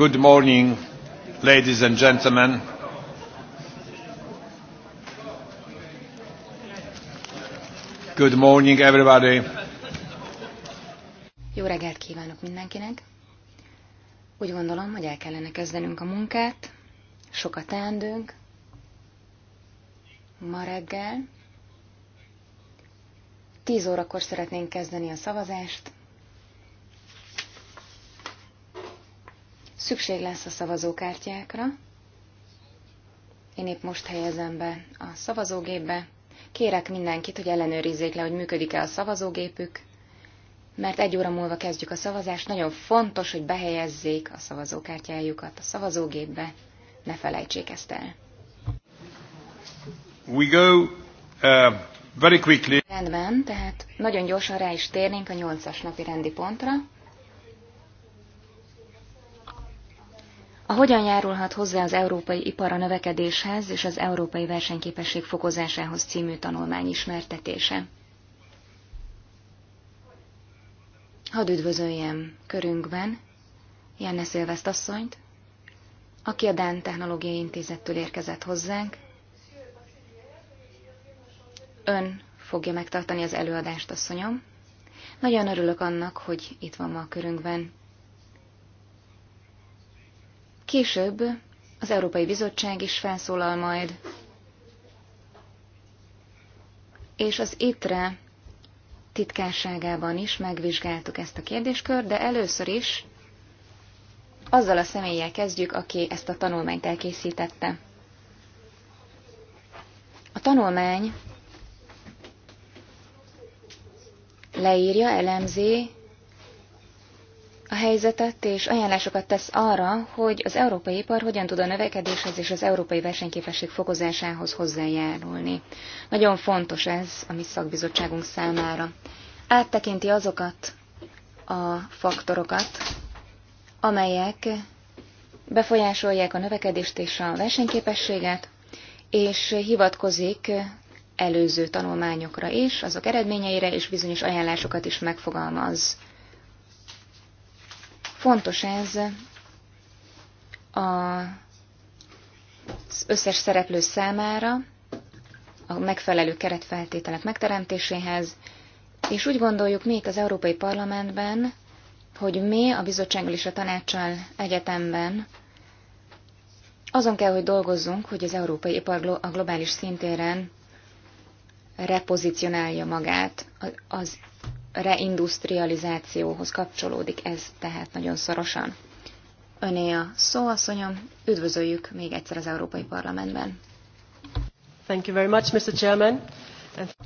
Good morning, ladies and gentlemen. Good morning, everybody. Jó reggelt kívánok mindenkinek. Úgy gondolom, hogy el kellene kezdenünk a munkát. Sok a teendőnk. Ma reggel. Tíz órakor szeretnénk kezdeni a szavazást. Szükség lesz a szavazókártyákra. Én épp most helyezem be a szavazógépbe. Kérek mindenkit, hogy ellenőrizzék le, hogy működik-e a szavazógépük, mert egy óra múlva kezdjük a szavazást. Nagyon fontos, hogy behelyezzék a szavazókártyájukat a szavazógépbe. Ne felejtsék ezt el. We go uh, very quickly. Rendben, tehát nagyon gyorsan rá is térnénk a nyolcas napi rendi pontra. a hogyan járulhat hozzá az európai ipar a növekedéshez és az európai versenyképesség fokozásához című tanulmány ismertetése. Hadd üdvözöljem körünkben Janne Szilveszt asszonyt, aki a Dán Technológiai Intézettől érkezett hozzánk. Ön fogja megtartani az előadást, asszonyom. Nagyon örülök annak, hogy itt van ma a körünkben. Később az Európai Bizottság is felszólal majd, és az ITRE titkárságában is megvizsgáltuk ezt a kérdéskört, de először is azzal a személlyel kezdjük, aki ezt a tanulmányt elkészítette. A tanulmány leírja, elemzi a helyzetet, és ajánlásokat tesz arra, hogy az európai ipar hogyan tud a növekedéshez és az európai versenyképesség fokozásához hozzájárulni. Nagyon fontos ez a mi szakbizottságunk számára. Áttekinti azokat a faktorokat, amelyek befolyásolják a növekedést és a versenyképességet, és hivatkozik előző tanulmányokra is, azok eredményeire, és bizonyos ajánlásokat is megfogalmaz Fontos ez az összes szereplő számára, a megfelelő keretfeltételek megteremtéséhez, és úgy gondoljuk mi itt az Európai Parlamentben, hogy mi a bizottsággal és a tanácssal egyetemben azon kell, hogy dolgozzunk, hogy az európai ipar a globális szintéren repozicionálja magát. Az reindustrializációhoz kapcsolódik ez tehát nagyon szorosan. Öné a szó, asszonyom, üdvözöljük még egyszer az Európai Parlamentben. Thank you very much, Mr. Chairman.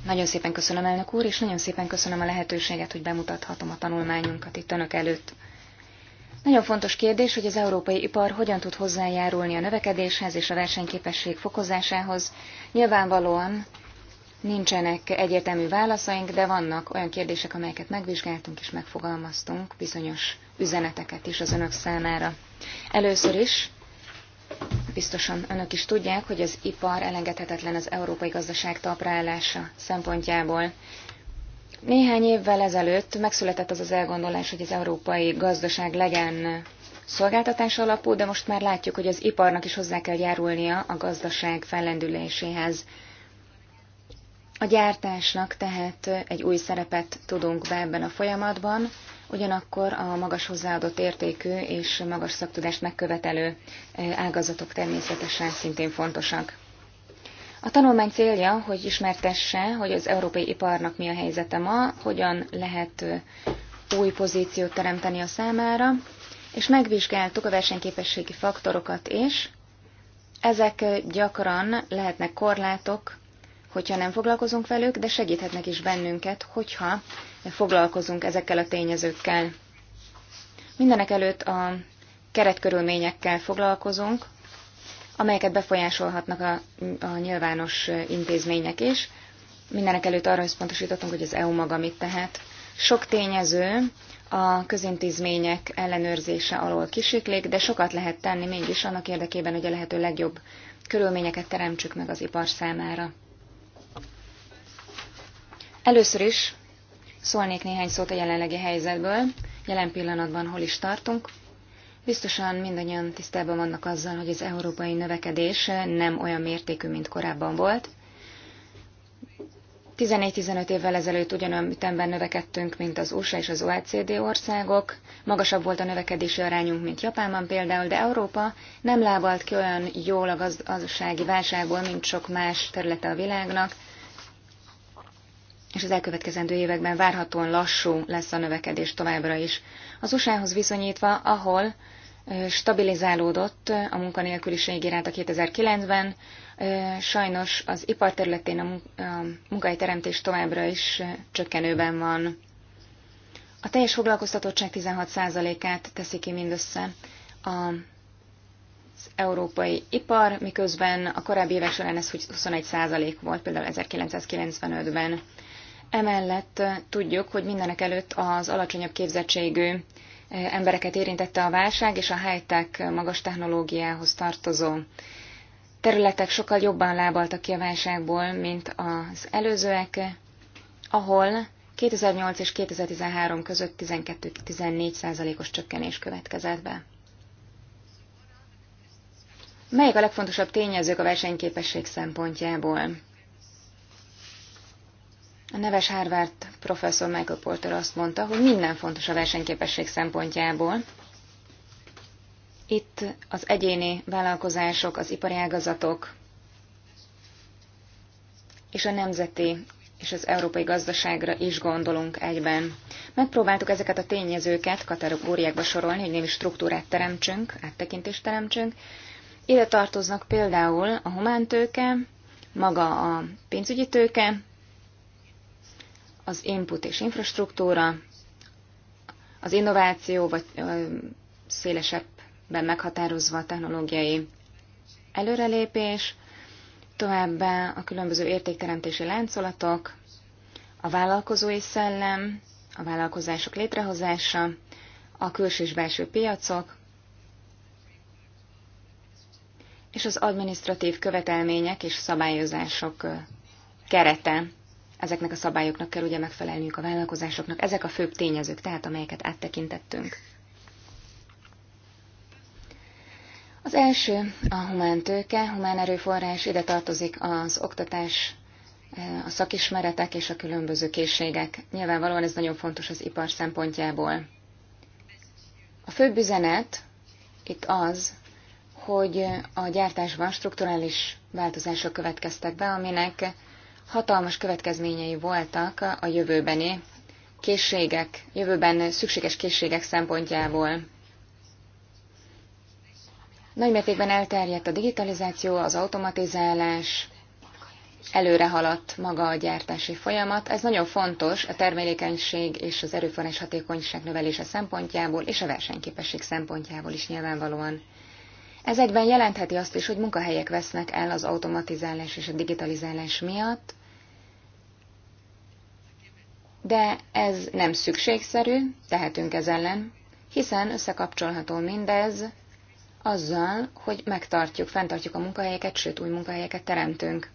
Nagyon szépen köszönöm, elnök úr, és nagyon szépen köszönöm a lehetőséget, hogy bemutathatom a tanulmányunkat itt önök előtt. Nagyon fontos kérdés, hogy az európai ipar hogyan tud hozzájárulni a növekedéshez és a versenyképesség fokozásához. Nyilvánvalóan Nincsenek egyértelmű válaszaink, de vannak olyan kérdések, amelyeket megvizsgáltunk és megfogalmaztunk, bizonyos üzeneteket is az önök számára. Először is, biztosan önök is tudják, hogy az ipar elengedhetetlen az európai gazdaság taprálása szempontjából. Néhány évvel ezelőtt megszületett az az elgondolás, hogy az európai gazdaság legyen szolgáltatás alapú, de most már látjuk, hogy az iparnak is hozzá kell járulnia a gazdaság fellendüléséhez. A gyártásnak tehát egy új szerepet tudunk be ebben a folyamatban, ugyanakkor a magas hozzáadott értékű és magas szaktudást megkövetelő ágazatok természetesen szintén fontosak. A tanulmány célja, hogy ismertesse, hogy az európai iparnak mi a helyzete ma, hogyan lehet új pozíciót teremteni a számára, és megvizsgáltuk a versenyképességi faktorokat is. Ezek gyakran lehetnek korlátok hogyha nem foglalkozunk velük, de segíthetnek is bennünket, hogyha foglalkozunk ezekkel a tényezőkkel. Mindenek előtt a keretkörülményekkel foglalkozunk, amelyeket befolyásolhatnak a, a nyilvános intézmények is. Mindenek előtt arra összpontosítottunk, hogy az EU maga mit tehet. Sok tényező a közintézmények ellenőrzése alól kisiklik, de sokat lehet tenni mégis annak érdekében, hogy a lehető legjobb körülményeket teremtsük meg az ipar számára. Először is szólnék néhány szót a jelenlegi helyzetből, jelen pillanatban hol is tartunk. Biztosan mindannyian tisztában vannak azzal, hogy az európai növekedés nem olyan mértékű, mint korábban volt. 14-15 évvel ezelőtt ugyanolyan ütemben növekedtünk, mint az USA és az OECD országok, magasabb volt a növekedési arányunk, mint Japánban például, de Európa nem lábalt ki olyan jól a gazdasági válságból, mint sok más területe a világnak, és az elkövetkezendő években várhatóan lassú lesz a növekedés továbbra is. Az USA-hoz viszonyítva, ahol stabilizálódott a munkanélküliség iránt a 2009-ben, sajnos az iparterületén a munkahelyteremtés továbbra is csökkenőben van. A teljes foglalkoztatottság 16%-át teszi ki mindössze a az európai ipar, miközben a korábbi évek során ez 21% volt, például 1995-ben. Emellett tudjuk, hogy mindenek előtt az alacsonyabb képzettségű embereket érintette a válság, és a high-tech magas technológiához tartozó területek sokkal jobban lábaltak ki a válságból, mint az előzőek, ahol 2008 és 2013 között 12-14 százalékos csökkenés következett be. Melyek a legfontosabb tényezők a versenyképesség szempontjából? A neves Harvard professzor Michael Porter azt mondta, hogy minden fontos a versenyképesség szempontjából. Itt az egyéni vállalkozások, az ipari ágazatok és a nemzeti és az európai gazdaságra is gondolunk egyben. Megpróbáltuk ezeket a tényezőket kategóriákba sorolni, hogy némi struktúrát teremtsünk, áttekintést teremtsünk. Ide tartoznak például a humántőke, maga a pénzügyi tőke, az input és infrastruktúra, az innováció, vagy ö, szélesebben meghatározva a technológiai előrelépés, továbbá a különböző értékteremtési láncolatok, a vállalkozói szellem, a vállalkozások létrehozása, a külső és belső piacok, és az administratív követelmények és szabályozások kerete ezeknek a szabályoknak kell ugye megfelelniük a vállalkozásoknak. Ezek a főbb tényezők, tehát amelyeket áttekintettünk. Az első a humán tőke, humán erőforrás, ide tartozik az oktatás, a szakismeretek és a különböző készségek. Nyilvánvalóan ez nagyon fontos az ipar szempontjából. A főbb üzenet itt az, hogy a gyártásban strukturális változások következtek be, aminek hatalmas következményei voltak a jövőbeni készségek, jövőben szükséges készségek szempontjából. Nagymértékben elterjedt a digitalizáció, az automatizálás, előre haladt maga a gyártási folyamat. Ez nagyon fontos a termelékenység és az erőforrás hatékonyság növelése szempontjából, és a versenyképesség szempontjából is nyilvánvalóan. Ez egyben jelentheti azt is, hogy munkahelyek vesznek el az automatizálás és a digitalizálás miatt, de ez nem szükségszerű, tehetünk ez ellen, hiszen összekapcsolható mindez azzal, hogy megtartjuk, fenntartjuk a munkahelyeket, sőt új munkahelyeket teremtünk.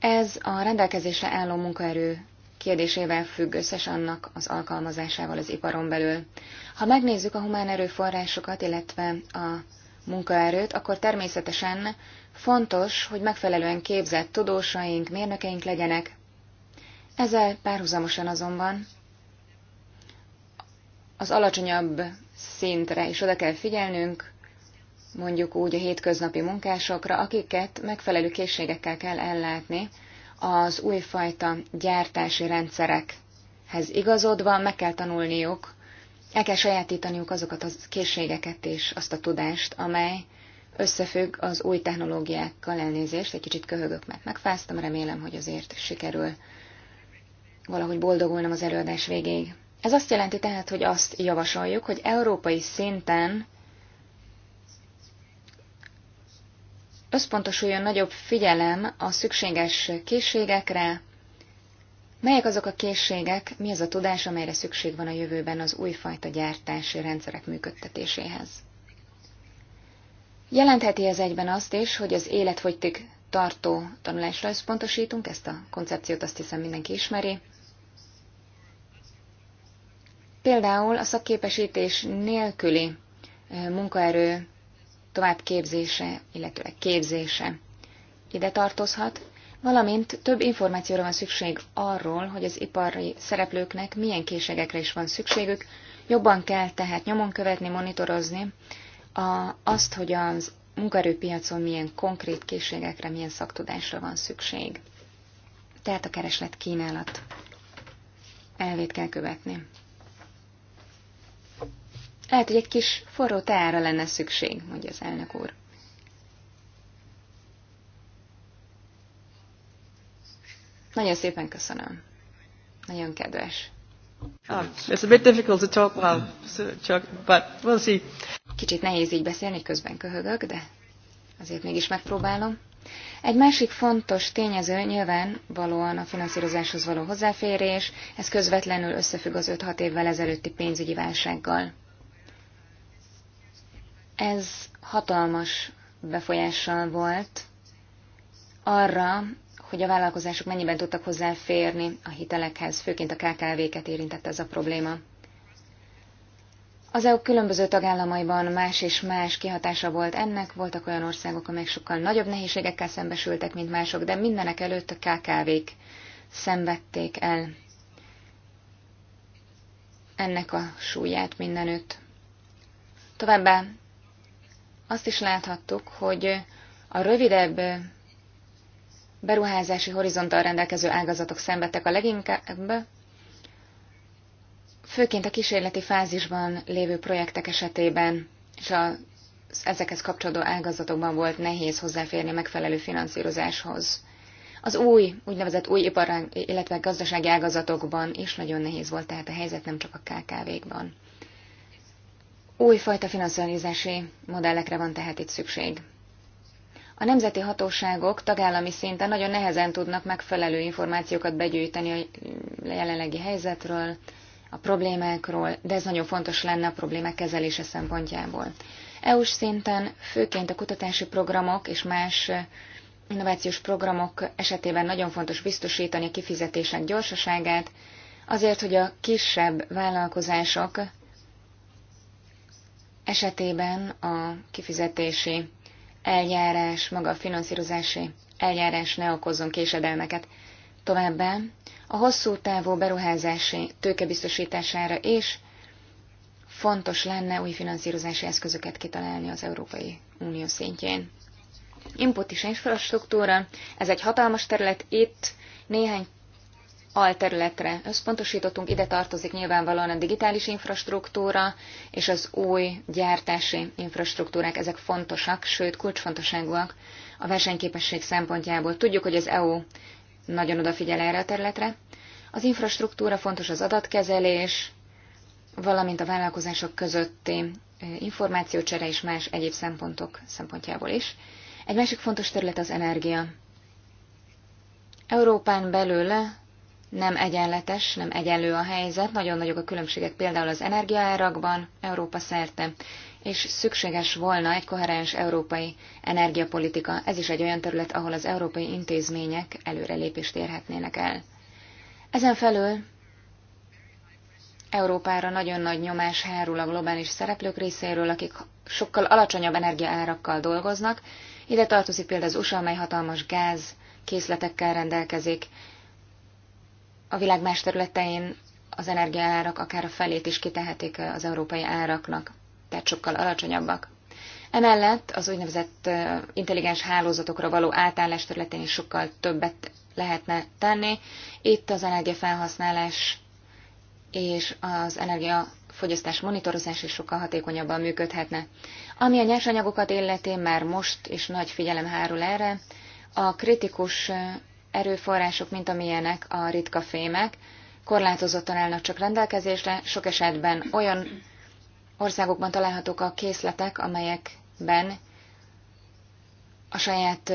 Ez a rendelkezésre álló munkaerő kérdésével függ összes annak az alkalmazásával az iparon belül. Ha megnézzük a humán erőforrásokat, illetve a munkaerőt, akkor természetesen fontos, hogy megfelelően képzett tudósaink, mérnökeink legyenek. Ezzel párhuzamosan azonban az alacsonyabb szintre is oda kell figyelnünk, mondjuk úgy a hétköznapi munkásokra, akiket megfelelő készségekkel kell ellátni az újfajta gyártási rendszerekhez igazodva, meg kell tanulniuk el kell sajátítaniuk azokat a készségeket és azt a tudást, amely összefügg az új technológiákkal elnézést. Egy kicsit köhögök, mert megfáztam, remélem, hogy azért sikerül valahogy boldogulnom az előadás végéig. Ez azt jelenti tehát, hogy azt javasoljuk, hogy európai szinten összpontosuljon nagyobb figyelem a szükséges készségekre, Melyek azok a készségek, mi az a tudás, amelyre szükség van a jövőben az újfajta gyártási rendszerek működtetéséhez? Jelentheti ez egyben azt is, hogy az életfogytig tartó tanulásra összpontosítunk, ezt a koncepciót azt hiszem mindenki ismeri. Például a szakképesítés nélküli munkaerő továbbképzése, illetőleg képzése ide tartozhat, valamint több információra van szükség arról, hogy az ipari szereplőknek milyen készségekre is van szükségük, jobban kell tehát nyomon követni, monitorozni a, azt, hogy az munkaerőpiacon milyen konkrét készségekre, milyen szaktudásra van szükség. Tehát a kereslet kínálat elvét kell követni. Lehet, hogy egy kis forró teára lenne szükség, mondja az elnök úr. Nagyon szépen köszönöm. Nagyon kedves. Oh, it's a bit difficult to talk while, but we'll see. Kicsit nehéz így beszélni, közben köhögök, de azért mégis megpróbálom. Egy másik fontos tényező nyilván valóan a finanszírozáshoz való hozzáférés, ez közvetlenül összefügg az 5-6 évvel ezelőtti pénzügyi válsággal. Ez hatalmas befolyással volt arra, hogy a vállalkozások mennyiben tudtak hozzáférni a hitelekhez, főként a KKV-ket érintette ez a probléma. Az EU különböző tagállamaiban más és más kihatása volt ennek, voltak olyan országok, amelyek sokkal nagyobb nehézségekkel szembesültek, mint mások, de mindenek előtt a KKV-k szenvedték el ennek a súlyát mindenütt. Továbbá azt is láthattuk, hogy a rövidebb beruházási horizonttal rendelkező ágazatok szenvedtek a leginkább, főként a kísérleti fázisban lévő projektek esetében és az ezekhez kapcsolódó ágazatokban volt nehéz hozzáférni megfelelő finanszírozáshoz. Az új, úgynevezett új ipar, illetve gazdasági ágazatokban is nagyon nehéz volt tehát a helyzet, nem csak a KKV-kban. Újfajta finanszírozási modellekre van tehát itt szükség. A nemzeti hatóságok tagállami szinten nagyon nehezen tudnak megfelelő információkat begyűjteni a jelenlegi helyzetről, a problémákról, de ez nagyon fontos lenne a problémák kezelése szempontjából. EU-s szinten főként a kutatási programok és más innovációs programok esetében nagyon fontos biztosítani a kifizetések gyorsaságát, azért, hogy a kisebb vállalkozások esetében a kifizetési eljárás, maga a finanszírozási eljárás ne okozzon késedelmeket. Továbbá a hosszú távú beruházási tőkebiztosítására is fontos lenne új finanszírozási eszközöket kitalálni az Európai Unió szintjén. Input is infrastruktúra, ez egy hatalmas terület, itt néhány alterületre összpontosítottunk, ide tartozik nyilvánvalóan a digitális infrastruktúra és az új gyártási infrastruktúrák, ezek fontosak, sőt kulcsfontosságúak a versenyképesség szempontjából. Tudjuk, hogy az EU nagyon odafigyel erre a területre. Az infrastruktúra fontos az adatkezelés, valamint a vállalkozások közötti információcsere és más egyéb szempontok szempontjából is. Egy másik fontos terület az energia. Európán belül nem egyenletes, nem egyenlő a helyzet, nagyon nagyok a különbségek például az energiaárakban Európa szerte, és szükséges volna egy koherens európai energiapolitika. Ez is egy olyan terület, ahol az európai intézmények előrelépést érhetnének el. Ezen felül Európára nagyon nagy nyomás hárul a globális szereplők részéről, akik sokkal alacsonyabb energiaárakkal dolgoznak. Ide tartozik például az USA, amely hatalmas gáz készletekkel rendelkezik, a világ más területein az energiaárak akár a felét is kitehetik eh, az európai áraknak, tehát sokkal alacsonyabbak. Emellett az úgynevezett eh, intelligens hálózatokra való átállás területén is sokkal többet lehetne tenni. Itt az energiafelhasználás és az energiafogyasztás monitorozás is sokkal hatékonyabban működhetne. Ami a nyersanyagokat illeti, már most is nagy figyelem hárul erre, a kritikus eh, erőforrások, mint amilyenek a ritka fémek, korlátozottan állnak csak rendelkezésre, sok esetben olyan országokban találhatók a készletek, amelyekben a saját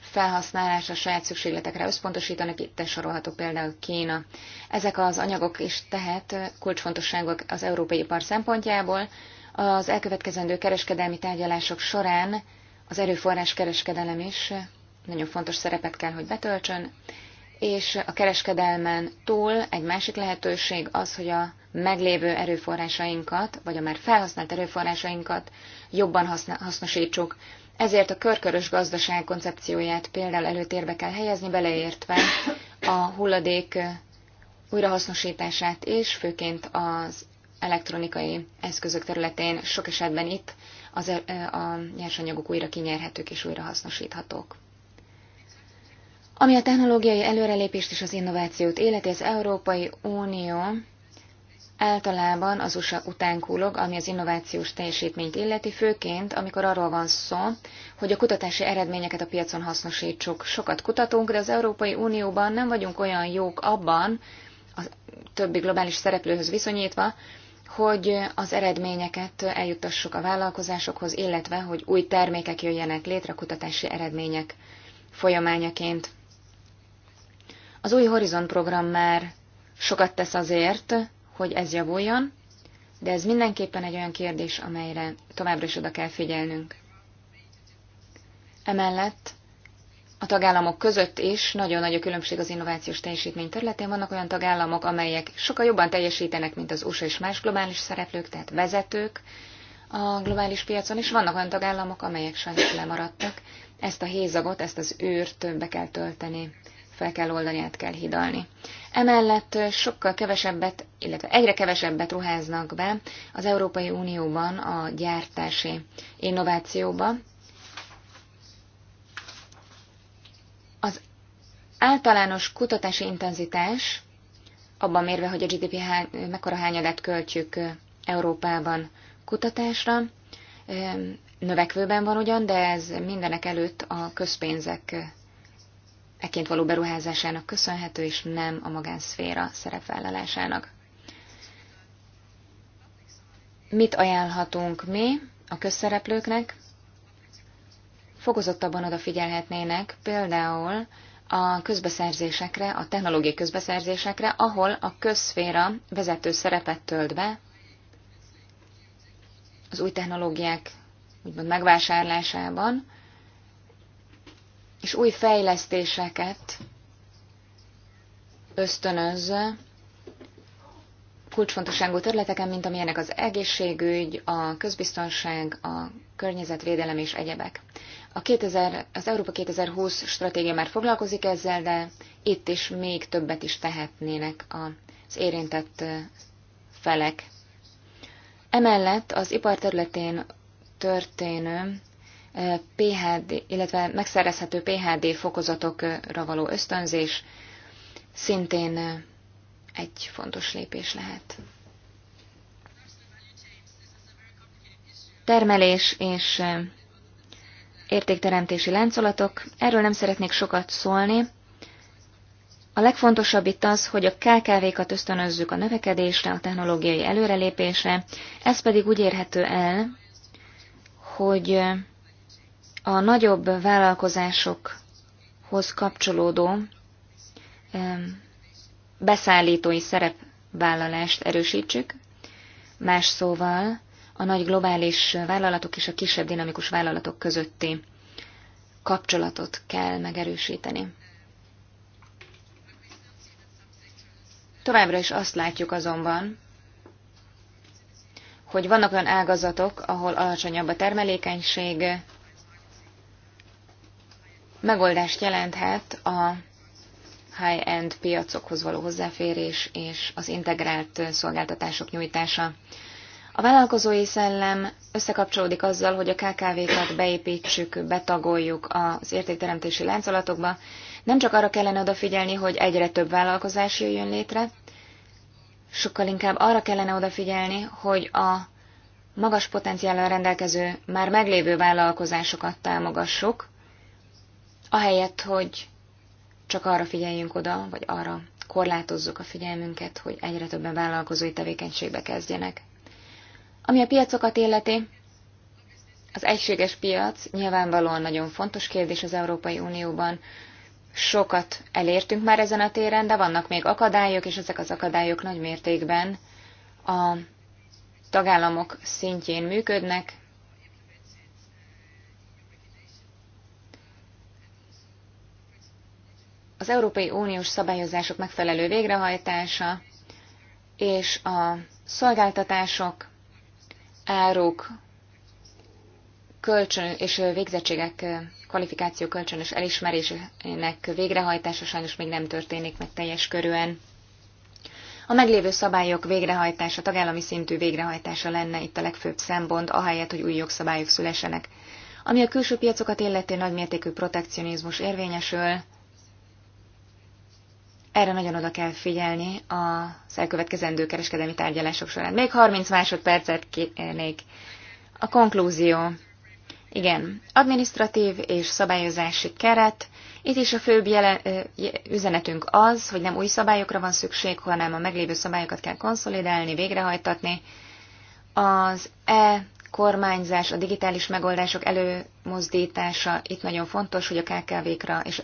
felhasználásra, a saját szükségletekre összpontosítanak, itt sorolható például Kína. Ezek az anyagok is tehát kulcsfontosságok az európai ipar szempontjából. Az elkövetkezendő kereskedelmi tárgyalások során az erőforrás kereskedelem is nagyon fontos szerepet kell, hogy betöltsön, és a kereskedelmen túl egy másik lehetőség az, hogy a meglévő erőforrásainkat, vagy a már felhasznált erőforrásainkat jobban hasznosítsuk. Ezért a körkörös gazdaság koncepcióját például előtérbe kell helyezni, beleértve a hulladék újrahasznosítását is, főként az elektronikai eszközök területén sok esetben itt az, e, a nyersanyagok újra kinyerhetők és újrahasznosíthatók. Ami a technológiai előrelépést és az innovációt életi, az Európai Unió általában az USA után kúlog, ami az innovációs teljesítményt illeti, főként amikor arról van szó, hogy a kutatási eredményeket a piacon hasznosítsuk. Sokat kutatunk, de az Európai Unióban nem vagyunk olyan jók abban, a többi globális szereplőhöz viszonyítva, hogy az eredményeket eljuttassuk a vállalkozásokhoz, illetve hogy új termékek jöjjenek létre kutatási eredmények folyamányaként. Az új Horizon program már sokat tesz azért, hogy ez javuljon, de ez mindenképpen egy olyan kérdés, amelyre továbbra is oda kell figyelnünk. Emellett a tagállamok között is nagyon nagy a különbség az innovációs teljesítmény területén. Vannak olyan tagállamok, amelyek sokkal jobban teljesítenek, mint az USA és más globális szereplők, tehát vezetők a globális piacon, és vannak olyan tagállamok, amelyek sajnos lemaradtak. Ezt a hézagot, ezt az űrt be kell tölteni fel kell oldani, át kell hidalni. Emellett sokkal kevesebbet, illetve egyre kevesebbet ruháznak be az Európai Unióban a gyártási innovációba. Az általános kutatási intenzitás, abban mérve, hogy a GDP hány, mekkora hányadát költjük Európában kutatásra, növekvőben van ugyan, de ez mindenek előtt a közpénzek eként való beruházásának köszönhető, és nem a magánszféra szerepvállalásának. Mit ajánlhatunk mi a közszereplőknek? Fokozottabban odafigyelhetnének például a közbeszerzésekre, a technológiai közbeszerzésekre, ahol a közszféra vezető szerepet tölt be az új technológiák úgymond megvásárlásában, és új fejlesztéseket ösztönöz, kulcsfontosságú területeken, mint amilyenek az egészségügy, a közbiztonság, a környezetvédelem és egyebek. A 2000, az Európa 2020 stratégia már foglalkozik ezzel, de itt is még többet is tehetnének az érintett felek. Emellett az ipar területén történő PHD, illetve megszerezhető PHD fokozatokra való ösztönzés szintén egy fontos lépés lehet. Termelés és értékteremtési láncolatok. Erről nem szeretnék sokat szólni. A legfontosabb itt az, hogy a KKV-kat ösztönözzük a növekedésre, a technológiai előrelépésre. Ez pedig úgy érhető el, hogy a nagyobb vállalkozásokhoz kapcsolódó beszállítói szerepvállalást erősítsük, más szóval a nagy globális vállalatok és a kisebb dinamikus vállalatok közötti kapcsolatot kell megerősíteni. Továbbra is azt látjuk azonban, hogy vannak olyan ágazatok, ahol alacsonyabb a termelékenység, megoldást jelenthet a high-end piacokhoz való hozzáférés és az integrált szolgáltatások nyújtása. A vállalkozói szellem összekapcsolódik azzal, hogy a KKV-kat beépítsük, betagoljuk az értékteremtési láncolatokba. Nem csak arra kellene odafigyelni, hogy egyre több vállalkozás jöjjön létre, sokkal inkább arra kellene odafigyelni, hogy a magas potenciállal rendelkező, már meglévő vállalkozásokat támogassuk, ahelyett, hogy csak arra figyeljünk oda, vagy arra korlátozzuk a figyelmünket, hogy egyre többen vállalkozói tevékenységbe kezdjenek. Ami a piacokat illeti, az egységes piac nyilvánvalóan nagyon fontos kérdés az Európai Unióban. Sokat elértünk már ezen a téren, de vannak még akadályok, és ezek az akadályok nagy mértékben a tagállamok szintjén működnek, az Európai Uniós szabályozások megfelelő végrehajtása és a szolgáltatások, áruk, kölcsön és végzettségek kvalifikáció kölcsönös elismerésének végrehajtása sajnos még nem történik meg teljes körűen. A meglévő szabályok végrehajtása, tagállami szintű végrehajtása lenne itt a legfőbb szempont, ahelyett, hogy új jogszabályok szülesenek. Ami a külső piacokat illeti nagymértékű protekcionizmus érvényesül, erre nagyon oda kell figyelni az elkövetkezendő kereskedelmi tárgyalások során. Még 30 másodpercet kérnék. A konklúzió. Igen, administratív és szabályozási keret. Itt is a főbb jele, üzenetünk az, hogy nem új szabályokra van szükség, hanem a meglévő szabályokat kell konszolidálni, végrehajtatni. Az e kormányzás, a digitális megoldások előmozdítása itt nagyon fontos, hogy a KKV-kra és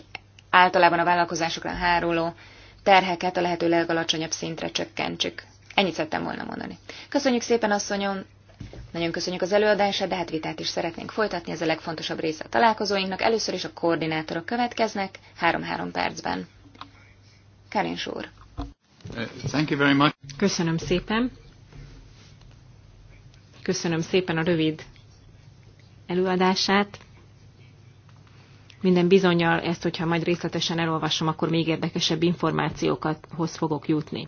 általában a vállalkozásokra háruló terheket a lehető legalacsonyabb szintre csökkentsük. Ennyit szerettem volna mondani. Köszönjük szépen, asszonyom! Nagyon köszönjük az előadását, de hát vitát is szeretnénk folytatni, ez a legfontosabb része a találkozóinknak. Először is a koordinátorok következnek, 3-3 percben. Karin Sór. Thank you very much. Köszönöm szépen. Köszönöm szépen a rövid előadását. Minden bizonyal ezt, hogyha majd részletesen elolvasom, akkor még érdekesebb információkat hoz fogok jutni.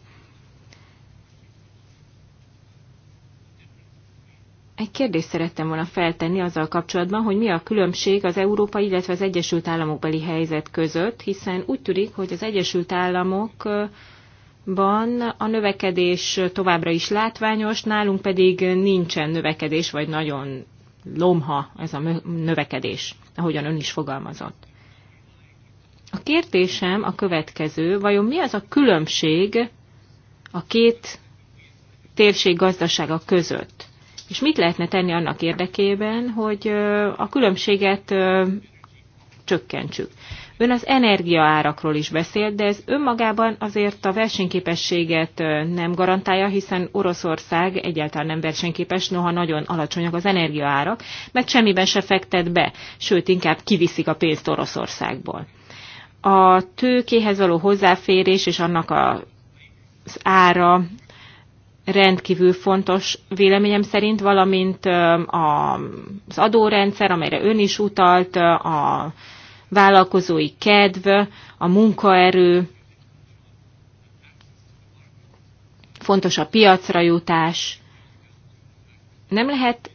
Egy kérdést szerettem volna feltenni azzal kapcsolatban, hogy mi a különbség az európai, illetve az Egyesült Államok beli helyzet között, hiszen úgy tűnik, hogy az Egyesült Államokban a növekedés továbbra is látványos, nálunk pedig nincsen növekedés, vagy nagyon lomha ez a növekedés, ahogyan ön is fogalmazott. A kérdésem a következő, vajon mi az a különbség a két térség gazdasága között? És mit lehetne tenni annak érdekében, hogy a különbséget csökkentsük. Ön az energiaárakról is beszélt, de ez önmagában azért a versenyképességet nem garantálja, hiszen Oroszország egyáltalán nem versenyképes, noha nagyon alacsonyak az energiaárak, mert semmiben se fektet be, sőt inkább kiviszik a pénzt Oroszországból. A tőkéhez való hozzáférés és annak a, az ára rendkívül fontos véleményem szerint, valamint az adórendszer, amelyre ön is utalt, a vállalkozói kedv, a munkaerő, fontos a piacra jutás. Nem lehet,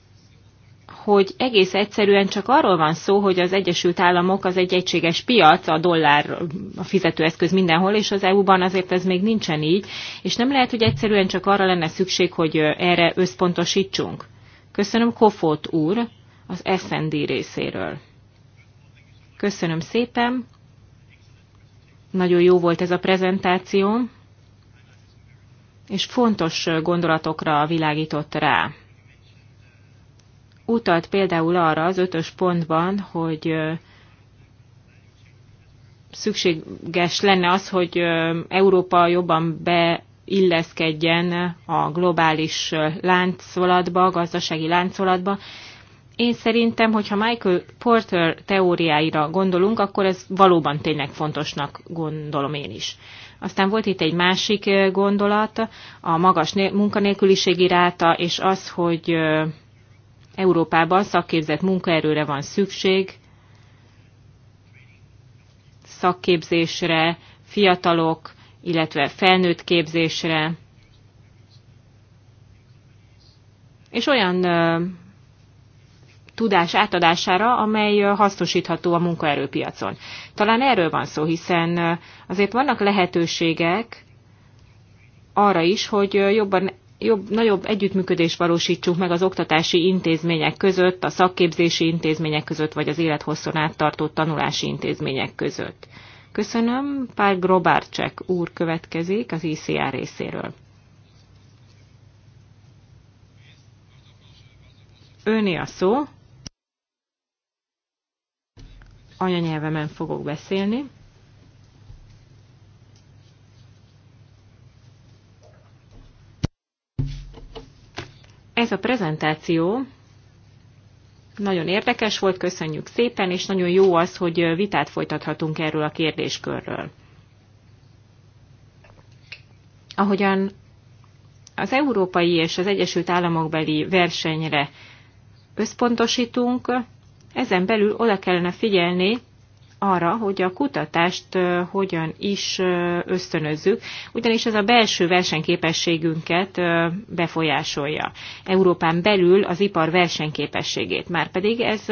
hogy egész egyszerűen csak arról van szó, hogy az Egyesült Államok az egy egységes piac, a dollár a fizetőeszköz mindenhol, és az EU-ban azért ez még nincsen így, és nem lehet, hogy egyszerűen csak arra lenne szükség, hogy erre összpontosítsunk. Köszönöm Kofot úr az SND részéről. Köszönöm szépen. Nagyon jó volt ez a prezentáció, és fontos gondolatokra világított rá. Utalt például arra az ötös pontban, hogy szükséges lenne az, hogy Európa jobban beilleszkedjen a globális láncolatba, gazdasági láncolatba, én szerintem, hogyha Michael Porter teóriáira gondolunk, akkor ez valóban tényleg fontosnak gondolom én is. Aztán volt itt egy másik gondolat, a magas munkanélküliségi ráta, és az, hogy Európában szakképzett munkaerőre van szükség, szakképzésre, fiatalok, illetve felnőtt képzésre, és olyan tudás átadására, amely hasznosítható a munkaerőpiacon. Talán erről van szó, hiszen azért vannak lehetőségek arra is, hogy jobban jobb, nagyobb együttműködést valósítsuk meg az oktatási intézmények között, a szakképzési intézmények között, vagy az élethosszon áttartó tanulási intézmények között. Köszönöm, Pál Grobárcsek úr következik az ICR részéről. Öné a szó anyanyelvemen fogok beszélni. Ez a prezentáció nagyon érdekes volt, köszönjük szépen, és nagyon jó az, hogy vitát folytathatunk erről a kérdéskörről. Ahogyan az európai és az Egyesült Államokbeli versenyre összpontosítunk, ezen belül oda kellene figyelni arra, hogy a kutatást hogyan is ösztönözzük, ugyanis ez a belső versenyképességünket befolyásolja. Európán belül az ipar versenyképességét, már pedig ez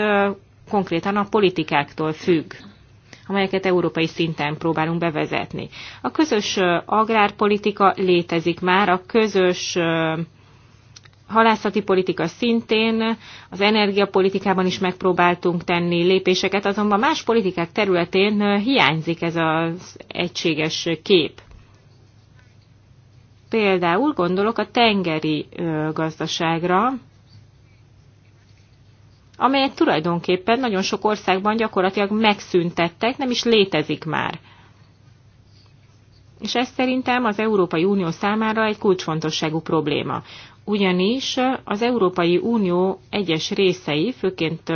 konkrétan a politikáktól függ amelyeket európai szinten próbálunk bevezetni. A közös agrárpolitika létezik már, a közös halászati politika szintén, az energiapolitikában is megpróbáltunk tenni lépéseket, azonban más politikák területén hiányzik ez az egységes kép. Például gondolok a tengeri gazdaságra, amelyet tulajdonképpen nagyon sok országban gyakorlatilag megszüntettek, nem is létezik már. És ez szerintem az Európai Unió számára egy kulcsfontosságú probléma ugyanis az Európai Unió egyes részei, főként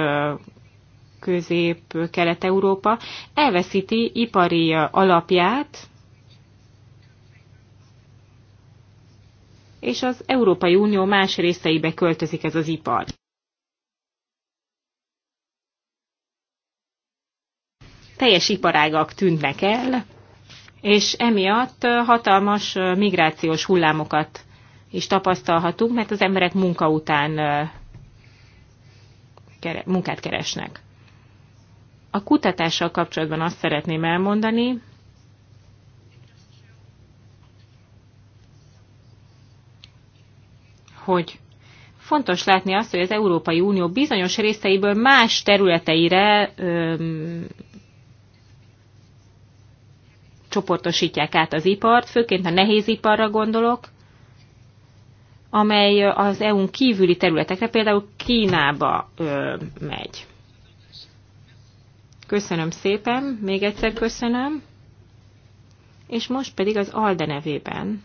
Közép-Kelet-Európa elveszíti ipari alapját, és az Európai Unió más részeibe költözik ez az ipar. Teljes iparágak tűnnek el, és emiatt hatalmas migrációs hullámokat is tapasztalhatunk, mert az emberek munka után munkát keresnek. A kutatással kapcsolatban azt szeretném elmondani, hogy fontos látni azt, hogy az Európai Unió bizonyos részeiből más területeire öm, csoportosítják át az ipart, főként a nehéz iparra gondolok, amely az EU-n kívüli területekre, például Kínába ö, megy. Köszönöm szépen, még egyszer köszönöm. És most pedig az Alde nevében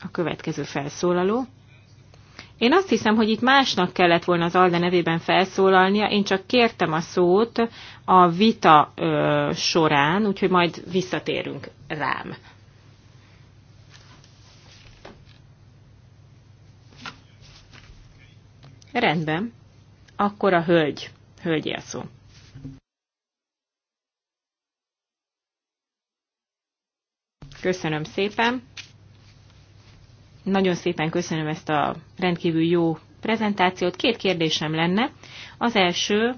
a következő felszólaló. Én azt hiszem, hogy itt másnak kellett volna az Alde nevében felszólalnia, én csak kértem a szót a vita ö, során, úgyhogy majd visszatérünk rám. Rendben. Akkor a hölgy. Hölgyi szó. Köszönöm szépen. Nagyon szépen köszönöm ezt a rendkívül jó prezentációt. Két kérdésem lenne. Az első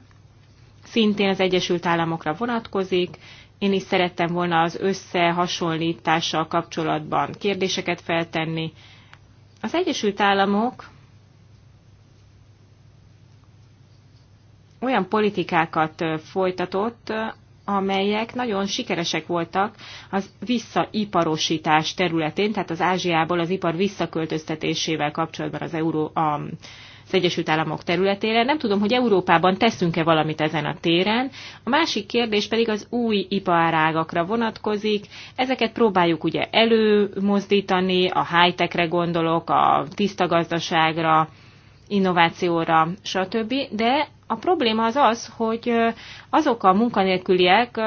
szintén az Egyesült Államokra vonatkozik. Én is szerettem volna az összehasonlítással kapcsolatban kérdéseket feltenni. Az Egyesült Államok olyan politikákat folytatott, amelyek nagyon sikeresek voltak az visszaiparosítás területén, tehát az Ázsiából az ipar visszaköltöztetésével kapcsolatban az, Euró, a, az Egyesült Államok területére. Nem tudom, hogy Európában teszünk-e valamit ezen a téren. A másik kérdés pedig az új iparágakra vonatkozik. Ezeket próbáljuk ugye előmozdítani, a high-techre gondolok, a tiszta gazdaságra, innovációra, stb. De a probléma az az, hogy azok a munkanélküliek,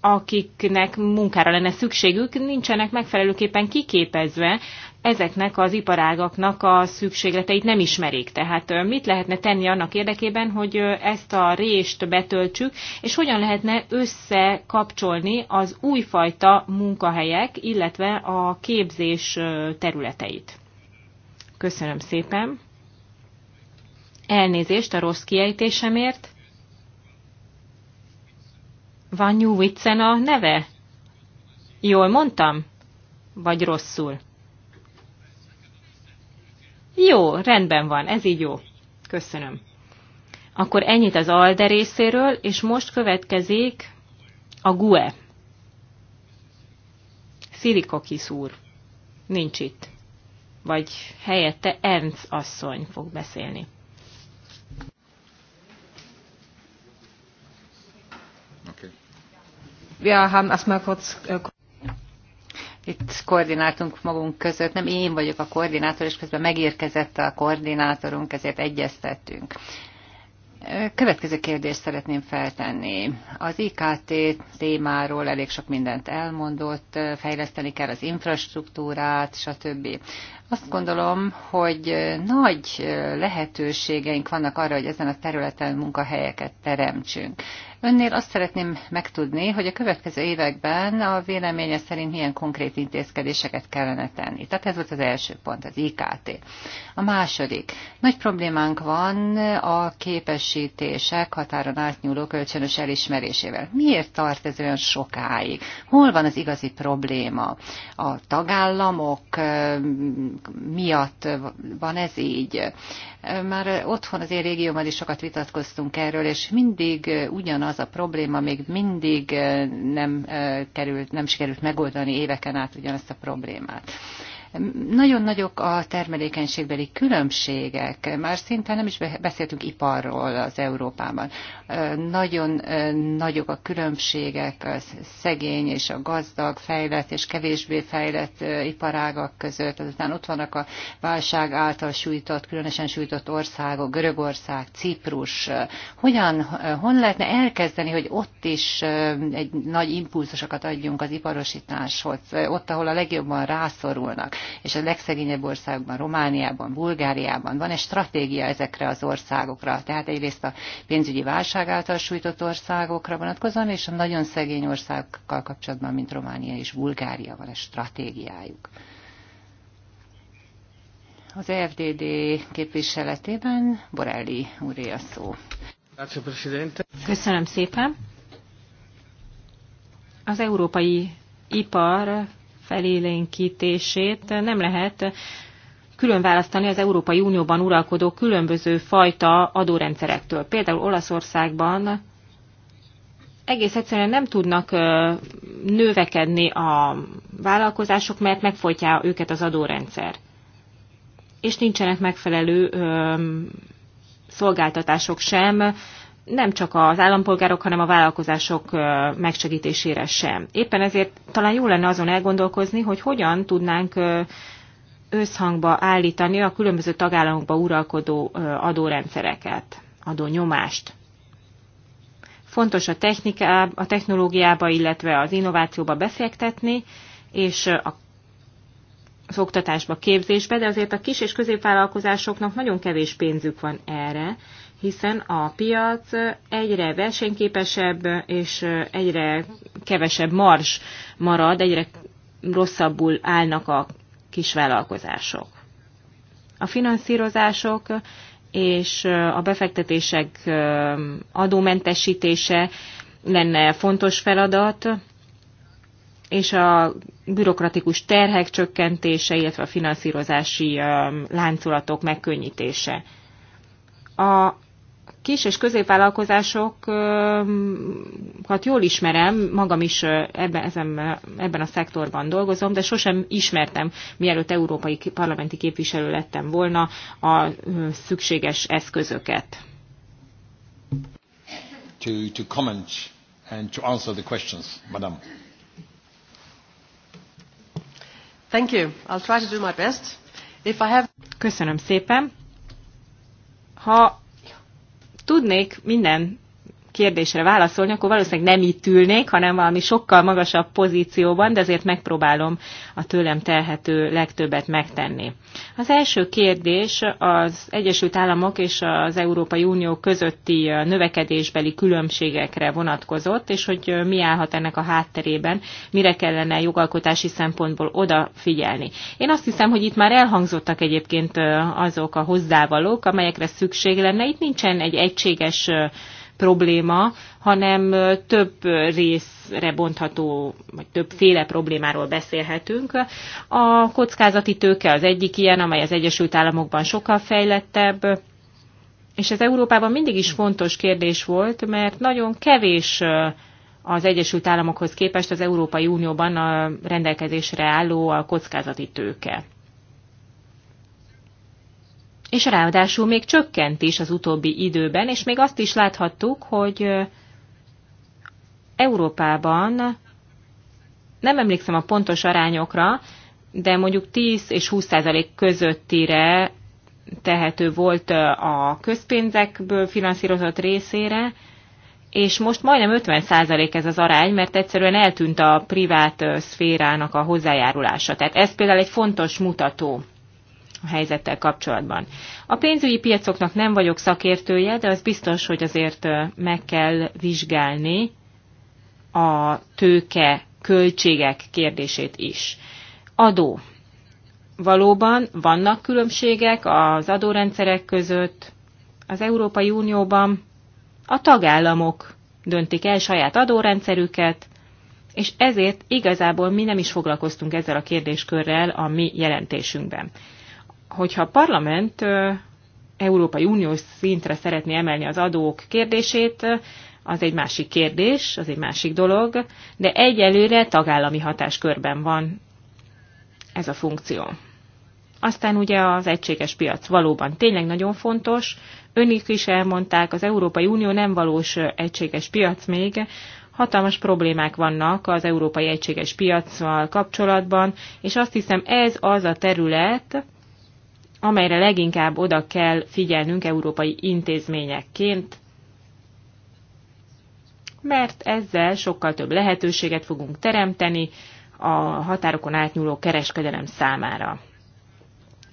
akiknek munkára lenne szükségük, nincsenek megfelelőképpen kiképezve, ezeknek az iparágaknak a szükségleteit nem ismerik. Tehát mit lehetne tenni annak érdekében, hogy ezt a rést betöltsük, és hogyan lehetne összekapcsolni az újfajta munkahelyek, illetve a képzés területeit. Köszönöm szépen! Elnézést a rossz kiejtésemért. Van Witzen a neve? Jól mondtam? Vagy rosszul? Jó, rendben van, ez így jó. Köszönöm. Akkor ennyit az ALDE részéről, és most következik a GUE. Szilikokis úr. Nincs itt. Vagy helyette Ernst asszony fog beszélni. Ja, haben erstmal kurz itt koordináltunk magunk között, nem én vagyok a koordinátor, és közben megérkezett a koordinátorunk, ezért egyeztettünk. Következő kérdést szeretném feltenni. Az IKT témáról elég sok mindent elmondott, fejleszteni kell az infrastruktúrát, stb. Azt gondolom, hogy nagy lehetőségeink vannak arra, hogy ezen a területen munkahelyeket teremtsünk. Önnél azt szeretném megtudni, hogy a következő években a véleménye szerint milyen konkrét intézkedéseket kellene tenni. Tehát ez volt az első pont, az IKT. A második. Nagy problémánk van a képesítések határon átnyúló kölcsönös elismerésével. Miért tart ez olyan sokáig? Hol van az igazi probléma? A tagállamok miatt van ez így? Már otthon az én régióban is sokat vitatkoztunk erről, és mindig ugyanaz a probléma, még mindig eh, nem, eh, került, nem sikerült megoldani éveken át ugyanazt a problémát. Nagyon nagyok a termelékenységbeli különbségek, már szinte nem is beszéltünk iparról az Európában. Nagyon nagyok a különbségek a szegény és a gazdag, fejlett és kevésbé fejlett iparágak között. Aztán ott vannak a válság által sújtott, különösen sújtott országok, Görögország, Ciprus. Hogyan, hon lehetne elkezdeni, hogy ott is egy nagy impulzusokat adjunk az iparosításhoz, ott, ahol a legjobban rászorulnak és a legszegényebb országban, Romániában, Bulgáriában van egy stratégia ezekre az országokra. Tehát egyrészt a pénzügyi válság által sújtott országokra vonatkozóan, és a nagyon szegény országokkal kapcsolatban, mint Románia és Bulgária van egy stratégiájuk. Az EFDD képviseletében Borelli úré a szó. Köszönöm szépen. Az európai ipar felélénkítését nem lehet külön választani az Európai Unióban uralkodó különböző fajta adórendszerektől. Például Olaszországban egész egyszerűen nem tudnak növekedni a vállalkozások, mert megfolytja őket az adórendszer. És nincsenek megfelelő szolgáltatások sem nem csak az állampolgárok, hanem a vállalkozások megsegítésére sem. Éppen ezért talán jó lenne azon elgondolkozni, hogy hogyan tudnánk összhangba állítani a különböző tagállamokba uralkodó adórendszereket, adónyomást. Fontos a, techniká, a technológiába, illetve az innovációba befektetni, és a az oktatásba, képzésbe, de azért a kis és középvállalkozásoknak nagyon kevés pénzük van erre, hiszen a piac egyre versenyképesebb, és egyre kevesebb mars marad, egyre rosszabbul állnak a kisvállalkozások. A finanszírozások és a befektetések adómentesítése lenne fontos feladat, és a bürokratikus terhek csökkentése, illetve a finanszírozási láncolatok megkönnyítése. A kis és középvállalkozásokat jól ismerem, magam is ebben, ezen, ebben a szektorban dolgozom, de sosem ismertem, mielőtt európai parlamenti képviselő lettem volna a szükséges eszközöket. To, to comment and to answer the questions, madam. Thank you. I'll try to do my best. If I have... Köszönöm szépen. Ha Tudnék minden kérdésre válaszolni, akkor valószínűleg nem itt ülnék, hanem valami sokkal magasabb pozícióban, de azért megpróbálom a tőlem telhető legtöbbet megtenni. Az első kérdés az Egyesült Államok és az Európai Unió közötti növekedésbeli különbségekre vonatkozott, és hogy mi állhat ennek a hátterében, mire kellene jogalkotási szempontból odafigyelni. Én azt hiszem, hogy itt már elhangzottak egyébként azok a hozzávalók, amelyekre szükség lenne. Itt nincsen egy egységes probléma, hanem több részre bontható, vagy többféle problémáról beszélhetünk. A kockázati tőke az egyik ilyen, amely az Egyesült Államokban sokkal fejlettebb, és ez Európában mindig is fontos kérdés volt, mert nagyon kevés az Egyesült Államokhoz képest az Európai Unióban a rendelkezésre álló a kockázati tőke és ráadásul még csökkent is az utóbbi időben, és még azt is láthattuk, hogy Európában nem emlékszem a pontos arányokra, de mondjuk 10 és 20 százalék közöttire tehető volt a közpénzekből finanszírozott részére, és most majdnem 50 százalék ez az arány, mert egyszerűen eltűnt a privát szférának a hozzájárulása. Tehát ez például egy fontos mutató a helyzettel kapcsolatban. A pénzügyi piacoknak nem vagyok szakértője, de az biztos, hogy azért meg kell vizsgálni a tőke költségek kérdését is. Adó. Valóban vannak különbségek az adórendszerek között. Az Európai Unióban a tagállamok döntik el saját adórendszerüket, és ezért igazából mi nem is foglalkoztunk ezzel a kérdéskörrel a mi jelentésünkben hogyha a parlament Európai Uniós szintre szeretné emelni az adók kérdését, az egy másik kérdés, az egy másik dolog, de egyelőre tagállami hatáskörben van ez a funkció. Aztán ugye az egységes piac valóban tényleg nagyon fontos. Önik is elmondták, az Európai Unió nem valós egységes piac még. Hatalmas problémák vannak az európai egységes piacval kapcsolatban, és azt hiszem ez az a terület, amelyre leginkább oda kell figyelnünk európai intézményekként, mert ezzel sokkal több lehetőséget fogunk teremteni a határokon átnyúló kereskedelem számára.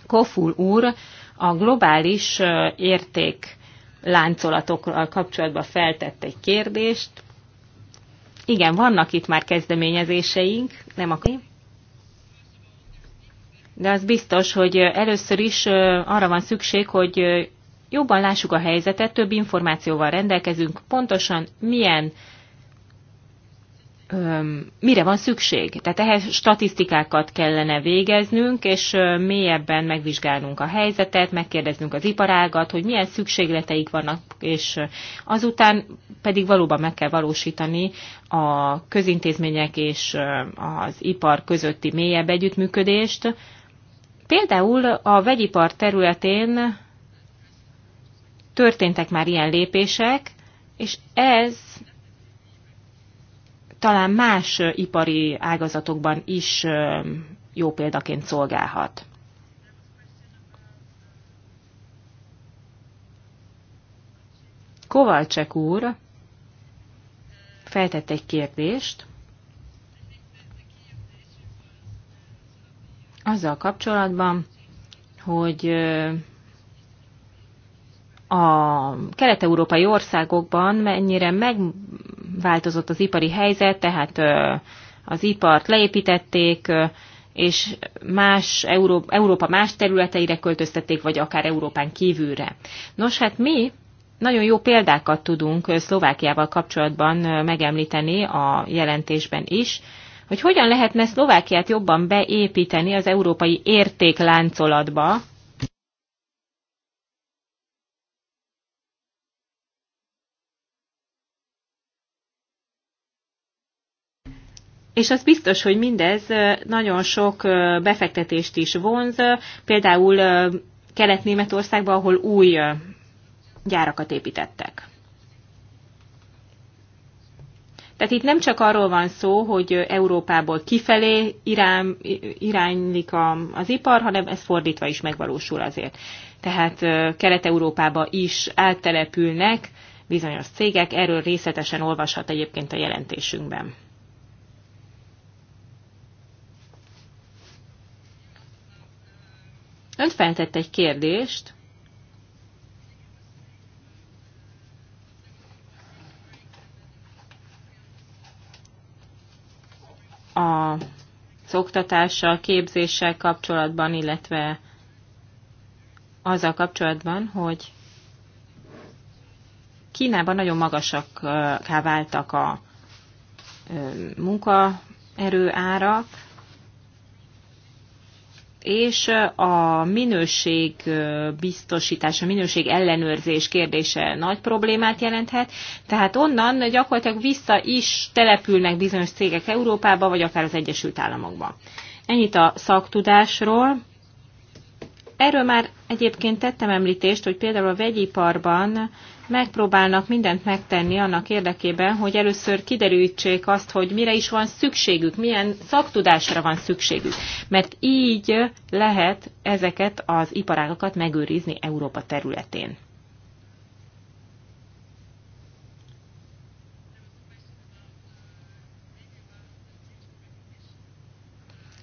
Koful úr a globális érték láncolatokkal kapcsolatban feltett egy kérdést. Igen, vannak itt már kezdeményezéseink, nem akarjuk de az biztos, hogy először is arra van szükség, hogy jobban lássuk a helyzetet, több információval rendelkezünk, pontosan milyen mire van szükség. Tehát ehhez statisztikákat kellene végeznünk, és mélyebben megvizsgálnunk a helyzetet, megkérdeznünk az iparágat, hogy milyen szükségleteik vannak, és azután pedig valóban meg kell valósítani a közintézmények és az ipar közötti mélyebb együttműködést, Például a vegyipar területén történtek már ilyen lépések, és ez talán más ipari ágazatokban is jó példaként szolgálhat. Kovalcsek úr feltett egy kérdést, azzal kapcsolatban, hogy a kelet-európai országokban mennyire megváltozott az ipari helyzet, tehát az ipart leépítették, és más Euró- Európa más területeire költöztették, vagy akár Európán kívülre. Nos, hát mi nagyon jó példákat tudunk Szlovákiával kapcsolatban megemlíteni a jelentésben is, hogy hogyan lehetne Szlovákiát jobban beépíteni az európai értékláncolatba, És az biztos, hogy mindez nagyon sok befektetést is vonz, például Kelet-Németországban, ahol új gyárakat építettek. Tehát itt nem csak arról van szó, hogy Európából kifelé irány, iránylik a, az ipar, hanem ez fordítva is megvalósul azért. Tehát Kelet-Európába is áttelepülnek bizonyos cégek, erről részletesen olvashat egyébként a jelentésünkben. Ön feltett egy kérdést a oktatással, képzéssel kapcsolatban, illetve azzal kapcsolatban, hogy Kínában nagyon magasak váltak a munkaerő árak, és a minőség biztosítása, minőség ellenőrzés kérdése nagy problémát jelenthet. Tehát onnan gyakorlatilag vissza is települnek bizonyos cégek Európába, vagy akár az Egyesült Államokba. Ennyit a szaktudásról. Erről már egyébként tettem említést, hogy például a vegyiparban megpróbálnak mindent megtenni annak érdekében, hogy először kiderítsék azt, hogy mire is van szükségük, milyen szaktudásra van szükségük. Mert így lehet ezeket az iparágakat megőrizni Európa területén.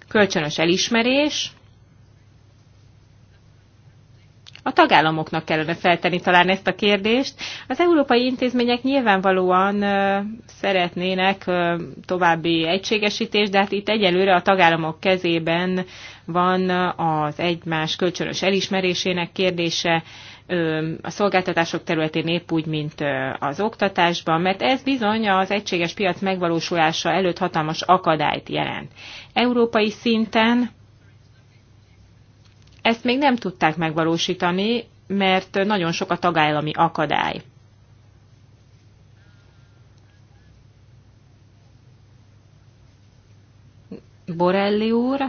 Kölcsönös elismerés, a tagállamoknak kellene feltenni talán ezt a kérdést. Az európai intézmények nyilvánvalóan szeretnének további egységesítést, de hát itt egyelőre a tagállamok kezében van az egymás kölcsönös elismerésének kérdése, a szolgáltatások területén épp úgy, mint az oktatásban, mert ez bizony az egységes piac megvalósulása előtt hatalmas akadályt jelent. Európai szinten ezt még nem tudták megvalósítani, mert nagyon sok a tagállami akadály. Borelli úr,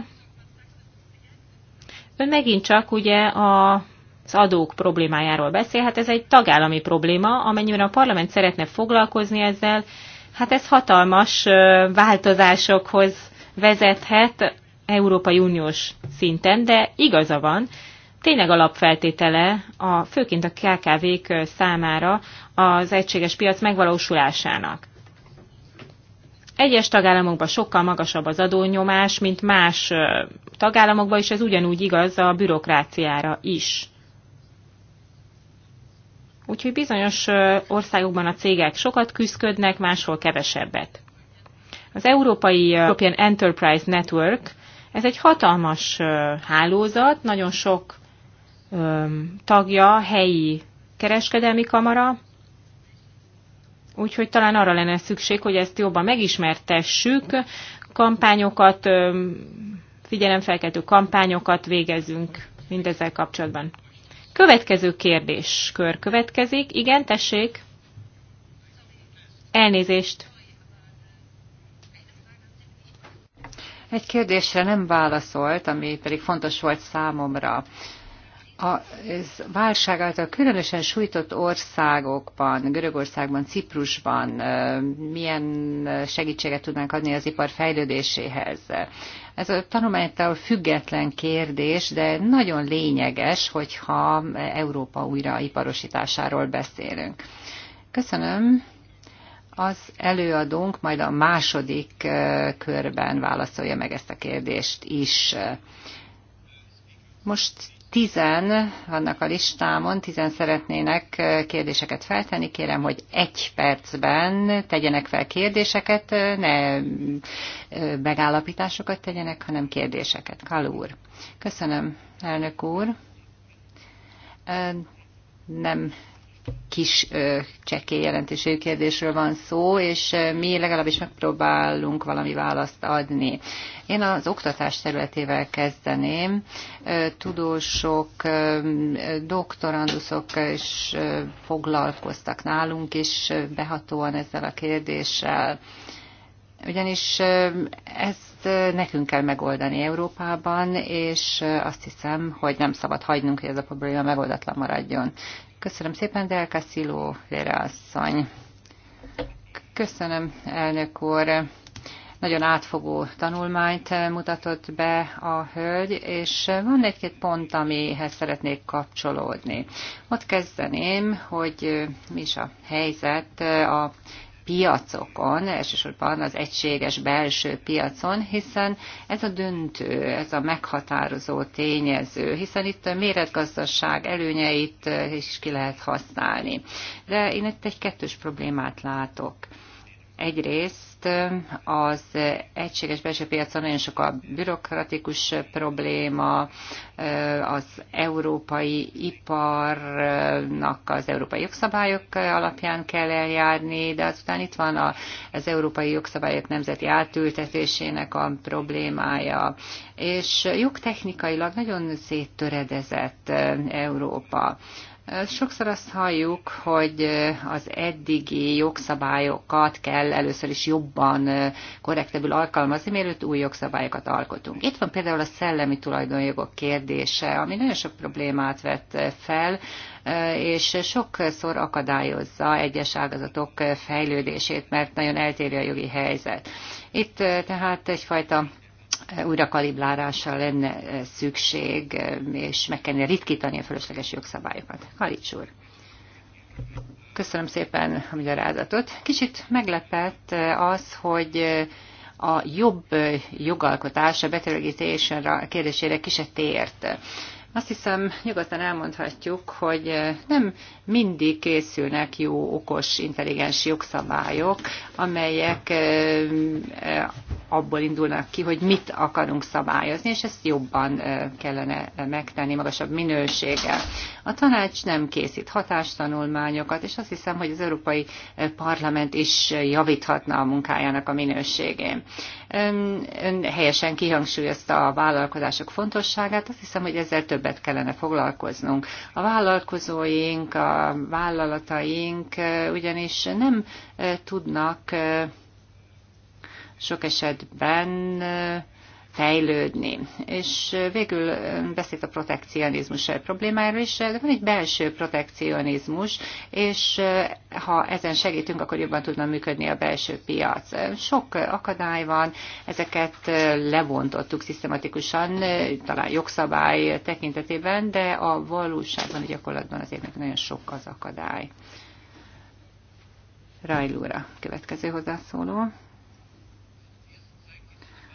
ön megint csak ugye a az adók problémájáról beszél, hát ez egy tagállami probléma, amennyiben a parlament szeretne foglalkozni ezzel, hát ez hatalmas változásokhoz vezethet Európai Uniós szinten, de igaza van, tényleg alapfeltétele a főként a KKV-k számára az egységes piac megvalósulásának. Egyes tagállamokban sokkal magasabb az adónyomás, mint más tagállamokban, és ez ugyanúgy igaz a bürokráciára is. Úgyhogy bizonyos országokban a cégek sokat küzdködnek, máshol kevesebbet. Az Európai European Enterprise Network ez egy hatalmas hálózat, nagyon sok tagja, helyi kereskedelmi kamara, úgyhogy talán arra lenne szükség, hogy ezt jobban megismertessük, kampányokat, figyelemfelkeltő kampányokat végezünk mindezzel kapcsolatban. Következő kérdéskör következik. Igen, tessék. Elnézést. Egy kérdésre nem válaszolt, ami pedig fontos volt számomra. A válság által különösen sújtott országokban, Görögországban, Ciprusban milyen segítséget tudnánk adni az ipar fejlődéséhez? Ez a tanulmánytól független kérdés, de nagyon lényeges, hogyha Európa újraiparosításáról beszélünk. Köszönöm az előadónk majd a második körben válaszolja meg ezt a kérdést is. Most tizen vannak a listámon, tizen szeretnének kérdéseket feltenni. Kérem, hogy egy percben tegyenek fel kérdéseket, ne megállapításokat tegyenek, hanem kérdéseket. Kalúr. Köszönöm, elnök úr. Nem kis csekély jelentőségű kérdésről van szó, és mi legalábbis megpróbálunk valami választ adni. Én az oktatás területével kezdeném. Tudósok, doktoranduszok is foglalkoztak nálunk is behatóan ezzel a kérdéssel. Ugyanis ezt nekünk kell megoldani Európában, és azt hiszem, hogy nem szabad hagynunk, hogy ez a probléma megoldatlan maradjon. Köszönöm szépen, Del Cassillo, asszony. Köszönöm, elnök úr nagyon átfogó tanulmányt mutatott be a hölgy, és van egy-két pont, amihez szeretnék kapcsolódni. Ott kezdeném, hogy mi is a helyzet a piacokon, elsősorban az egységes belső piacon, hiszen ez a döntő, ez a meghatározó tényező, hiszen itt a méretgazdaság előnyeit is ki lehet használni. De én itt egy kettős problémát látok. Egyrészt az egységes belső piacon nagyon sok a bürokratikus probléma, az európai iparnak az európai jogszabályok alapján kell eljárni, de azután itt van az európai jogszabályok nemzeti átültetésének a problémája, és jogtechnikailag nagyon széttöredezett Európa. Sokszor azt halljuk, hogy az eddigi jogszabályokat kell először is jobban, korrektebbül alkalmazni, mielőtt új jogszabályokat alkotunk. Itt van például a szellemi tulajdonjogok kérdése, ami nagyon sok problémát vett fel, és sokszor akadályozza egyes ágazatok fejlődését, mert nagyon eltérő a jogi helyzet. Itt tehát egyfajta újra újrakalibrálásra lenne eh, szükség, eh, és meg kellene ritkítani a fölösleges jogszabályokat. Kalics úr. Köszönöm szépen a magyarázatot. Kicsit meglepett eh, az, hogy a jobb jogalkotás a betelegítés kérdésére ki tért. Azt hiszem, nyugodtan elmondhatjuk, hogy eh, nem mindig készülnek jó, okos, intelligens jogszabályok, amelyek eh, eh, abból indulnak ki, hogy mit akarunk szabályozni, és ezt jobban kellene megtenni, magasabb minőséggel. A tanács nem készít hatástanulmányokat, és azt hiszem, hogy az Európai Parlament is javíthatna a munkájának a minőségén. Ön helyesen kihangsúlyozta a vállalkozások fontosságát, azt hiszem, hogy ezzel többet kellene foglalkoznunk. A vállalkozóink, a vállalataink ugyanis nem tudnak sok esetben fejlődni. És végül beszélt a protekcionizmus problémáról is, de van egy belső protekcionizmus, és ha ezen segítünk, akkor jobban tudna működni a belső piac. Sok akadály van, ezeket levontottuk szisztematikusan, talán jogszabály tekintetében, de a valóságban, a gyakorlatban azért még nagyon sok az akadály. Rajlóra következő hozzászóló.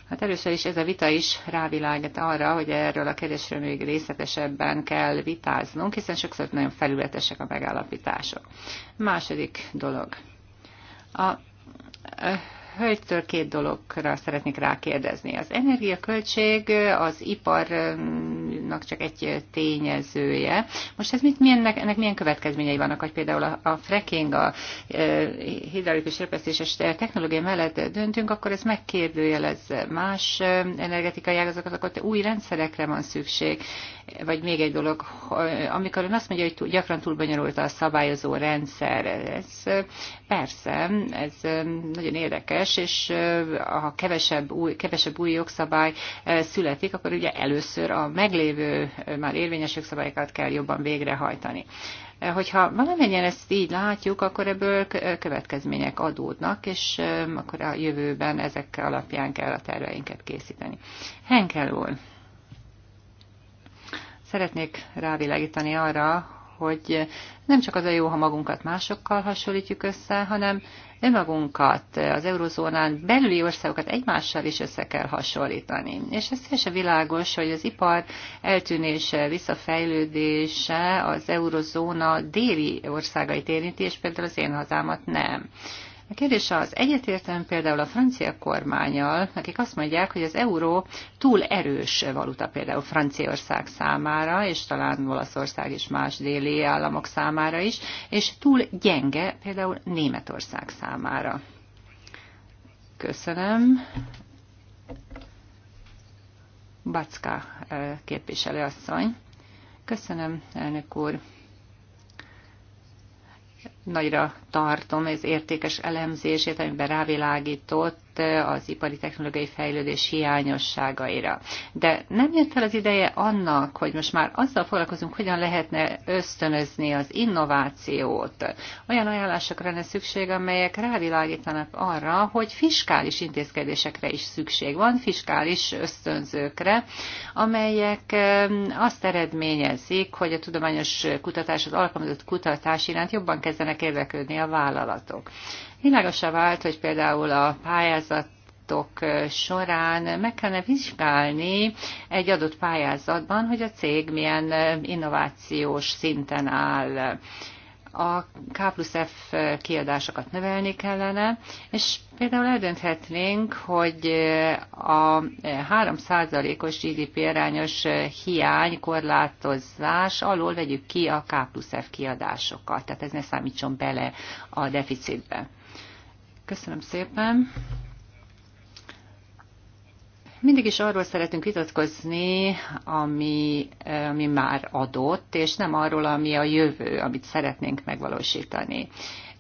Hát először is ez a vita is rávilágít arra, hogy erről a kérdésről még részletesebben kell vitáznunk, hiszen sokszor nagyon felületesek a megállapítások. Második dolog. A hölgytől két dologra szeretnék rákérdezni. Az energiaköltség az iparnak csak egy tényezője. Most ez mit, milyennek, ennek milyen következményei vannak, hogy például a, a fracking, a e, hidraulikus repesztéses technológia mellett döntünk, akkor ez megkérdőjelez más e, energetikai ágazatokat, akkor új rendszerekre van szükség. Vagy még egy dolog, amikor ön azt mondja, hogy túl, gyakran túl bonyolult a szabályozó rendszer, ez e, persze, ez e, nagyon érdekes, sikeres, és ha kevesebb új, kevesebb új jogszabály születik, akkor ugye először a meglévő, már érvényes jogszabályokat kell jobban végrehajtani. Hogyha valamennyien ezt így látjuk, akkor ebből következmények adódnak, és akkor a jövőben ezek alapján kell a terveinket készíteni. Henkel úr, szeretnék rávilágítani arra, hogy nem csak az a jó, ha magunkat másokkal hasonlítjuk össze, hanem önmagunkat, az eurozónán belüli országokat egymással is össze kell hasonlítani. És ez teljesen világos, hogy az ipar eltűnése, visszafejlődése az eurozóna déli országait érinti, és például az én hazámat nem. A kérdés az, egyetértem például a francia kormányal, akik azt mondják, hogy az euró túl erős valuta például Franciaország számára, és talán Olaszország és más déli államok számára is, és túl gyenge például Németország számára. Köszönöm. Backa képviselőasszony. Köszönöm, elnök úr nagyra tartom ez értékes elemzését, amiben rávilágított az ipari technológiai fejlődés hiányosságaira. De nem jött el az ideje annak, hogy most már azzal foglalkozunk, hogyan lehetne ösztönözni az innovációt. Olyan ajánlásokra lenne szükség, amelyek rávilágítanak arra, hogy fiskális intézkedésekre is szükség van, fiskális ösztönzőkre, amelyek azt eredményezik, hogy a tudományos kutatás, az alkalmazott kutatás iránt jobban kezdenek fognak érdeklődni a vállalatok. Világosra vált, hogy például a pályázat pályázatok során meg kellene vizsgálni egy adott pályázatban, hogy a cég milyen innovációs szinten áll a K plusz F kiadásokat növelni kellene, és például eldönthetnénk, hogy a 3%-os GDP arányos hiány korlátozás alól vegyük ki a K plusz F kiadásokat, tehát ez ne számítson bele a deficitbe. Köszönöm szépen! mindig is arról szeretünk vitatkozni, ami, ami már adott, és nem arról, ami a jövő, amit szeretnénk megvalósítani.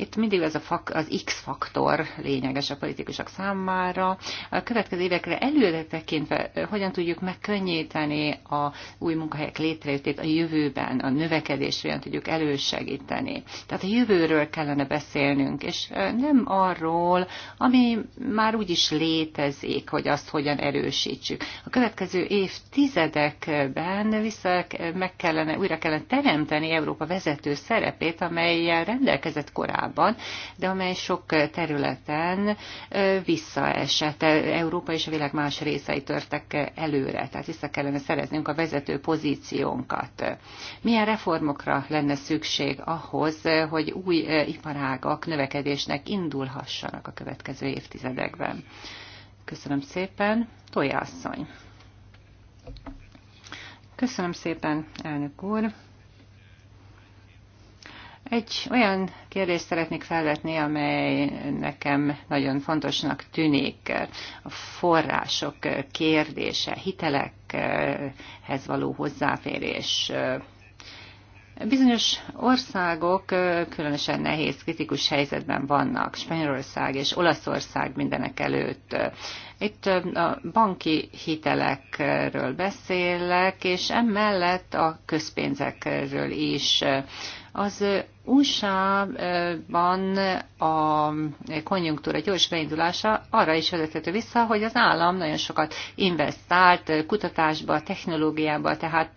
Itt mindig ez a fak, az X-faktor lényeges a politikusok számára. A következő évekre előre tekintve hogyan tudjuk megkönnyíteni a új munkahelyek létrejöttét a jövőben, a növekedésre, hogyan tudjuk elősegíteni. Tehát a jövőről kellene beszélnünk, és nem arról, ami már úgy is létezik, hogy azt hogyan erősítsük. A következő évtizedekben vissza meg kellene, újra kellene teremteni Európa vezető szerepét, amelyel rendelkezett korábban korábban, de amely sok területen visszaesett. E, Európa és a világ más részei törtek előre, tehát vissza kellene szereznünk a vezető pozíciónkat. Milyen reformokra lenne szükség ahhoz, hogy új iparágak növekedésnek indulhassanak a következő évtizedekben? Köszönöm szépen. Tojászony. Köszönöm szépen, elnök úr. Egy olyan kérdést szeretnék felvetni, amely nekem nagyon fontosnak tűnik. A források kérdése, hitelekhez való hozzáférés. Bizonyos országok különösen nehéz, kritikus helyzetben vannak, Spanyolország és Olaszország mindenek előtt. Itt a banki hitelekről beszélek, és emellett a közpénzekről is. Az USA-ban a konjunktúra gyors beindulása arra is vezethető vissza, hogy az állam nagyon sokat investált kutatásba, technológiába, tehát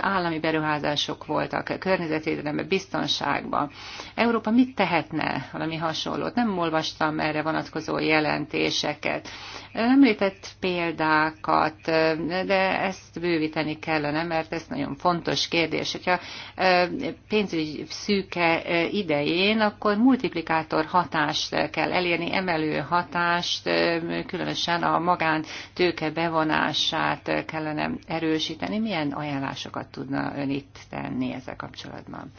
állami beruházások voltak környezetvédelembe, biztonságba. Európa mit tehetne valami hasonlót? Nem olvastam erre vonatkozó jelentéseket. Említett példákat, de ezt bővíteni kellene, mert ez nagyon fontos kérdés. Hogyha pénzügy szűke idején, akkor multiplikátor hatást kell elérni, emelő hatást, különösen a magán tőke bevonását kellene erősíteni. Milyen ajánlásokat tudna ön itt tenni ezzel kapcsolatban?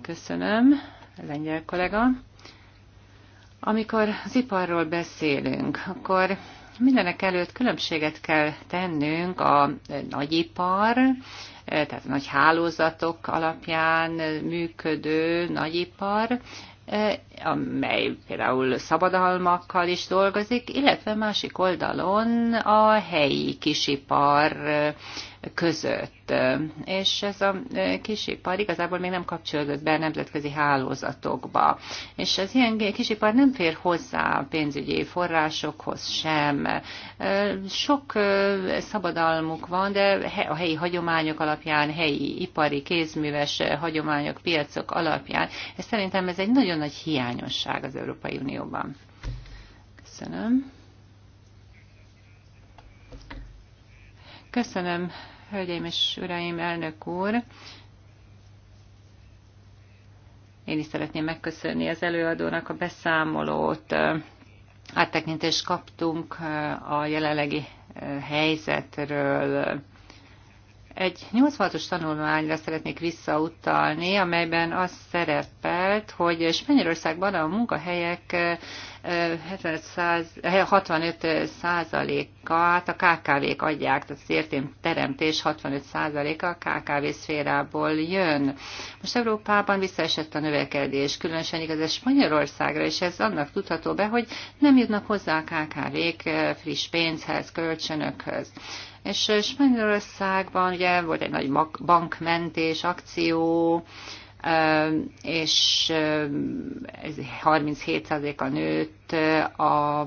Köszönöm, lengyel kollega. Amikor az iparról beszélünk, akkor mindenek előtt különbséget kell tennünk a nagyipar, tehát nagy hálózatok alapján működő nagyipar, e, amely például szabadalmakkal is dolgozik, illetve másik oldalon a helyi kisipar között. És ez a kisipar igazából még nem kapcsolódott be a nemzetközi hálózatokba. És az ilyen kisipar nem fér hozzá a pénzügyi forrásokhoz sem. Sok szabadalmuk van, de a helyi hagyományok alapján, helyi ipari, kézműves hagyományok, piacok alapján. Ez szerintem ez egy nagyon nagy hiányosság az Európai Unióban. Köszönöm. Köszönöm, Hölgyeim és Uraim, elnök úr! Én is szeretném megköszönni az előadónak a beszámolót. Áttekintést kaptunk a jelenlegi helyzetről, egy 86-os tanulmányra szeretnék visszautalni, amelyben az szerepelt, hogy Spanyolországban a munkahelyek 65%-át eh, eh, a KKV-k adják, tehát az értékteremtés 65%-a a KKV szférából jön. Most Európában visszaesett a növekedés, különösen igaz ez Spanyolországra, és ez annak tudható be, hogy nem jutnak hozzá a KKV-k eh, friss pénzhez, kölcsönökhöz. És Spanyolországban ugye volt egy nagy bankmentés akció, és ez 37%-a nőtt a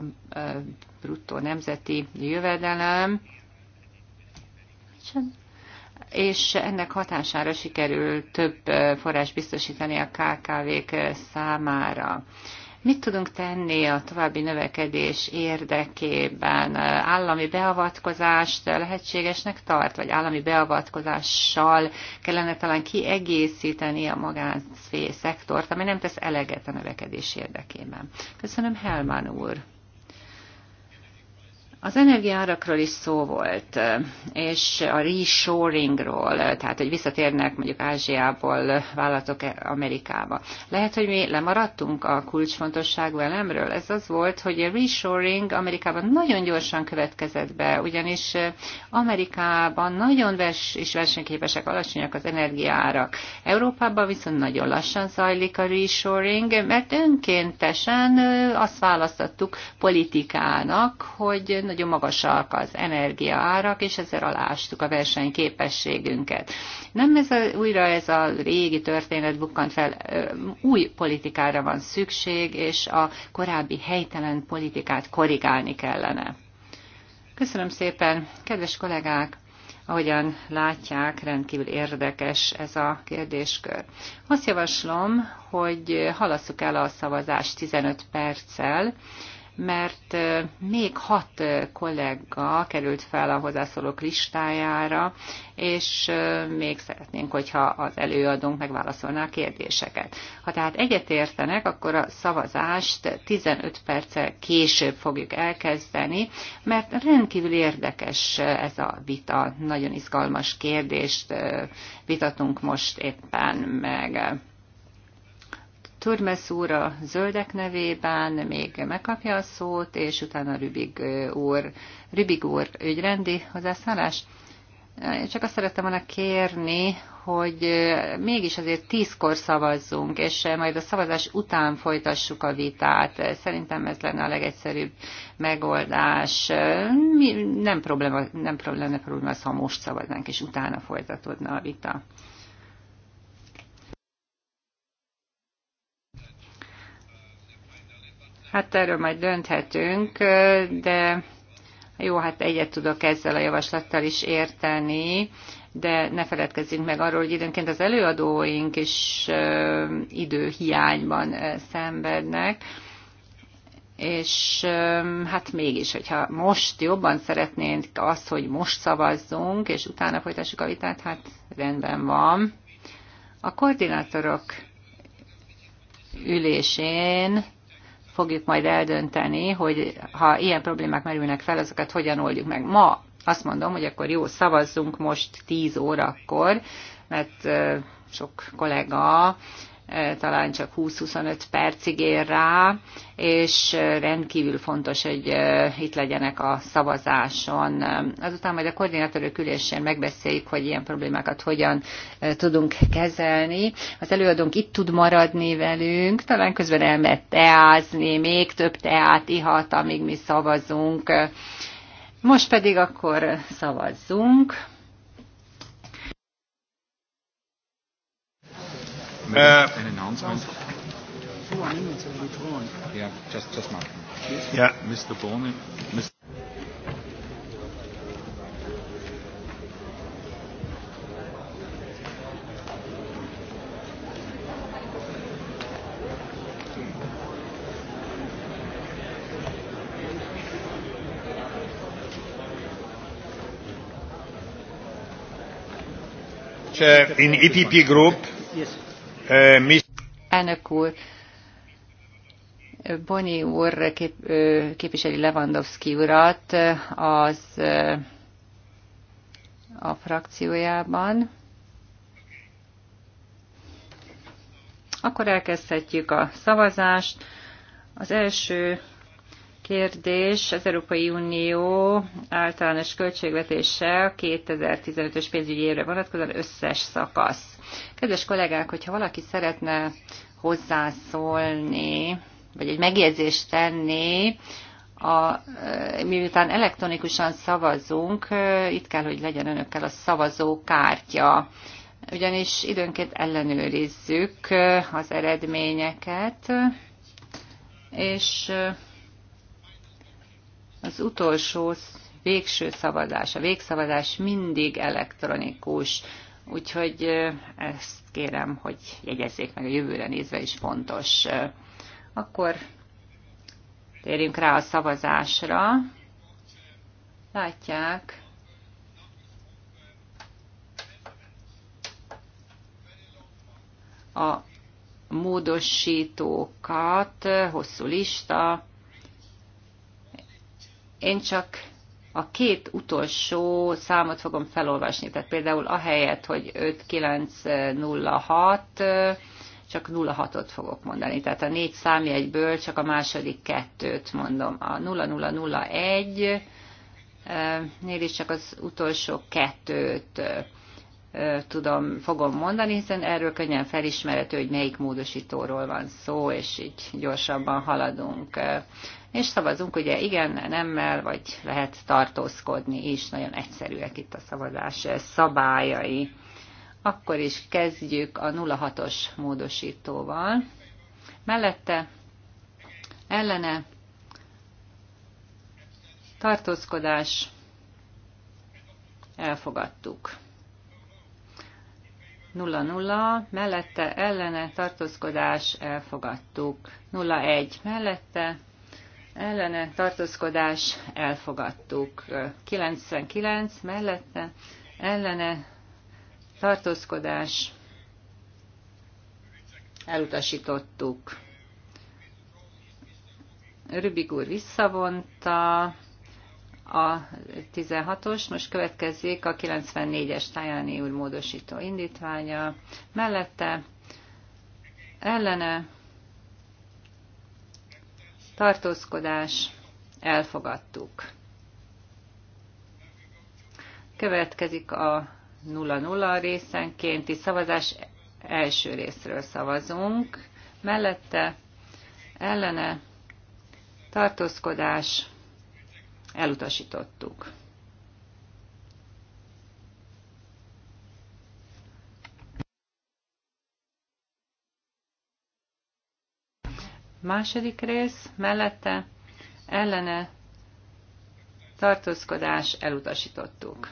bruttó nemzeti jövedelem, és ennek hatására sikerült több forrás biztosítani a KKV-k számára. Mit tudunk tenni a további növekedés érdekében? Állami beavatkozást lehetségesnek tart, vagy állami beavatkozással kellene talán kiegészíteni a magánszektort, ami nem tesz eleget a növekedés érdekében. Köszönöm, Helman úr! Az energiárakról is szó volt, és a reshoringról, tehát hogy visszatérnek mondjuk Ázsiából vállalatok e- Amerikába. Lehet, hogy mi lemaradtunk a kulcsfontosságú elemről. Ez az volt, hogy a reshoring Amerikában nagyon gyorsan következett be, ugyanis Amerikában nagyon vers és versenyképesek, alacsonyak az energiárak. Európában viszont nagyon lassan zajlik a reshoring, mert önkéntesen azt választottuk politikának, hogy nagyon magasak az energiaárak, és ezzel alástuk a versenyképességünket. Nem ez a, újra ez a régi történet bukkant fel, új politikára van szükség, és a korábbi helytelen politikát korrigálni kellene. Köszönöm szépen, kedves kollégák! ahogyan látják, rendkívül érdekes ez a kérdéskör. Azt javaslom, hogy halasszuk el a szavazást 15 perccel, mert még hat kollega került fel a hozzászólók listájára, és még szeretnénk, hogyha az előadónk megválaszolná a kérdéseket. Ha tehát egyetértenek, akkor a szavazást 15 perccel később fogjuk elkezdeni, mert rendkívül érdekes ez a vita, nagyon izgalmas kérdést vitatunk most éppen meg. Turmes úr a zöldek nevében még megkapja a szót, és utána Rübig úr, Rübig úr ügyrendi hozzászállás. csak azt szerettem volna kérni, hogy mégis azért tízkor szavazzunk, és majd a szavazás után folytassuk a vitát. Szerintem ez lenne a legegyszerűbb megoldás. Nem probléma, nem probléma, probléma ha most szavaznánk, és utána folytatódna a vita. Hát erről majd dönthetünk, de jó, hát egyet tudok ezzel a javaslattal is érteni, de ne feledkezzünk meg arról, hogy időnként az előadóink is időhiányban szenvednek, és hát mégis, hogyha most jobban szeretnénk azt, hogy most szavazzunk, és utána folytassuk a vitát, hát rendben van. A koordinátorok ülésén fogjuk majd eldönteni, hogy ha ilyen problémák merülnek fel, azokat hogyan oldjuk meg. Ma azt mondom, hogy akkor jó, szavazzunk most 10 órakor, mert sok kollega talán csak 20-25 percig ér rá, és rendkívül fontos, hogy itt legyenek a szavazáson. Azután majd a koordinátorok ülésén megbeszéljük, hogy ilyen problémákat hogyan tudunk kezelni. Az előadónk itt tud maradni velünk, talán közben elmehet teázni, még több teát ihat, amíg mi szavazunk. Most pedig akkor szavazzunk. Uh, eh, yeah, just, just mark. Yeah, Mr. Boni, Mr. in EPP group. Eh, Elnök úr, Boni úr kép, képviseli Lewandowski urat az a frakciójában. Akkor elkezdhetjük a szavazást. Az első kérdés az Európai Unió általános költségvetése 2015-ös pénzügyi évre vonatkozóan összes szakasz. Kedves kollégák, hogyha valaki szeretne hozzászólni, vagy egy megjegyzést tenni, a, e, miután elektronikusan szavazunk, e, itt kell, hogy legyen önökkel a szavazókártya, ugyanis időnként ellenőrizzük e, az eredményeket, és az utolsó végső szavazás, a végszavazás mindig elektronikus. Úgyhogy ezt kérem, hogy jegyezzék meg a jövőre nézve is fontos. Akkor térjünk rá a szavazásra. Látják, a módosítókat, hosszú lista. Én csak a két utolsó számot fogom felolvasni, tehát például ahelyett, hogy 5906, csak 06-ot fogok mondani, tehát a négy számjegyből csak a második kettőt mondom. A 0001 nél is csak az utolsó kettőt tudom, fogom mondani, hiszen erről könnyen felismerhető, hogy melyik módosítóról van szó, és így gyorsabban haladunk és szavazunk ugye igen, nemmel, vagy lehet tartózkodni is, nagyon egyszerűek itt a szavazás szabályai. Akkor is kezdjük a 06-os módosítóval. Mellette, ellene, tartózkodás, elfogadtuk. 0-0, mellette ellene tartózkodás, elfogadtuk. 0-1 mellette ellene tartózkodás elfogadtuk. 99 mellette ellene tartózkodás elutasítottuk. Rübig úr visszavonta a 16-os, most következzék a 94-es Tajani úr módosító indítványa. Mellette ellene tartózkodás, elfogadtuk. Következik a 0-0 részenkénti szavazás, első részről szavazunk, mellette, ellene, tartózkodás, elutasítottuk. Második rész, mellette, ellene, tartózkodás, elutasítottuk.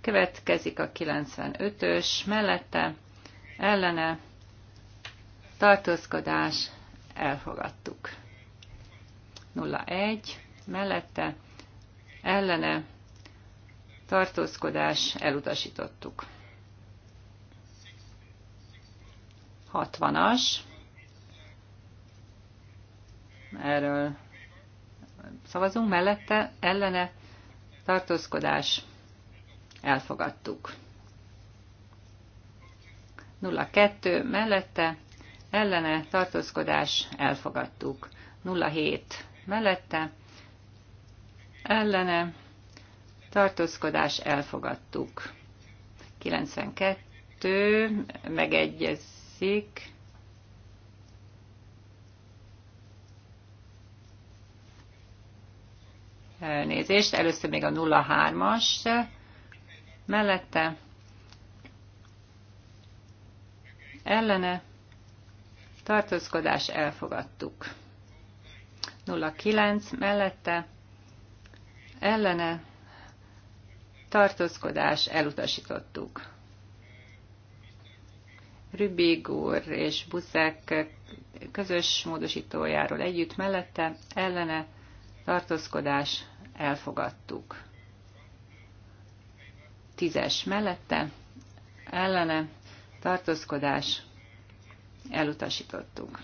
Következik a 95-ös, mellette, ellene, tartózkodás, elfogadtuk. 01, mellette, ellene, tartózkodás, elutasítottuk. 60-as. Erről szavazunk mellette, ellene tartózkodás elfogadtuk. 02 mellette, ellene tartózkodás elfogadtuk. 07 mellette, ellene tartózkodás elfogadtuk. 92 megegyez, cikk. Elnézést, először még a 03-as mellette. Ellene tartózkodás elfogadtuk. 09 mellette ellene tartózkodás elutasítottuk. Rübig úr és Buszek közös módosítójáról együtt mellette ellene tartózkodás elfogadtuk. Tízes mellette ellene tartózkodás elutasítottuk.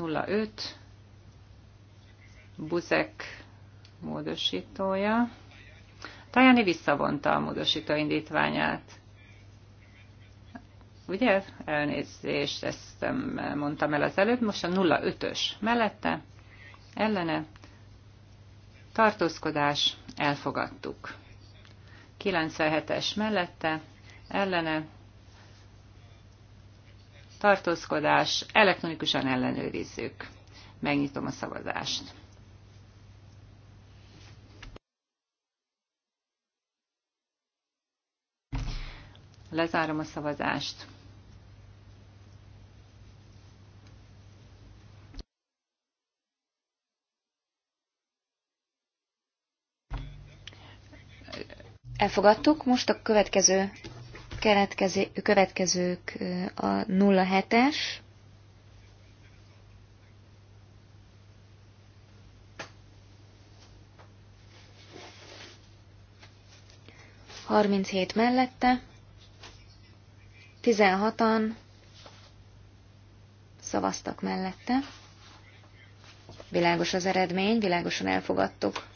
05 Buzek módosítója. Tajani visszavonta a módosító indítványát. Ugye? Elnézést, ezt mondtam el az előbb. Most a 05-ös mellette, ellene, tartózkodás, elfogadtuk. 97-es mellette, ellene, tartózkodás, elektronikusan ellenőrizzük. Megnyitom a szavazást. Lezárom a szavazást. Elfogadtuk, most a következő, következők a 07-es. Harminchét mellette, 16-an szavaztak mellette. Világos az eredmény, világosan elfogadtuk.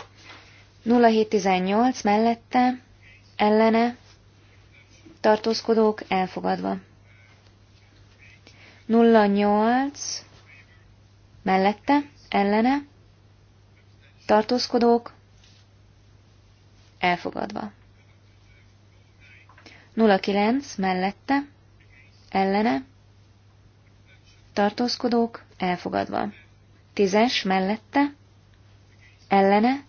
0718 mellette, ellene, tartózkodók elfogadva. 08 mellette, ellene, tartózkodók elfogadva. 09 mellette, ellene, tartózkodók elfogadva. Tízes mellette, ellene,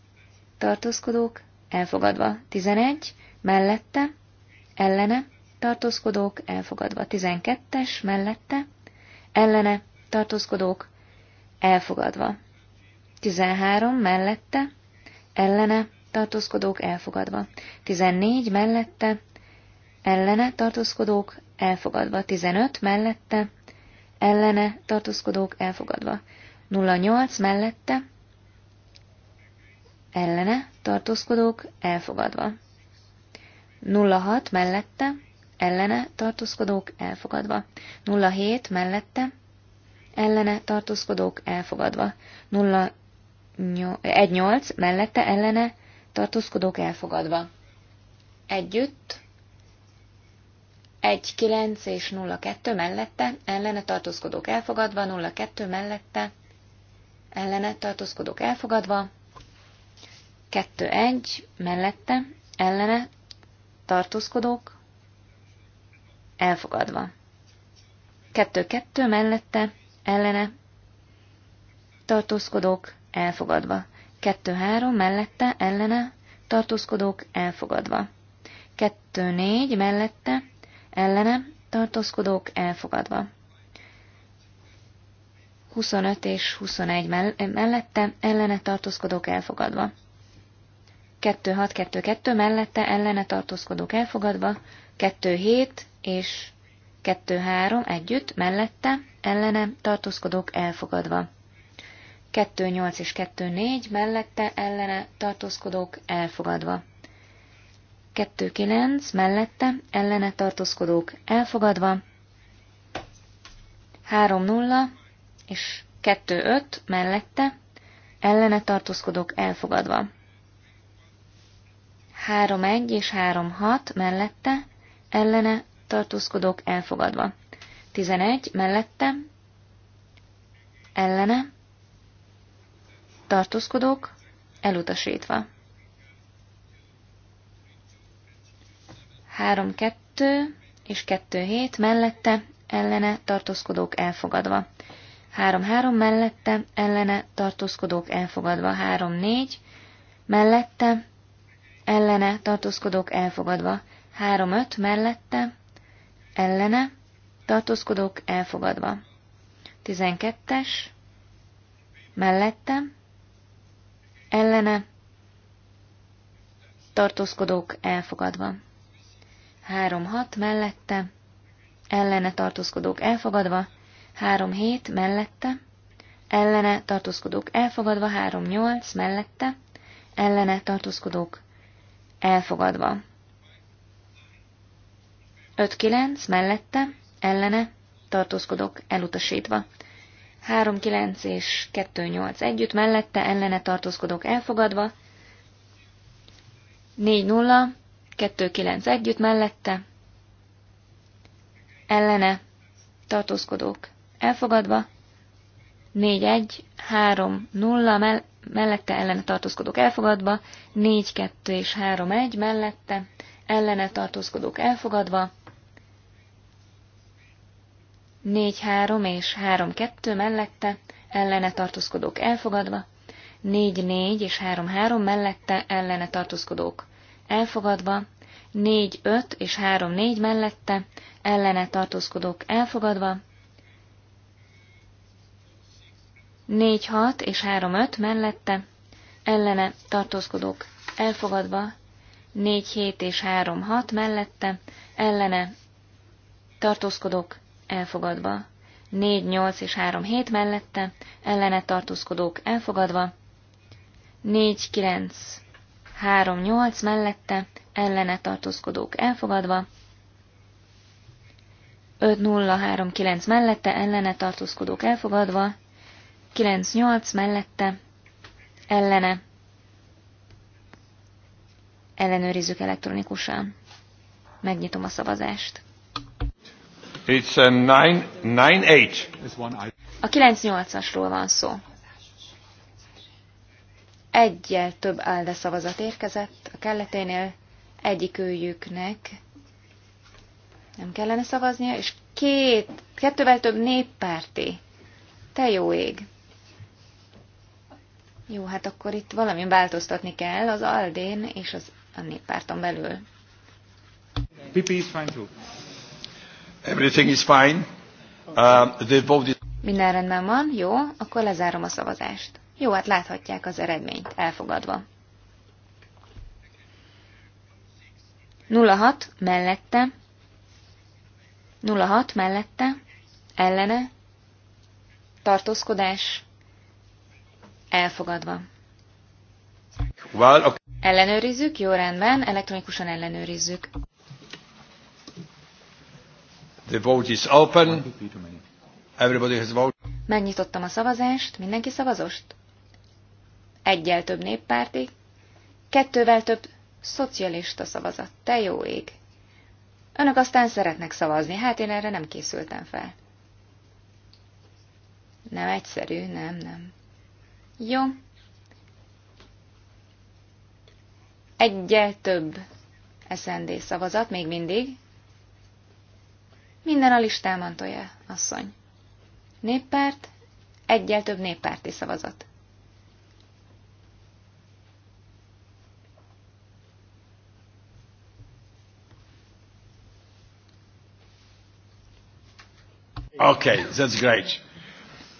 tartózkodók elfogadva. Tizenegy mellette, ellene, tartózkodók elfogadva. Tizenkettes mellette, ellene, tartózkodók elfogadva. Tizenhárom mellette, ellene, tartózkodók elfogadva. Tizennégy mellette, ellene tartózkodók elfogadva, 15 mellette, ellene tartózkodók elfogadva, 08 mellette, ellene tartózkodók elfogadva, 06 mellette, ellene tartózkodók elfogadva, 07 mellette, ellene tartózkodók elfogadva, 18 mellette, ellene tartózkodók elfogadva. Együtt 1-9 és 0-2 mellette, ellene tartózkodók elfogadva, 0-2 mellette, ellene tartózkodók elfogadva, 2-1 mellette, ellene tartózkodók elfogadva. 2-2 mellette, ellene tartózkodók elfogadva. 2-3 mellette, ellene tartózkodók elfogadva. 2-4 mellette, ellene tartózkodók elfogadva. 25 és 21 mellette ellene tartózkodók elfogadva. 2622 mellette ellene tartózkodók elfogadva, 27 és 23 együtt mellette ellene tartózkodók elfogadva. 28 és 24 mellette ellene tartózkodók elfogadva. 2.9 mellette ellene tartózkodók elfogadva, 3.0 és 2.5 mellette ellene tartózkodók elfogadva. 3.1 és 3.6 mellette ellene tartózkodók elfogadva. 11 mellette ellene tartózkodók elutasítva. 3-2 és 2-7 mellette, ellene tartózkodók elfogadva. 3-3 mellette, ellene tartózkodók elfogadva. 3-4 mellette, ellene tartózkodók elfogadva. 3-5 mellette, ellene tartózkodók elfogadva. 12-es mellette, ellene tartózkodók elfogadva. 3 hat mellette, ellene tartózkodók elfogadva, 3 hét mellette, ellene tartózkodók elfogadva, 3 nyolc mellette, ellene tartózkodók elfogadva. 5-9 mellette, ellene tartózkodók elutasítva. 3-9 és 2-8 együtt mellette, ellene tartózkodók elfogadva, 4-0 29 együtt mellette, ellene, tartózkodók elfogadva, 4-1, 3-0 mell mellette ellene tartózkodók elfogadva, 4-2 és 3-1 mellette ellene tartózkodók elfogadva, 4-3 és 3-2 mellette ellene tartózkodók elfogadva, 4-4 és 3-3 mellette ellene tartózkodók elfogadva, 4-5 és 3-4 mellette, ellene tartózkodók elfogadva, 4-6 és 3-5 mellette, ellene tartózkodók elfogadva, 4-7 és 3-6 mellette, ellene tartózkodók elfogadva, 4-8 és 3-7 mellette, ellene tartózkodók elfogadva, 4-9, 3-8 mellette, ellene tartózkodók elfogadva, 5039 mellette ellene tartózkodók elfogadva, 98 mellette ellene ellenőrizzük elektronikusan. Megnyitom a szavazást. It's a 9 A 98-asról van szó. Egyel több álde szavazat érkezett a kelleténél, egyik őjüknek nem kellene szavaznia, és két, kettővel több néppárti. Te jó ég. Jó, hát akkor itt valami változtatni kell az Aldén és az, a néppárton belül. Pipi is fine too. Everything is fine. Uh, the vote is... Minden rendben van, jó, akkor lezárom a szavazást. Jó, hát láthatják az eredményt, elfogadva. 06 mellette, 06 mellette, ellene, tartózkodás, elfogadva. Well, okay. Ellenőrizzük, jó rendben, elektronikusan ellenőrizzük. The vote is open. Everybody has voted. Megnyitottam a szavazást, mindenki szavazost? Egyel több néppárti, kettővel több Szocialista szavazat, te jó ég! Önök aztán szeretnek szavazni, hát én erre nem készültem fel. Nem egyszerű, nem, nem. Jó. Egyel több SND szavazat még mindig. Minden a listámantója, asszony. Néppárt, egyel több néppárti szavazat. Okay, that's great.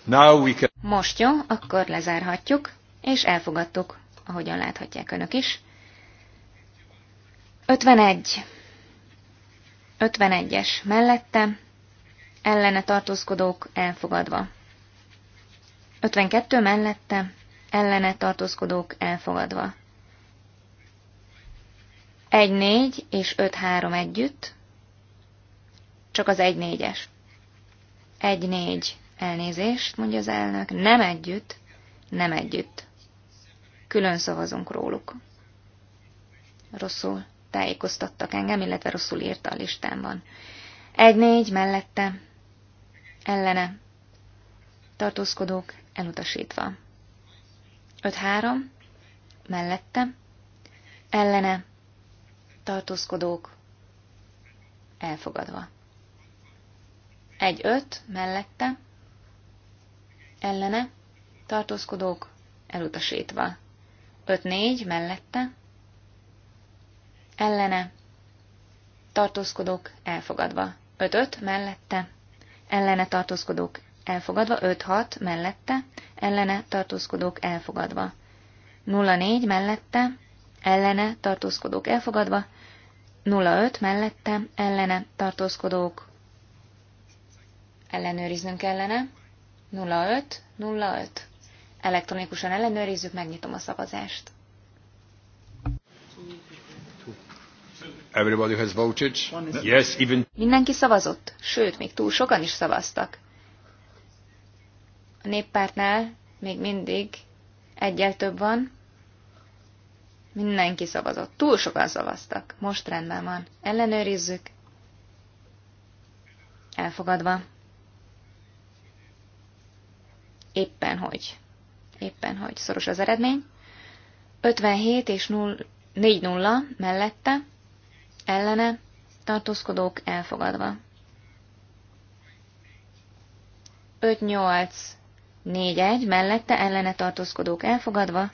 Now we can... Most jó, akkor lezárhatjuk, és elfogadtuk, ahogyan láthatják önök is. 51. 51-es mellette, ellene tartózkodók elfogadva. 52 mellette, ellene tartózkodók elfogadva. 1-4 és 5-3 együtt, csak az 1-4-es. Egy-négy. Elnézést, mondja az elnök. Nem együtt. Nem együtt. Külön szavazunk róluk. Rosszul tájékoztattak engem, illetve rosszul írta a listámban. Egy-négy mellette. Ellene. Tartózkodók elutasítva. Öt három Mellette. Ellene. Tartózkodók elfogadva. Egy öt mellette, ellene, tartózkodók, elutasítva. Öt négy mellette, ellene, tartózkodók, elfogadva. Öt öt mellette, ellene, tartózkodók, elfogadva. Öt hat mellette, ellene, tartózkodók, elfogadva. Nulla négy mellette, ellene, tartózkodók, elfogadva. Nulla öt mellette, ellene, tartózkodók, ellenőriznünk kellene. 05, 05. Elektronikusan ellenőrizzük, megnyitom a szavazást. Everybody has voted. Yes, even... Mindenki szavazott, sőt, még túl sokan is szavaztak. A néppártnál még mindig egyel több van. Mindenki szavazott, túl sokan szavaztak. Most rendben van. Ellenőrizzük. Elfogadva éppen hogy, éppen hogy szoros az eredmény. 57 és 4-0 mellette, ellene, tartózkodók elfogadva. 5-8, 4-1 mellette, ellene tartózkodók elfogadva.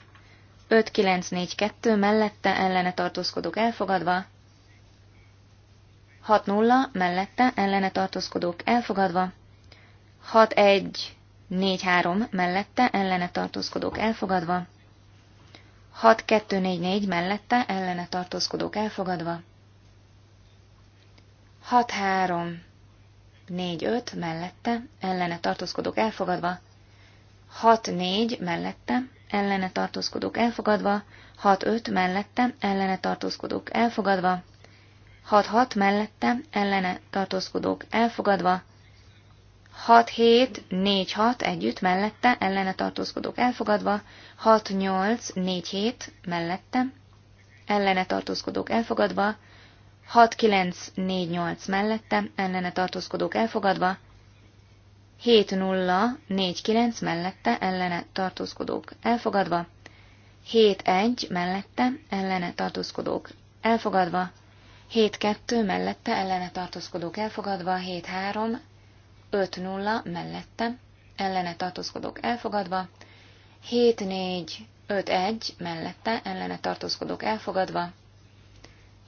5-9-4-2 mellette, ellene tartózkodók elfogadva. 6-0 mellette, ellene tartózkodók elfogadva. 4-3 mellette ellene tartózkodók elfogadva, 6-2-4-4 mellette ellene tartózkodók elfogadva, 6-3 4-5 mellette ellene tartózkodók elfogadva, 6-4 mellette ellene tartózkodók elfogadva, 6-5 mellette ellene tartózkodók elfogadva, 6-6 mellette ellene tartózkodók elfogadva, 6-7-4-6 együtt, mellette, ellene tartózkodók elfogadva, 6-8-4-7 mellette, ellene tartózkodók elfogadva, 6-9-4-8 mellette, ellene tartózkodók elfogadva, 7-0-4-9 mellette, ellene tartózkodók elfogadva, 7-1 mellette, ellene tartózkodók elfogadva, 7-2 mellette, ellene tartózkodók elfogadva, 7-3 5-0 mellette, ellene tartózkodok elfogadva, 7-4-5-1 mellette, ellene tartózkodok elfogadva,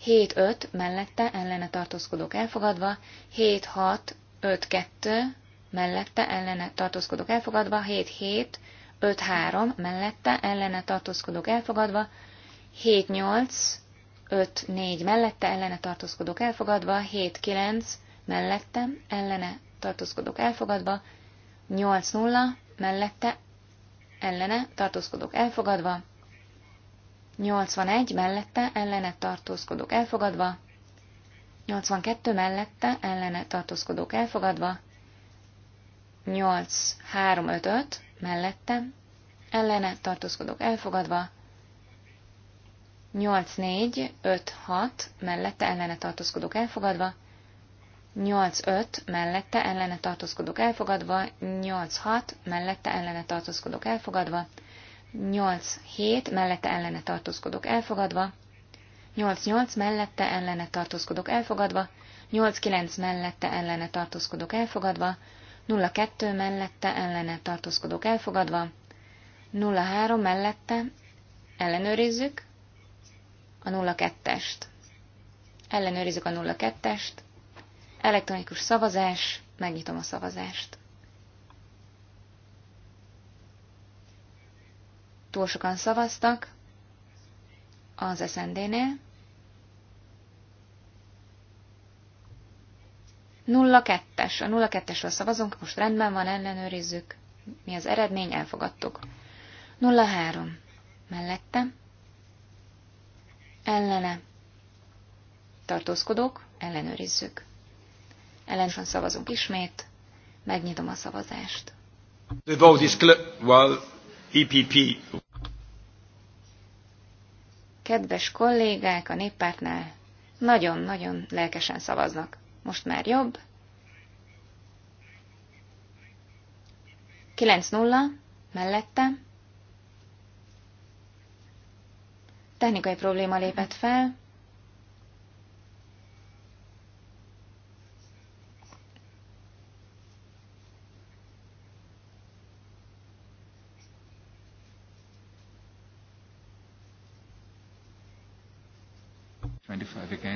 7-5 mellette, ellene tartózkodok elfogadva, 7-6-5-2 mellette, ellene tartózkodok elfogadva, 7-7-5-3 mellette, ellene tartózkodok elfogadva, 7-8-5-4 mellette, ellene tartózkodok elfogadva, 7-9 mellette, ellene tartózkodok elfogadva, 8-0 mellette, ellene tartózkodok elfogadva, 81 mellette, ellene tartózkodok elfogadva, 82 mellette, ellene tartózkodok elfogadva, 8 mellette, ellene tartózkodok elfogadva, 8 mellette ellene tartózkodok elfogadva, 8-5 mellette ellene tartózkodok elfogadva, 8-6 mellette ellene tartózkodok elfogadva, 8-7 mellette ellene tartózkodok elfogadva, 8-8 mellette ellene tartózkodok elfogadva, 8-9 mellette ellene tartózkodok elfogadva, 0-2 mellette ellene tartózkodok elfogadva, 0-3 mellette ellenőrizzük a 0-2-est. Ellenőrizzük a 0-2-est, Elektronikus szavazás, megnyitom a szavazást. Túl sokan szavaztak az SND-nél. 02-es. A 02-esről szavazunk, most rendben van, ellenőrizzük. Mi az eredmény, elfogadtuk. 03. Mellette. Ellene. Tartózkodók, ellenőrizzük. Ellenesen szavazunk ismét. Megnyitom a szavazást. The vote is well, EPP. Kedves kollégák a néppártnál nagyon-nagyon lelkesen szavaznak. Most már jobb. 9-0 mellette. Technikai probléma lépett fel.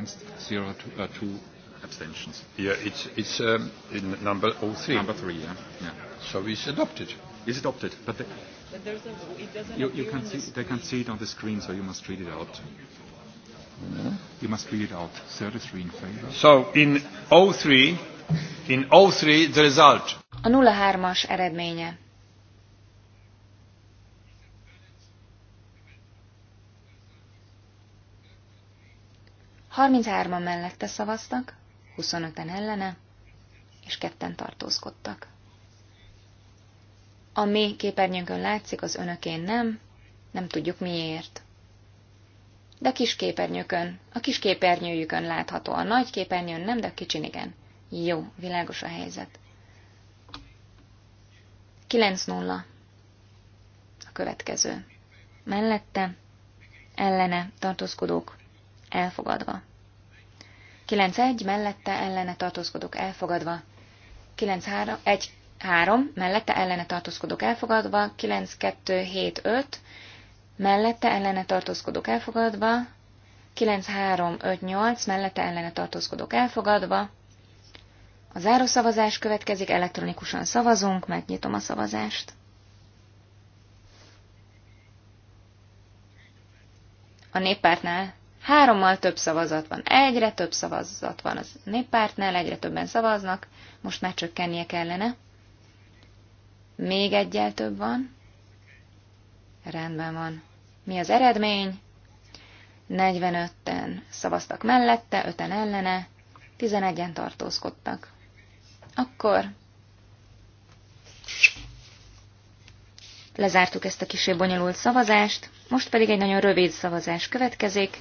against, to, uh, abstentions. Yeah, it's, it's um, in number 03. Number 3, yeah. yeah. So it's adopted. It's adopted, but, the, but there's a, it doesn't you, you can see, the they can see it on the screen, so you must read it out. Yeah. You must read it out. 33 in favor. So in 03, in 03 the result. A 03-as eredménye. 33-an mellette szavaztak, 25-en ellene, és ketten tartózkodtak. A mi képernyőnkön látszik, az önökén nem, nem tudjuk miért. De a kis képernyőkön, a kis képernyőjükön látható, a nagy képernyőn nem, de a kicsin igen. Jó, világos a helyzet. 9-0. A következő. Mellette, ellene tartózkodók elfogadva. 9.1. mellette ellene tartózkodok elfogadva. 9.3. mellette ellene tartózkodok elfogadva. 9.2.7.5. mellette ellene tartózkodok elfogadva. 9.3.5.8. mellette ellene tartózkodok elfogadva. A zárószavazás következik, elektronikusan szavazunk, megnyitom a szavazást. A néppártnál Hárommal több szavazat van. Egyre több szavazat van az néppártnál, egyre többen szavaznak, most már csökkennie kellene. Még egyel több van. Rendben van. Mi az eredmény? 45-en szavaztak mellette, 5-en ellene, 11-en tartózkodtak. Akkor lezártuk ezt a kisebb bonyolult szavazást, most pedig egy nagyon rövid szavazás következik.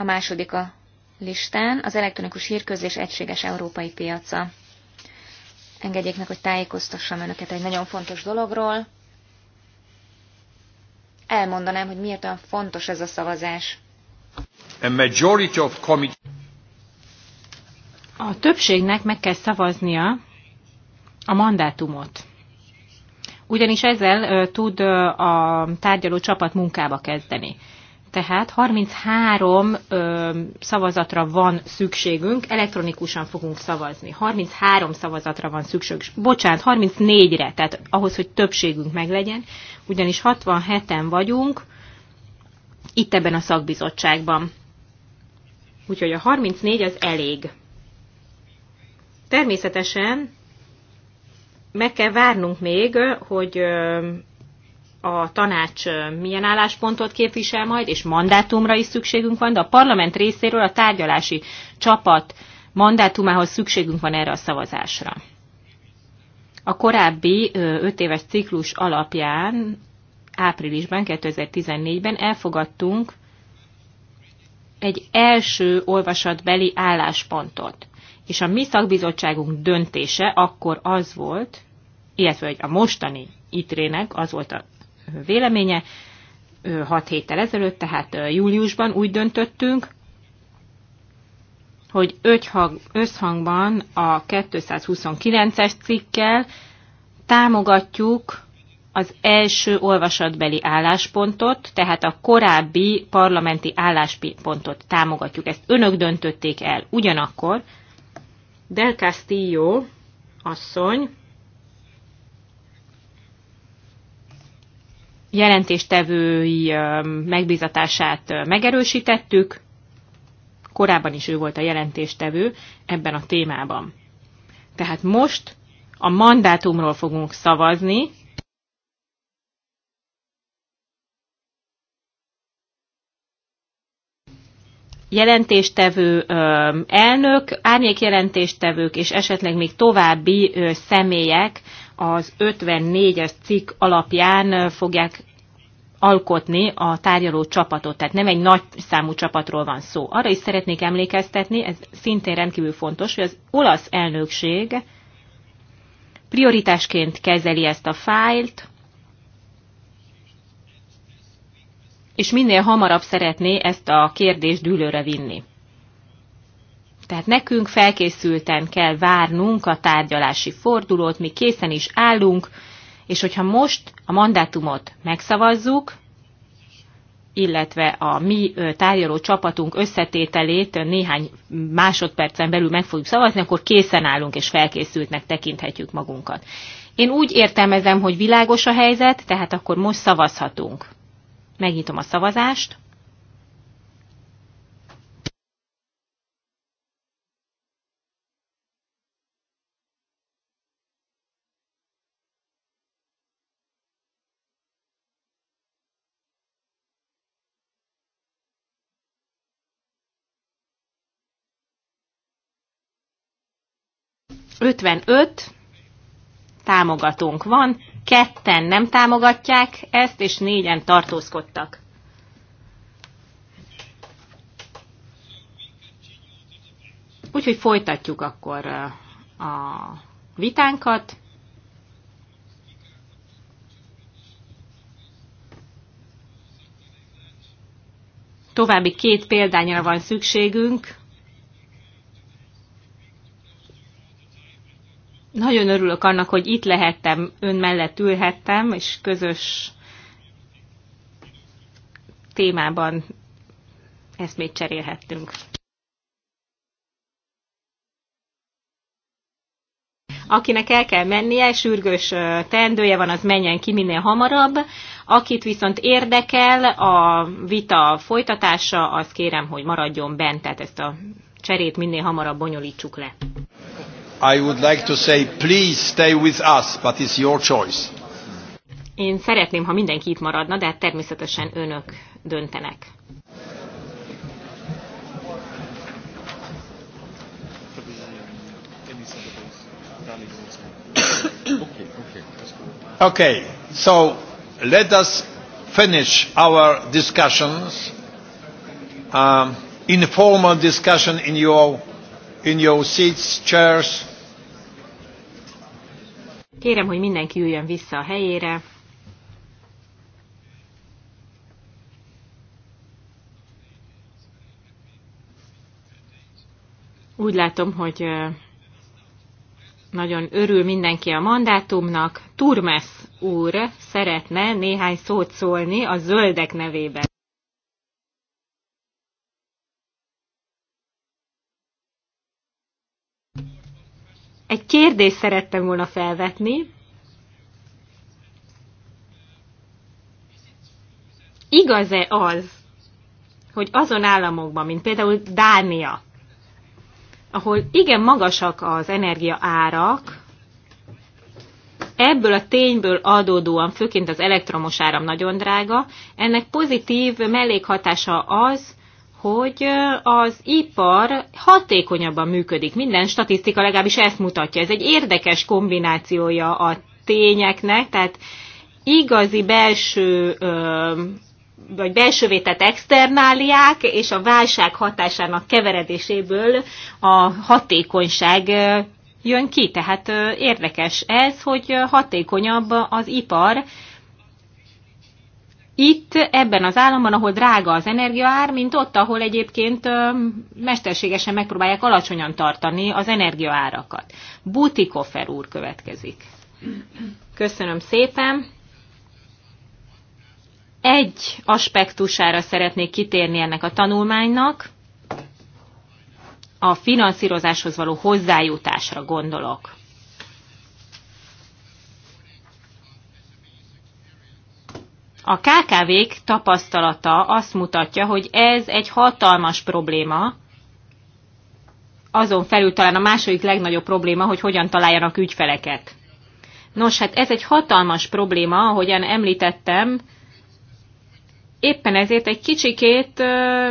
a második a listán az elektronikus hírközlés egységes európai piaca. Engedjék meg, hogy tájékoztassam önöket egy nagyon fontos dologról. Elmondanám, hogy miért olyan fontos ez a szavazás. A of a többségnek meg kell szavaznia a mandátumot. Ugyanis ezzel tud a tárgyaló csapat munkába kezdeni. Tehát 33 ö, szavazatra van szükségünk, elektronikusan fogunk szavazni. 33 szavazatra van szükség, bocsánat, 34-re, tehát ahhoz, hogy többségünk meglegyen, ugyanis 67-en vagyunk itt ebben a szakbizottságban. Úgyhogy a 34 az elég. Természetesen meg kell várnunk még, hogy a tanács milyen álláspontot képvisel majd, és mandátumra is szükségünk van, de a parlament részéről a tárgyalási csapat mandátumához szükségünk van erre a szavazásra. A korábbi öt éves ciklus alapján áprilisban, 2014-ben elfogadtunk egy első olvasatbeli álláspontot. És a mi szakbizottságunk döntése akkor az volt, illetve hogy a mostani itre nek az volt a véleménye. Hat héttel ezelőtt, tehát júliusban úgy döntöttünk, hogy összhangban a 229-es cikkkel támogatjuk az első olvasatbeli álláspontot, tehát a korábbi parlamenti álláspontot támogatjuk. Ezt önök döntötték el ugyanakkor. Del Castillo asszony jelentéstevői megbízatását megerősítettük. Korábban is ő volt a jelentéstevő ebben a témában. Tehát most a mandátumról fogunk szavazni, jelentéstevő elnök, jelentéstevők és esetleg még további személyek az 54-es cikk alapján fogják alkotni a tárgyaló csapatot, tehát nem egy nagy számú csapatról van szó. Arra is szeretnék emlékeztetni, ez szintén rendkívül fontos, hogy az olasz elnökség prioritásként kezeli ezt a fájlt, és minél hamarabb szeretné ezt a kérdést dűlőre vinni. Tehát nekünk felkészülten kell várnunk a tárgyalási fordulót, mi készen is állunk, és hogyha most a mandátumot megszavazzuk, illetve a mi tárgyaló csapatunk összetételét néhány másodpercen belül meg fogjuk szavazni, akkor készen állunk és felkészültnek tekinthetjük magunkat. Én úgy értelmezem, hogy világos a helyzet, tehát akkor most szavazhatunk. Megnyitom a szavazást. 55 támogatónk van, ketten nem támogatják ezt, és négyen tartózkodtak. Úgyhogy folytatjuk akkor a vitánkat. További két példányra van szükségünk Nagyon örülök annak, hogy itt lehettem, ön mellett ülhettem, és közös témában ezt még cserélhettünk. Akinek el kell mennie, sürgős teendője van, az menjen ki minél hamarabb. Akit viszont érdekel a vita folytatása, az kérem, hogy maradjon bent, tehát ezt a cserét minél hamarabb bonyolítsuk le. I would like to say, please stay with us, but it's your choice. Én szeretném, ha mindenki itt maradna, de hát természetesen önök döntenek. Okay, so let us finish our discussions, um, informal discussion in your in your seats, chairs. Kérem, hogy mindenki üljön vissza a helyére. Úgy látom, hogy nagyon örül mindenki a mandátumnak. Turmes úr szeretne néhány szót szólni a zöldek nevében. Egy kérdést szerettem volna felvetni. Igaz-e az, hogy azon államokban, mint például Dánia, ahol igen magasak az energia árak, ebből a tényből adódóan, főként az elektromos áram nagyon drága, ennek pozitív mellékhatása az, hogy az ipar hatékonyabban működik. Minden statisztika legalábbis ezt mutatja. Ez egy érdekes kombinációja a tényeknek, tehát igazi belső vagy belsővé tett externáliák és a válság hatásának keveredéséből a hatékonyság jön ki. Tehát érdekes ez, hogy hatékonyabb az ipar, itt, ebben az államban, ahol drága az energiaár, mint ott, ahol egyébként mesterségesen megpróbálják alacsonyan tartani az energiaárakat. Butikofer úr következik. Köszönöm szépen. Egy aspektusára szeretnék kitérni ennek a tanulmánynak. A finanszírozáshoz való hozzájutásra gondolok. A KKV-k tapasztalata azt mutatja, hogy ez egy hatalmas probléma, azon felül talán a második legnagyobb probléma, hogy hogyan találjanak ügyfeleket. Nos, hát ez egy hatalmas probléma, ahogyan említettem, éppen ezért egy kicsikét ö,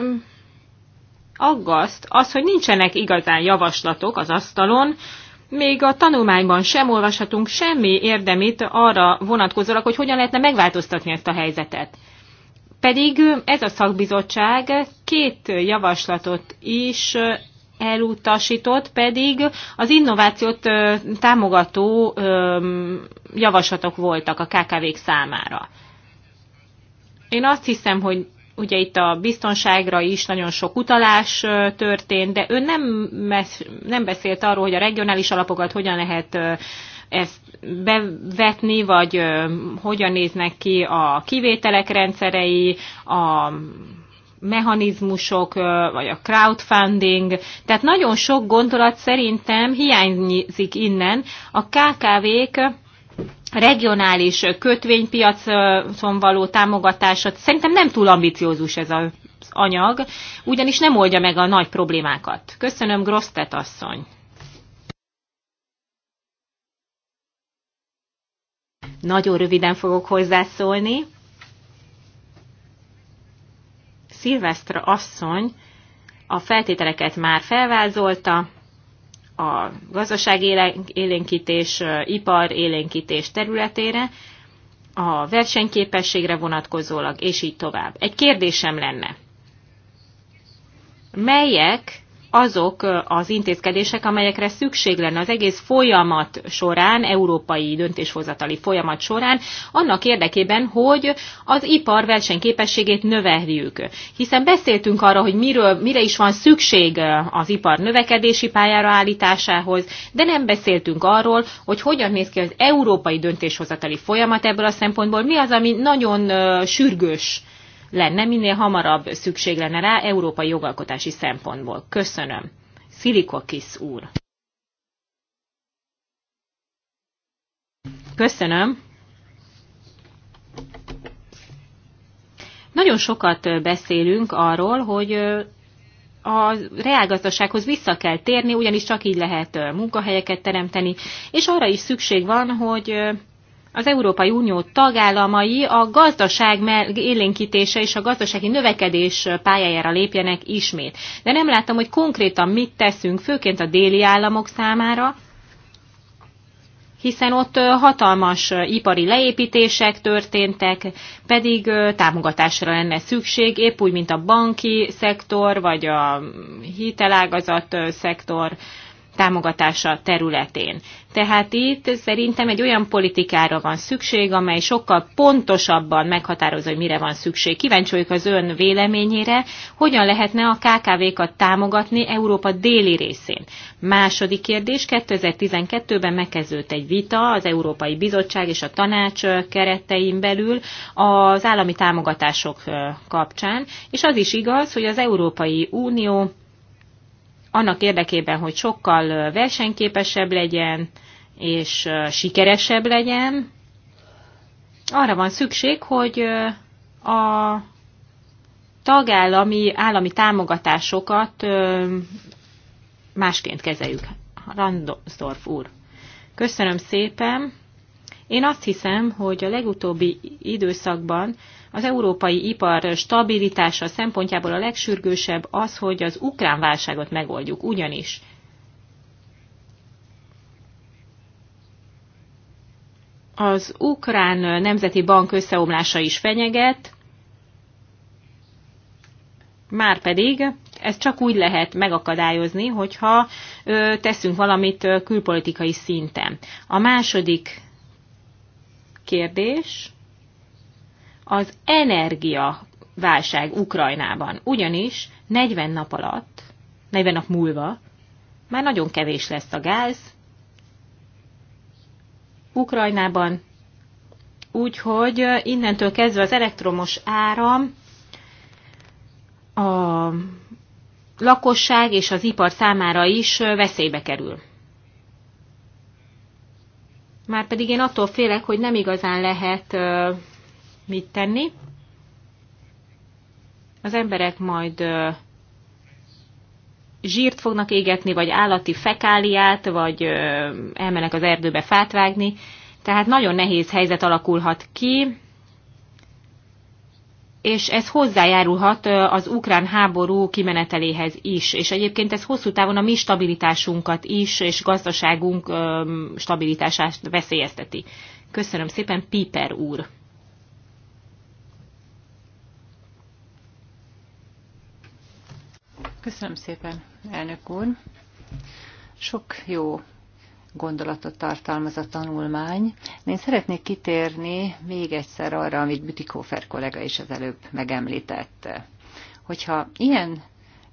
aggaszt az, hogy nincsenek igazán javaslatok az asztalon, még a tanulmányban sem olvashatunk semmi érdemét arra vonatkozólag, hogy hogyan lehetne megváltoztatni ezt a helyzetet. Pedig ez a szakbizottság két javaslatot is elutasított, pedig az innovációt támogató javaslatok voltak a KKV-k számára. Én azt hiszem, hogy Ugye itt a biztonságra is nagyon sok utalás történt, de ő nem, nem beszélt arról, hogy a regionális alapokat hogyan lehet ezt bevetni, vagy hogyan néznek ki a kivételek rendszerei, a mechanizmusok, vagy a crowdfunding. Tehát nagyon sok gondolat szerintem hiányzik innen. A KKV-k regionális kötvénypiacon való támogatása. Szerintem nem túl ambiciózus ez az anyag, ugyanis nem oldja meg a nagy problémákat. Köszönöm, Grosztet asszony! Nagyon röviden fogok hozzászólni. Szilvesztra asszony a feltételeket már felvázolta, a élénkítés, ipar élénkítés területére, a versenyképességre vonatkozólag, és így tovább. Egy kérdésem lenne. Melyek azok az intézkedések, amelyekre szükség lenne az egész folyamat során, európai döntéshozatali folyamat során, annak érdekében, hogy az ipar versenyképességét növeljük. Hiszen beszéltünk arra, hogy miről, mire is van szükség az ipar növekedési pályára állításához, de nem beszéltünk arról, hogy hogyan néz ki az európai döntéshozatali folyamat ebből a szempontból, mi az, ami nagyon sürgős lenne, minél hamarabb szükség lenne rá európai jogalkotási szempontból. Köszönöm. Szilikokis úr. Köszönöm. Nagyon sokat beszélünk arról, hogy a reálgazdasághoz vissza kell térni, ugyanis csak így lehet munkahelyeket teremteni, és arra is szükség van, hogy az Európai Unió tagállamai a gazdaság élénkítése és a gazdasági növekedés pályájára lépjenek ismét. De nem láttam, hogy konkrétan mit teszünk, főként a déli államok számára, hiszen ott hatalmas ipari leépítések történtek, pedig támogatásra lenne szükség, épp úgy, mint a banki szektor, vagy a hitelágazat szektor, támogatása területén. Tehát itt szerintem egy olyan politikára van szükség, amely sokkal pontosabban meghatározza, hogy mire van szükség. Kíváncsi vagyok az ön véleményére, hogyan lehetne a KKV-kat támogatni Európa déli részén. Második kérdés, 2012-ben megkezdődött egy vita az Európai Bizottság és a Tanács keretein belül az állami támogatások kapcsán, és az is igaz, hogy az Európai Unió annak érdekében, hogy sokkal versenyképesebb legyen, és sikeresebb legyen, arra van szükség, hogy a tagállami állami támogatásokat másként kezeljük. Randorf úr. Köszönöm szépen. Én azt hiszem, hogy a legutóbbi időszakban az európai ipar stabilitása szempontjából a legsürgősebb az, hogy az ukrán válságot megoldjuk, ugyanis az ukrán nemzeti bank összeomlása is fenyeget, már pedig ez csak úgy lehet megakadályozni, hogyha ö, teszünk valamit külpolitikai szinten. A második kérdés az energia válság Ukrajnában. Ugyanis 40 nap alatt, 40 nap múlva már nagyon kevés lesz a gáz Ukrajnában, úgyhogy innentől kezdve az elektromos áram a lakosság és az ipar számára is veszélybe kerül. Márpedig én attól félek, hogy nem igazán lehet mit tenni. Az emberek majd zsírt fognak égetni, vagy állati fekáliát, vagy elmennek az erdőbe fát vágni. Tehát nagyon nehéz helyzet alakulhat ki, és ez hozzájárulhat az ukrán háború kimeneteléhez is, és egyébként ez hosszú távon a mi stabilitásunkat is, és gazdaságunk stabilitását veszélyezteti. Köszönöm szépen, Piper úr! Köszönöm szépen, elnök úr. Sok jó gondolatot tartalmaz a tanulmány. Én szeretnék kitérni még egyszer arra, amit Bütikófer kollega is az előbb megemlített. Hogyha ilyen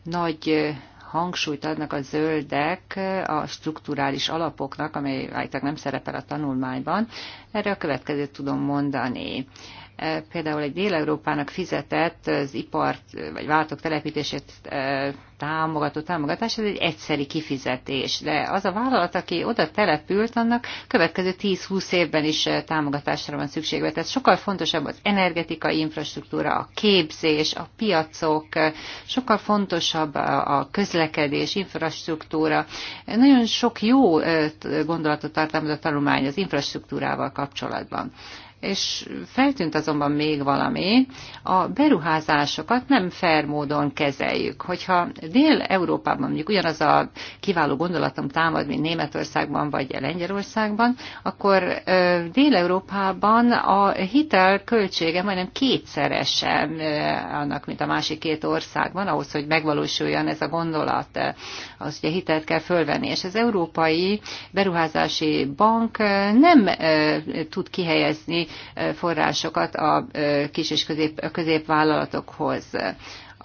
nagy hangsúlyt adnak a zöldek a strukturális alapoknak, amely állítólag nem szerepel a tanulmányban, erre a következőt tudom mondani. E, például egy Dél-Európának fizetett e, az ipart e, vagy váltok telepítését támogató támogatás, ez egy egyszeri kifizetés. De az a vállalat, aki oda települt, annak következő 10-20 évben is támogatásra van szüksége. Tehát sokkal fontosabb az energetikai infrastruktúra, a képzés, a piacok, sokkal fontosabb a közlekedés, infrastruktúra. Nagyon sok jó gondolatot tartalmaz a tanulmány az infrastruktúrával kapcsolatban. És feltűnt azonban még valami, a beruházásokat nem fair módon kezeljük. Hogyha Dél-Európában mondjuk ugyanaz a kiváló gondolatom támad, mint Németországban vagy Lengyelországban, akkor Dél-Európában a hitel költsége majdnem kétszeresen annak, mint a másik két országban, ahhoz, hogy megvalósuljon ez a gondolat, az ugye hitelt kell fölvenni. És az Európai Beruházási Bank nem tud kihelyezni forrásokat a kis és közép, középvállalatokhoz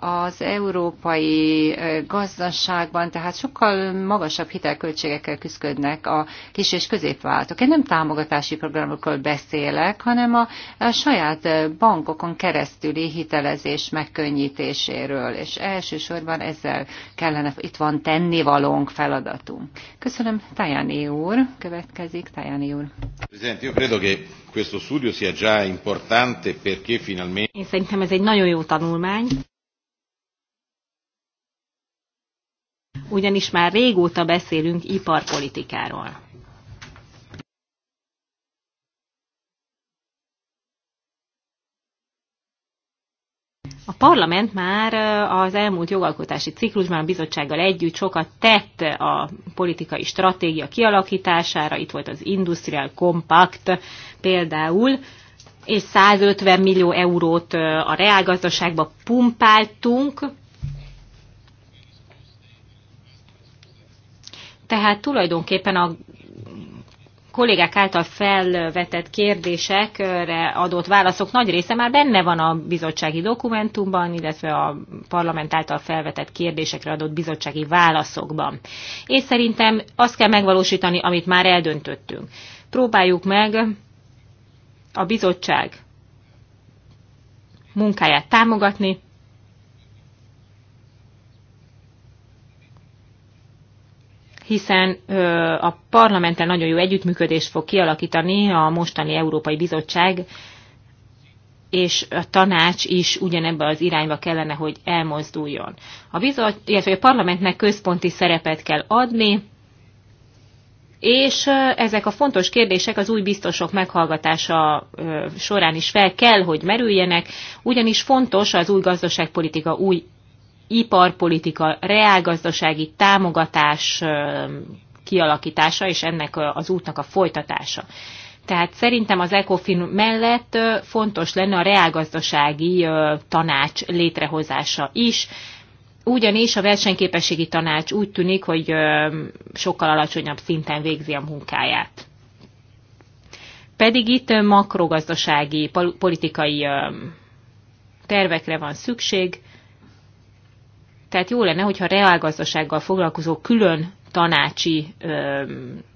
az európai gazdaságban, tehát sokkal magasabb hitelköltségekkel küzdködnek a kis és középváltók. Én nem támogatási programokról beszélek, hanem a, a saját bankokon keresztüli hitelezés megkönnyítéséről, és elsősorban ezzel kellene, itt van tennivalónk, feladatunk. Köszönöm, Tajani úr. Következik Tajani úr. Én szerintem ez egy nagyon jó tanulmány. ugyanis már régóta beszélünk iparpolitikáról. A parlament már az elmúlt jogalkotási ciklusban a bizottsággal együtt sokat tett a politikai stratégia kialakítására, itt volt az Industrial Compact például, és 150 millió eurót a reálgazdaságba pumpáltunk, Tehát tulajdonképpen a kollégák által felvetett kérdésekre adott válaszok nagy része már benne van a bizottsági dokumentumban, illetve a parlament által felvetett kérdésekre adott bizottsági válaszokban. És szerintem azt kell megvalósítani, amit már eldöntöttünk. Próbáljuk meg a bizottság munkáját támogatni, hiszen a parlamenten nagyon jó együttműködést fog kialakítani a mostani Európai Bizottság, és a tanács is ugyanebbe az irányba kellene, hogy elmozduljon. A, bizot, illetve a parlamentnek központi szerepet kell adni, és ezek a fontos kérdések az új biztosok meghallgatása során is fel kell, hogy merüljenek, ugyanis fontos az új gazdaságpolitika új iparpolitika, reálgazdasági támogatás kialakítása és ennek az útnak a folytatása. Tehát szerintem az ECOFIN mellett fontos lenne a reálgazdasági tanács létrehozása is, ugyanis a versenyképességi tanács úgy tűnik, hogy sokkal alacsonyabb szinten végzi a munkáját. Pedig itt makrogazdasági politikai tervekre van szükség, tehát jó lenne, hogyha reálgazdasággal foglalkozó külön tanácsi ö,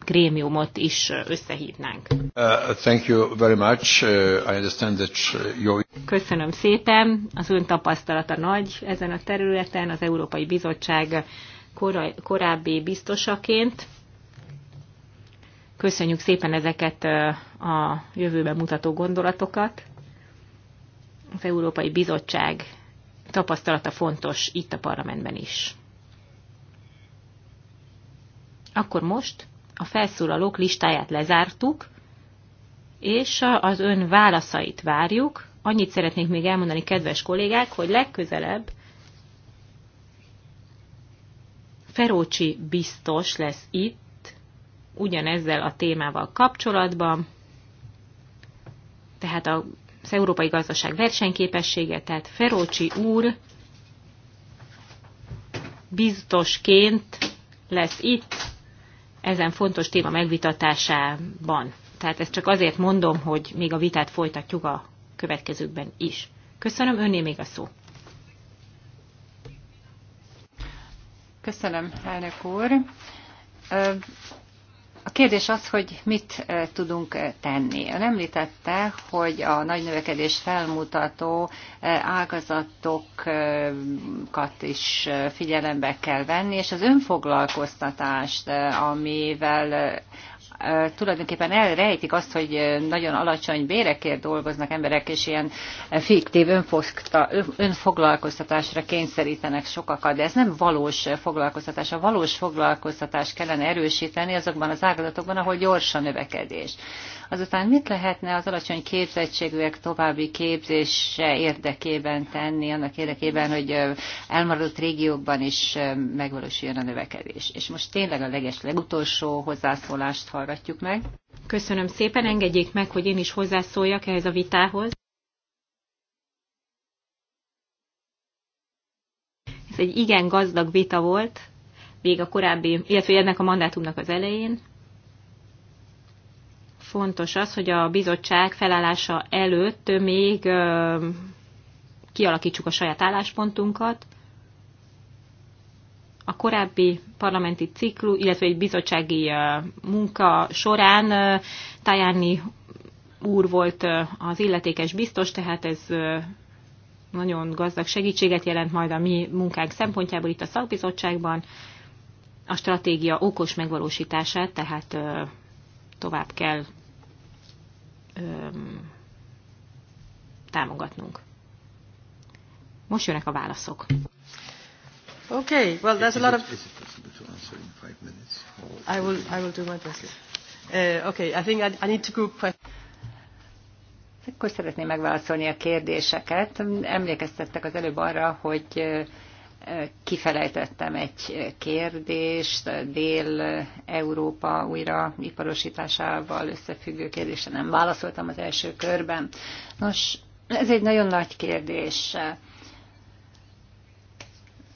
grémiumot is összehívnánk. Uh, thank you very much. Uh, I understand that uh, your... Köszönöm szépen. Az ön tapasztalata nagy ezen a területen, az Európai Bizottság kora, korábbi biztosaként. Köszönjük szépen ezeket a jövőben mutató gondolatokat. Az Európai Bizottság tapasztalata fontos itt a parlamentben is. Akkor most a felszólalók listáját lezártuk, és az ön válaszait várjuk. Annyit szeretnék még elmondani, kedves kollégák, hogy legközelebb Ferócsi biztos lesz itt, ugyanezzel a témával kapcsolatban. Tehát a az európai gazdaság versenyképessége, tehát Ferócsi úr biztosként lesz itt ezen fontos téma megvitatásában. Tehát ezt csak azért mondom, hogy még a vitát folytatjuk a következőkben is. Köszönöm, önné még a szó. Köszönöm, elnök úr. A kérdés az, hogy mit eh, tudunk eh, tenni. Ön említette, hogy a nagy növekedés felmutató eh, ágazatokat is figyelembe kell venni, és az önfoglalkoztatást, amivel tulajdonképpen elrejtik azt, hogy nagyon alacsony bérekért dolgoznak emberek, és ilyen fiktív önfoglalkoztatásra kényszerítenek sokakat, de ez nem valós foglalkoztatás. A valós foglalkoztatás kellene erősíteni azokban az ágazatokban, ahol gyors a növekedés. Azután mit lehetne az alacsony képzettségűek további képzése érdekében tenni, annak érdekében, hogy elmaradott régiókban is megvalósuljon a növekedés. És most tényleg a leges legutolsó hozzászólást hall hallgatjuk meg. Köszönöm szépen, engedjék meg, hogy én is hozzászóljak ehhez a vitához. Ez egy igen gazdag vita volt, még a korábbi, illetve ennek a mandátumnak az elején. Fontos az, hogy a bizottság felállása előtt még kialakítsuk a saját álláspontunkat, a korábbi parlamenti ciklus, illetve egy bizottsági munka során Tajani úr volt az illetékes biztos, tehát ez nagyon gazdag segítséget jelent majd a mi munkánk szempontjából itt a szakbizottságban. A stratégia okos megvalósítását, tehát tovább kell támogatnunk. Most jönnek a válaszok. Okay, well, there's a lot of... Is it possible to answer in five minutes? I will, I will do my best. Uh, okay, I think I, I need to group questions. Akkor szeretném megválaszolni a kérdéseket. Emlékeztettek az előbb arra, hogy kifelejtettem egy kérdést, Dél-Európa újra iparosításával összefüggő kérdésre nem válaszoltam az első körben. Nos, ez egy nagyon nagy kérdés.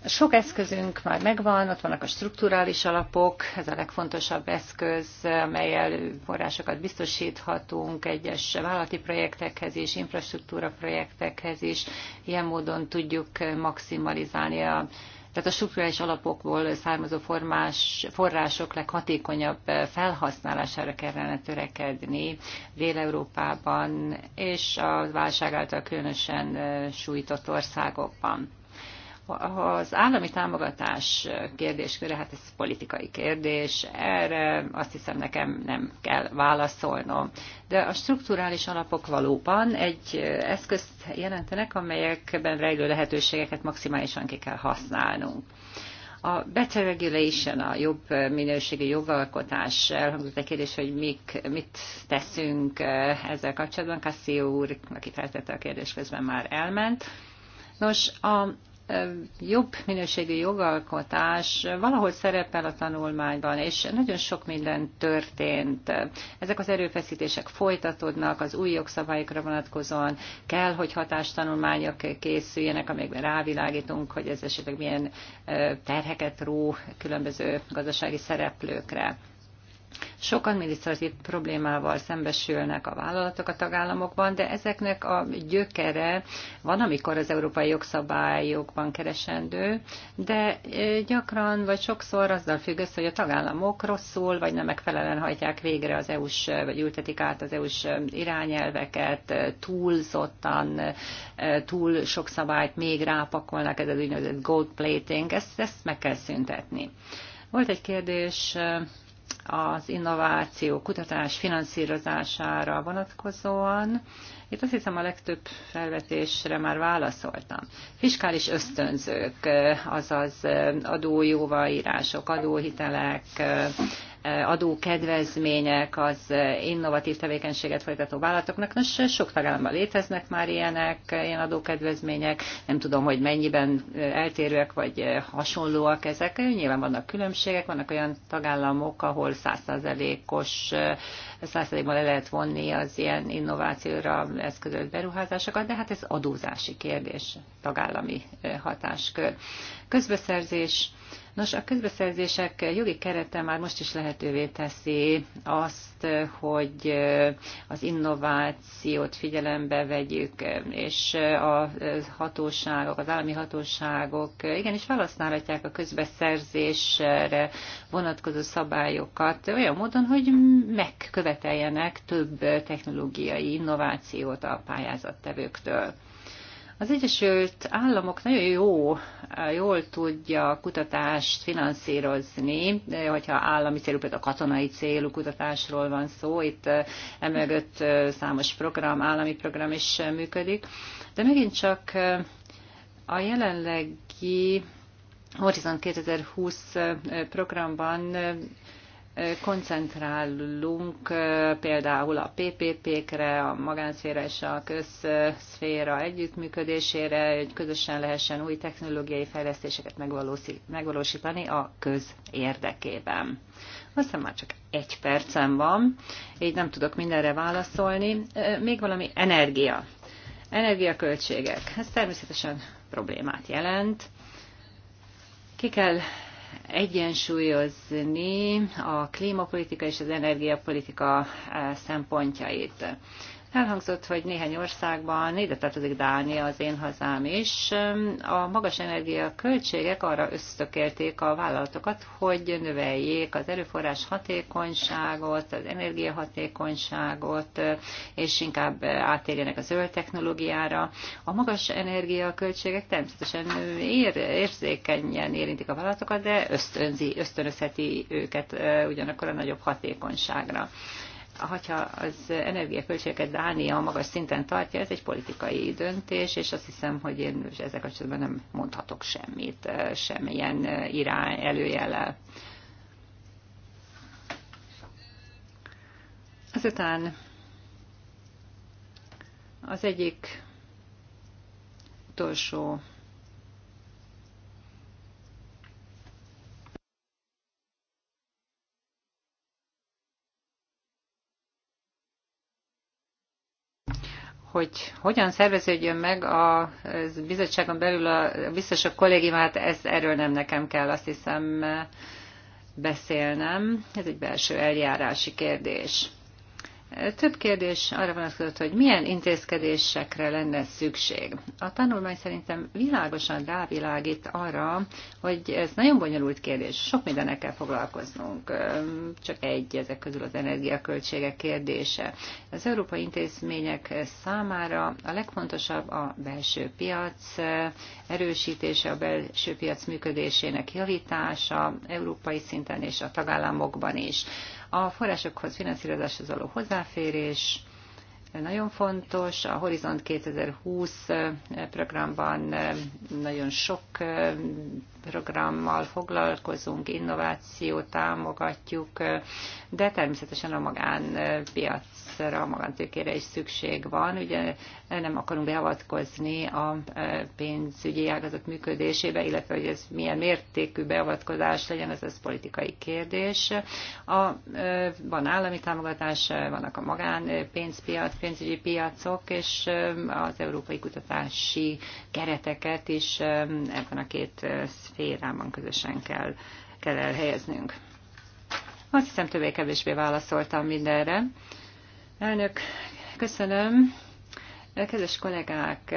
Sok eszközünk már megvan, ott vannak a strukturális alapok, ez a legfontosabb eszköz, amelyel forrásokat biztosíthatunk egyes vállalati projektekhez és infrastruktúra projektekhez is. Ilyen módon tudjuk maximalizálni a tehát a struktúrális alapokból származó formás, források leghatékonyabb felhasználására kellene törekedni Dél-Európában és a válság által különösen sújtott országokban az állami támogatás kérdésköre, hát ez politikai kérdés, erre azt hiszem nekem nem kell válaszolnom. De a strukturális alapok valóban egy eszközt jelentenek, amelyekben rejlő lehetőségeket maximálisan ki kell használnunk. A better regulation, a jobb minőségi jogalkotás, elhangzott egy kérdés, hogy mik, mit teszünk eh, ezzel kapcsolatban. Cassio úr, aki feltette a kérdés közben már elment. Nos, a jobb minőségű jogalkotás valahol szerepel a tanulmányban, és nagyon sok minden történt. Ezek az erőfeszítések folytatódnak, az új jogszabályokra vonatkozóan kell, hogy hatástanulmányok készüljenek, amikben rávilágítunk, hogy ez esetleg milyen terheket ró különböző gazdasági szereplőkre. Sok administratív problémával szembesülnek a vállalatok a tagállamokban, de ezeknek a gyökere van, amikor az európai jogszabályokban keresendő, de e, gyakran vagy sokszor azzal függ össze, hogy a tagállamok rosszul vagy nem megfelelően hajtják végre az EU-s, vagy ültetik át az EU-s irányelveket, e, túlzottan, e, túl sok szabályt még rápakolnak, ez az úgynevezett gold plating, ezt, ezt meg kell szüntetni. Volt egy kérdés az innováció, kutatás finanszírozására vonatkozóan. Itt azt hiszem a legtöbb felvetésre már válaszoltam. Fiskális ösztönzők, azaz adójóváírások, adóhitelek, adókedvezmények az innovatív tevékenységet folytató vállalatoknak. Nos, sok tagállamban léteznek már ilyenek, ilyen adókedvezmények. Nem tudom, hogy mennyiben eltérőek vagy hasonlóak ezek. Nyilván vannak különbségek, vannak olyan tagállamok, ahol százszázalékos százszázalékban le lehet vonni az ilyen innovációra eszközölt beruházásokat, de hát ez adózási kérdés, tagállami hatáskör. Közbeszerzés. Nos, a közbeszerzések jogi kerete már most is lehetővé teszi azt, hogy az innovációt figyelembe vegyük, és a hatóságok, az állami hatóságok igenis felhasználhatják a közbeszerzésre vonatkozó szabályokat olyan módon, hogy megköveteljenek több technológiai innovációt a pályázattevőktől. Az Egyesült Államok nagyon jó, jól tudja a kutatást finanszírozni, hogyha állami célú, például a katonai célú kutatásról van szó, itt eh, emögött eh, számos program, állami program is eh, működik, de megint csak a jelenlegi Horizont 2020 programban koncentrálunk például a PPP-kre, a magánszféra és a közszféra együttműködésére, hogy közösen lehessen új technológiai fejlesztéseket megvalósítani a köz érdekében. Aztán már csak egy percem van, így nem tudok mindenre válaszolni. Még valami energia. Energiaköltségek. Ez természetesen problémát jelent. Ki kell egyensúlyozni a klímapolitika és az energiapolitika eh, szempontjait. Elhangzott, hogy néhány országban, ide tartozik Dánia, az én hazám is, a magas energia költségek arra ösztökélték a vállalatokat, hogy növeljék az erőforrás hatékonyságot, az energiahatékonyságot, és inkább átérjenek a zöld technológiára. A magas energia költségek természetesen ér, érzékenyen érintik a vállalatokat, de ösztönzi, ösztönözheti őket ugyanakkor a nagyobb hatékonyságra hogyha az energiaköltségeket Dánia magas szinten tartja, ez egy politikai döntés, és azt hiszem, hogy én ezzel kapcsolatban nem mondhatok semmit, eh, semmilyen eh, irány előjellel. Azután az egyik utolsó hogy hogyan szerveződjön meg a bizottságon belül a biztosok kollégimát, ez, erről nem nekem kell, azt hiszem, beszélnem. Ez egy belső eljárási kérdés. Több kérdés arra vonatkozott, hogy milyen intézkedésekre lenne szükség. A tanulmány szerintem világosan rávilágít arra, hogy ez nagyon bonyolult kérdés, sok mindennel kell foglalkoznunk, csak egy ezek közül az energiaköltségek kérdése. Az európai intézmények számára a legfontosabb a belső piac erősítése, a belső piac működésének javítása európai szinten és a tagállamokban is. A forrásokhoz, finanszírozáshoz való hozzáférés nagyon fontos. A Horizont 2020 eh, programban eh, nagyon sok eh, programmal foglalkozunk, innovációt támogatjuk, de természetesen a magánpiac sokszor a magántőkére is szükség van. Ugye nem akarunk beavatkozni a e, pénzügyi ágazat működésébe, illetve hogy ez milyen mértékű beavatkozás legyen, ez az politikai kérdés. A, e, van állami támogatás, vannak a magán e, pénzpiac, pénzügyi piacok, és az európai kutatási kereteket is ebben a két szférában közösen kell, kell elhelyeznünk. Azt hiszem többé-kevésbé válaszoltam mindenre. Elnök, köszönöm. Kedves kollégák,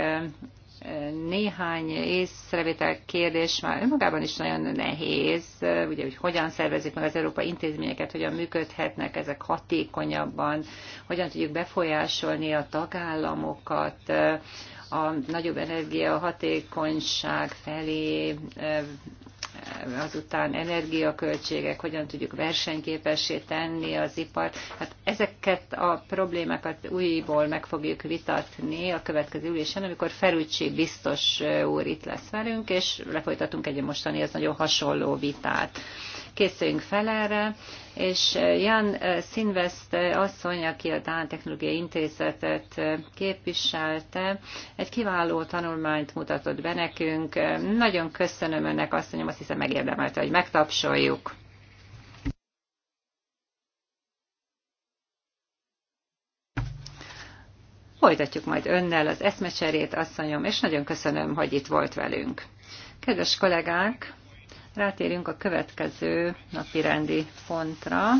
néhány észrevétel kérdés már önmagában is nagyon nehéz, ugye, hogy hogyan szervezik meg az európai intézményeket, hogyan működhetnek ezek hatékonyabban, hogyan tudjuk befolyásolni a tagállamokat, a nagyobb energiahatékonyság felé azután energiaköltségek, hogyan tudjuk versenyképessé tenni az ipart. Hát ezeket a problémákat újból meg fogjuk vitatni a következő ülésen, amikor Ferucsi biztos úr itt lesz velünk, és lefolytatunk egy mostani, ez nagyon hasonló vitát. Készüljünk fel erre, és eh, Jan eh, Szilveszt eh, asszony, aki a Dán Technológiai Intézetet képviselte, egy kiváló tanulmányt mutatott be nekünk. Nagyon köszönöm önnek, asszonyom, azt hiszem megérdemelte, hogy megtapsoljuk. Folytatjuk majd önnel az eszmecserét, asszonyom, és nagyon köszönöm, hogy itt volt velünk. Kedves kollégák, Rátérjünk a következő napirendi pontra.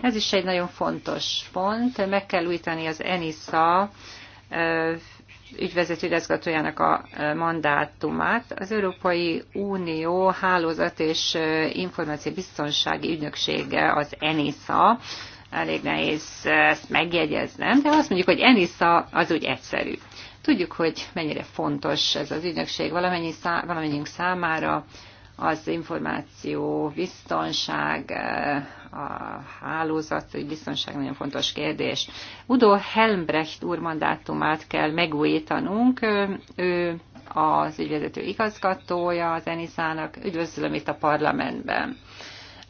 Ez is egy nagyon fontos pont. Meg kell újítani az ENISA ügyvezető igazgatójának a mandátumát. Az Európai Unió hálózat és információ biztonsági ügynöksége az ENISA. Elég nehéz ezt megjegyeznem, de azt mondjuk, hogy ENISA az úgy egyszerű. Tudjuk, hogy mennyire fontos ez az ügynökség valamennyi szá- valamennyiünk számára, az információ, biztonság, eh, a hálózat, hogy biztonság nagyon fontos kérdés. Udo Helmbrecht úr mandátumát kell megújítanunk. Ő az ügyvezető igazgatója az ENSZ-nak Üdvözlöm itt a parlamentben.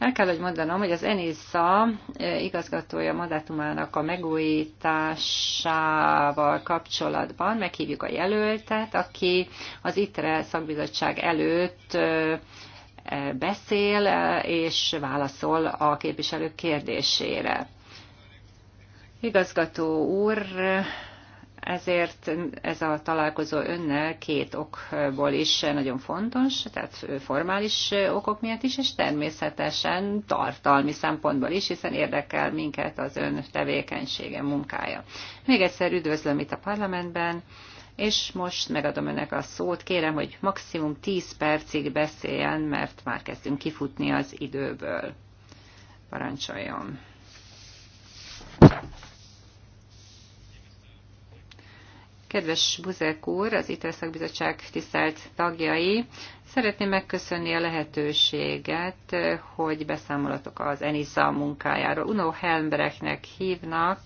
El kell, hogy mondanom, hogy az ENISZA e, igazgatója mandátumának a megújításával kapcsolatban meghívjuk a jelöltet, aki az ITRE szakbizottság előtt e, e, beszél és válaszol a képviselők kérdésére. Igazgató úr, ezért ez a találkozó önnel két okból is nagyon fontos, tehát formális okok miatt is, és természetesen tartalmi szempontból is, hiszen érdekel minket az ön tevékenysége, munkája. Még egyszer üdvözlöm itt a parlamentben, és most megadom önnek a szót, kérem, hogy maximum 10 percig beszéljen, mert már kezdünk kifutni az időből. Parancsoljon! Kedves Buzek úr, az ITER szakbizottság tisztelt tagjai, Szeretném megköszönni a lehetőséget, hogy beszámolatok az ENISA munkájáról. Uno Helmbrechtnek hívnak,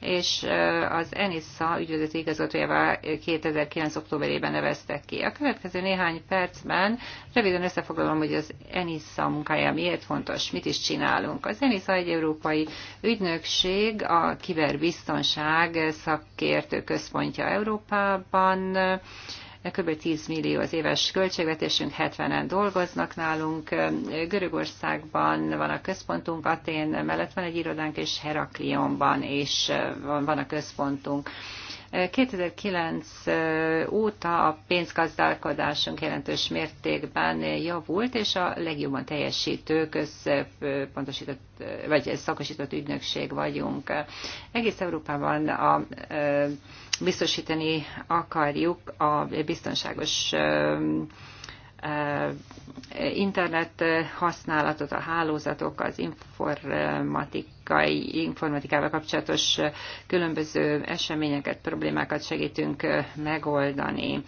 és az ENISA ügyvezető igazgatójával 2009. októberében neveztek ki. A következő néhány percben röviden összefoglalom, hogy az ENISA munkája miért fontos, mit is csinálunk. Az ENISA egy európai ügynökség, a kiberbiztonság szakértő központja Európában, kb. 10 millió az éves költségvetésünk, 70-en dolgoznak nálunk. Görögországban van a központunk, Atén mellett van egy irodánk, és Heraklionban is van a központunk. 2009 óta a pénzgazdálkodásunk jelentős mértékben javult, és a legjobban teljesítő központosított, vagy szakosított ügynökség vagyunk. Egész Európában a biztosítani akarjuk a biztonságos internet használatot, a hálózatok, az informatik informatikai, informatikával kapcsolatos különböző eseményeket, problémákat segítünk megoldani.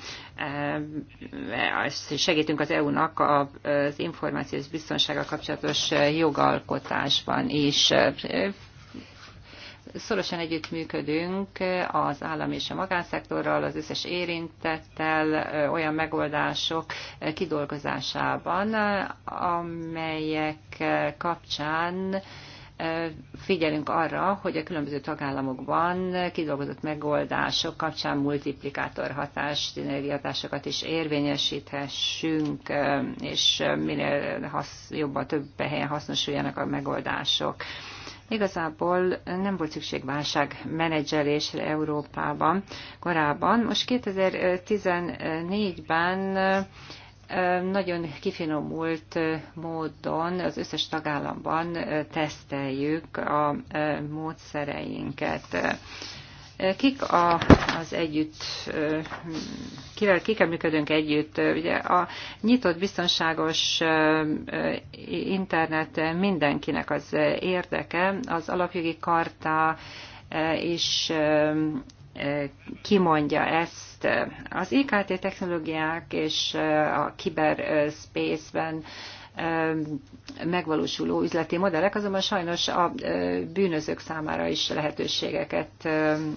Segítünk az EU-nak az információs biztonsággal kapcsolatos jogalkotásban is szorosan együttműködünk az állam és a magánszektorral, az összes érintettel olyan megoldások kidolgozásában, amelyek kapcsán figyelünk arra, hogy a különböző tagállamokban kidolgozott megoldások kapcsán multiplikátor hatást, szinergiatásokat is érvényesíthessünk, és minél hasz, jobban több helyen hasznosuljanak a megoldások. Igazából nem volt szükség válságmenedzselésre Európában korábban. Most 2014-ben nagyon kifinomult módon az összes tagállamban teszteljük a módszereinket. Kik a, az együtt, kivel, kikkel működünk együtt? Ugye a nyitott, biztonságos internet mindenkinek az érdeke, az alapjogi karta és kimondja ezt. Az IKT technológiák és a kiberspace-ben megvalósuló üzleti modellek azonban sajnos a bűnözők számára is lehetőségeket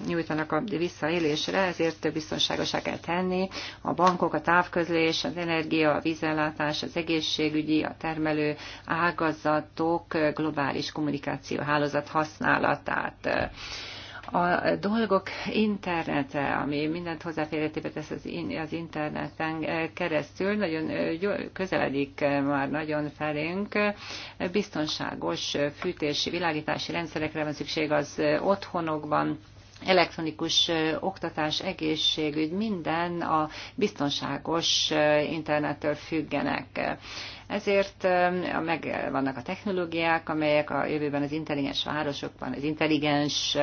nyújtanak a visszaélésre, ezért biztonságosá kell tenni a bankok, a távközlés, az energia, a vízellátás, az egészségügyi, a termelő ágazatok globális kommunikáció hálózat használatát a dolgok internete, ami mindent hozzáférhetővé tesz az, in, az interneten eh, keresztül, nagyon eh, közeledik eh, már nagyon felénk. Biztonságos fűtési, világítási rendszerekre van szükség az otthonokban, elektronikus oktatás, egészségügy, minden a biztonságos internettől függenek. Ezért meg vannak a technológiák, amelyek a jövőben az intelligens városokban az intelligens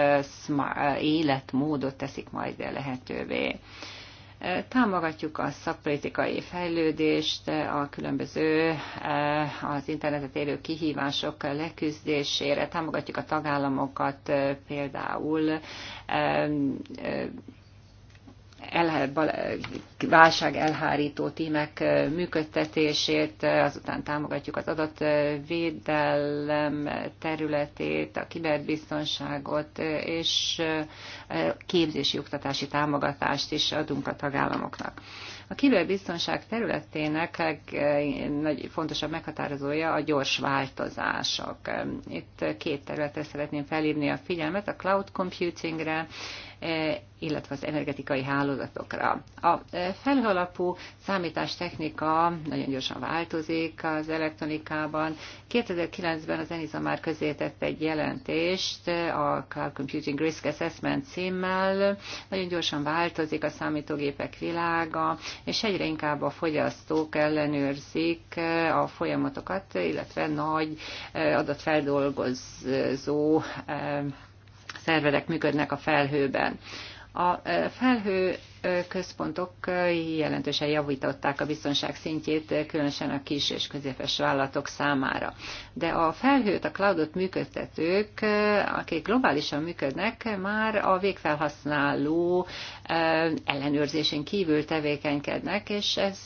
életmódot teszik majd lehetővé. Támogatjuk a szakpolitikai fejlődést, a különböző az internetet érő kihívások leküzdésére, támogatjuk a tagállamokat például elhár, válság elhárító tímek működtetését, azután támogatjuk az adatvédelem területét, a kiberbiztonságot, és képzési oktatási támogatást is adunk a tagállamoknak. A kiberbiztonság területének nagy fontosabb meghatározója a gyors változások. Itt két területre szeretném felhívni a figyelmet, a cloud computingre E, illetve az energetikai hálózatokra. A e, felhalapú számítástechnika nagyon gyorsan változik az elektronikában. 2009-ben az ENISA már tett egy jelentést a Cloud Computing Risk Assessment címmel. Nagyon gyorsan változik a számítógépek világa, és egyre inkább a fogyasztók ellenőrzik a folyamatokat, illetve nagy e, adatfeldolgozó szerverek működnek a felhőben. A felhő központok jelentősen javították a biztonság szintjét, különösen a kis és középes vállalatok számára. De a felhőt, a cloudot működtetők, akik globálisan működnek, már a végfelhasználó ellenőrzésén kívül tevékenykednek, és ez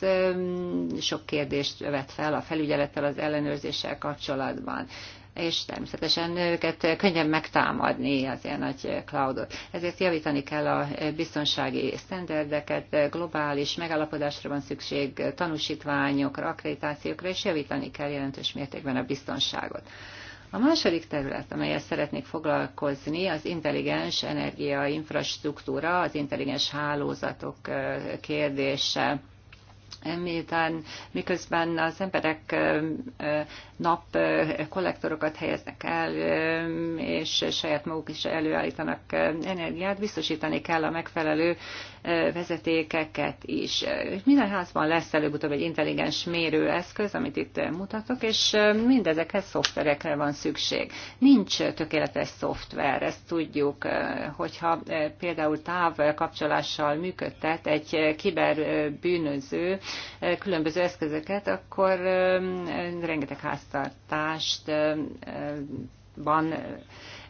sok kérdést vet fel a felügyelettel az ellenőrzéssel kapcsolatban és természetesen őket könnyen megtámadni az ilyen nagy cloudot. Ezért javítani kell a biztonsági sztenderdeket, globális megállapodásra van szükség, tanúsítványokra, akkreditációkra, és javítani kell jelentős mértékben a biztonságot. A második terület, amelyet szeretnék foglalkozni, az intelligens energiainfrastruktúra, az intelligens hálózatok kérdése miután miközben az emberek nap kollektorokat helyeznek el, és saját maguk is előállítanak energiát, biztosítani kell a megfelelő vezetékeket is. Minden házban lesz előbb-utóbb egy intelligens mérőeszköz, amit itt mutatok, és mindezekhez szoftverekre van szükség. Nincs tökéletes szoftver, ezt tudjuk, hogyha például távkapcsolással működtet egy kiberbűnöző különböző eszközöket, akkor rengeteg ház háztartást van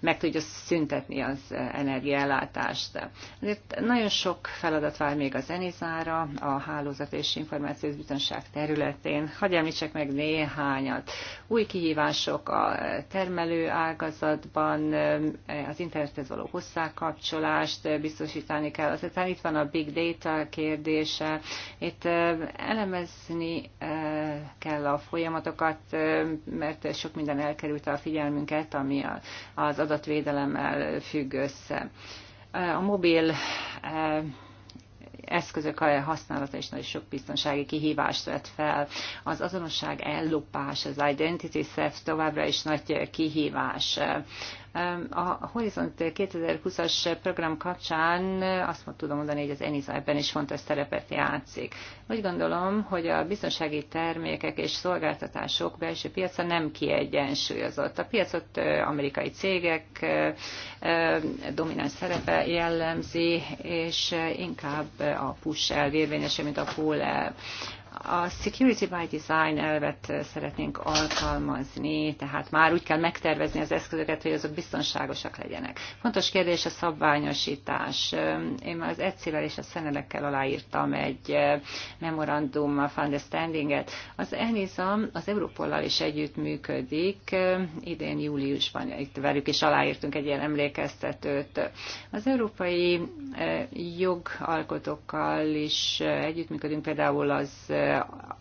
meg tudja szüntetni az energiállátást. Ezért nagyon sok feladat vár még az Enizára, a hálózat és információs biztonság területén. Hagy említsek meg néhányat. Új kihívások a termelő ágazatban, az internethez való hozzákapcsolást biztosítani kell. Aztán itt van a big data kérdése. Itt elemezni kell a folyamatokat, mert sok minden elkerült a figyelmünket, ami az adatvédelemmel függ össze. A mobil eh, eszközök használata is nagyon sok biztonsági kihívást vett fel. Az azonosság ellopás, az identity theft továbbra is nagy kihívás. A Horizont 2020-as program kapcsán azt tudom mondani, hogy az ENISA ebben is fontos szerepet játszik. Úgy gondolom, hogy a biztonsági termékek és szolgáltatások belső piaca nem kiegyensúlyozott. A piacot amerikai cégek domináns szerepe jellemzi, és inkább a push elv mint a pull a security by design elvet szeretnénk alkalmazni, tehát már úgy kell megtervezni az eszközöket, hogy azok biztonságosak legyenek. Fontos kérdés a szabványosítás. Én már az ECI-vel és a szenelekkel aláírtam egy eh, memorandum of understanding-et. Az ENISAM az Európollal is együttműködik. Eh, idén júliusban itt velük is aláírtunk egy ilyen emlékeztetőt. Az európai eh, jogalkotókkal is együttműködünk, például az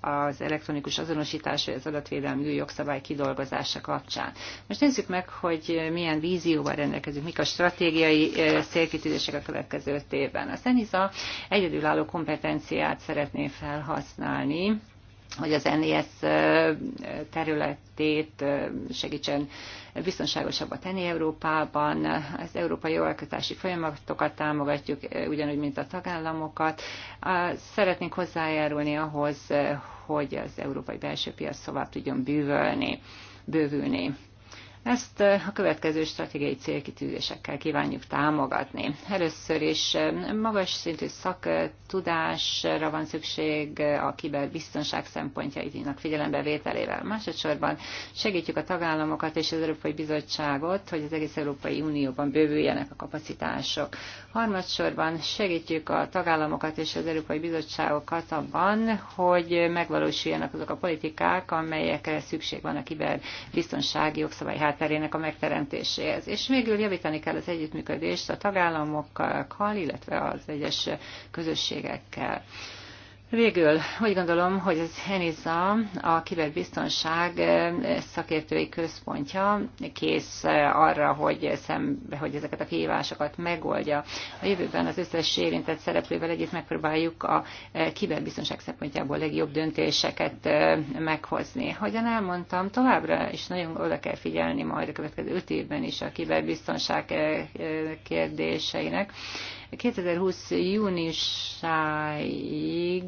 az elektronikus azonosítás vagy az adatvédelmi új jogszabály kidolgozása kapcsán. Most nézzük meg, hogy milyen vízióval rendelkezünk, mik a stratégiai célkitűzések a következő öt évben. A Szeniza egyedülálló kompetenciát szeretné felhasználni, hogy az NIS e területét segítsen biztonságosabbá tenni Európában, az európai jogalkotási folyamatokat támogatjuk, eh, ugyanúgy, mint a tagállamokat. Szeretnénk hozzájárulni ahhoz, eh, hogy az európai belső piac szóval tudjon bűvölni, bővülni. Ezt eh, a következő stratégiai célkitűzésekkel kívánjuk támogatni. Először is eh, magas szintű szaktudásra van szükség eh, a kiberbiztonság szempontjainak vételével. Másodszorban segítjük a tagállamokat és az Európai Bizottságot, hogy az egész Európai Unióban bővüljenek a kapacitások. Harmadsorban segítjük a tagállamokat és az Európai Bizottságokat abban, hogy megvalósuljanak azok a politikák, amelyekre szükség van a kiberbiztonsági jogszabály hát terének a megteremtéséhez. És végül javítani kell az együttműködést a tagállamokkal, illetve az egyes közösségekkel. Végül úgy gondolom, hogy az ENISA, a kiberbiztonság eh, szakértői központja kész eh, arra, hogy, szembe, hogy ezeket a kihívásokat megoldja. A jövőben az összes érintett szereplővel együtt megpróbáljuk a eh, kiberbiztonság szempontjából legjobb döntéseket meghozni. Hogyan elmondtam, továbbra is nagyon oda kell figyelni majd a következő öt évben is a kiberbiztonság kérdéseinek 2020 júniusáig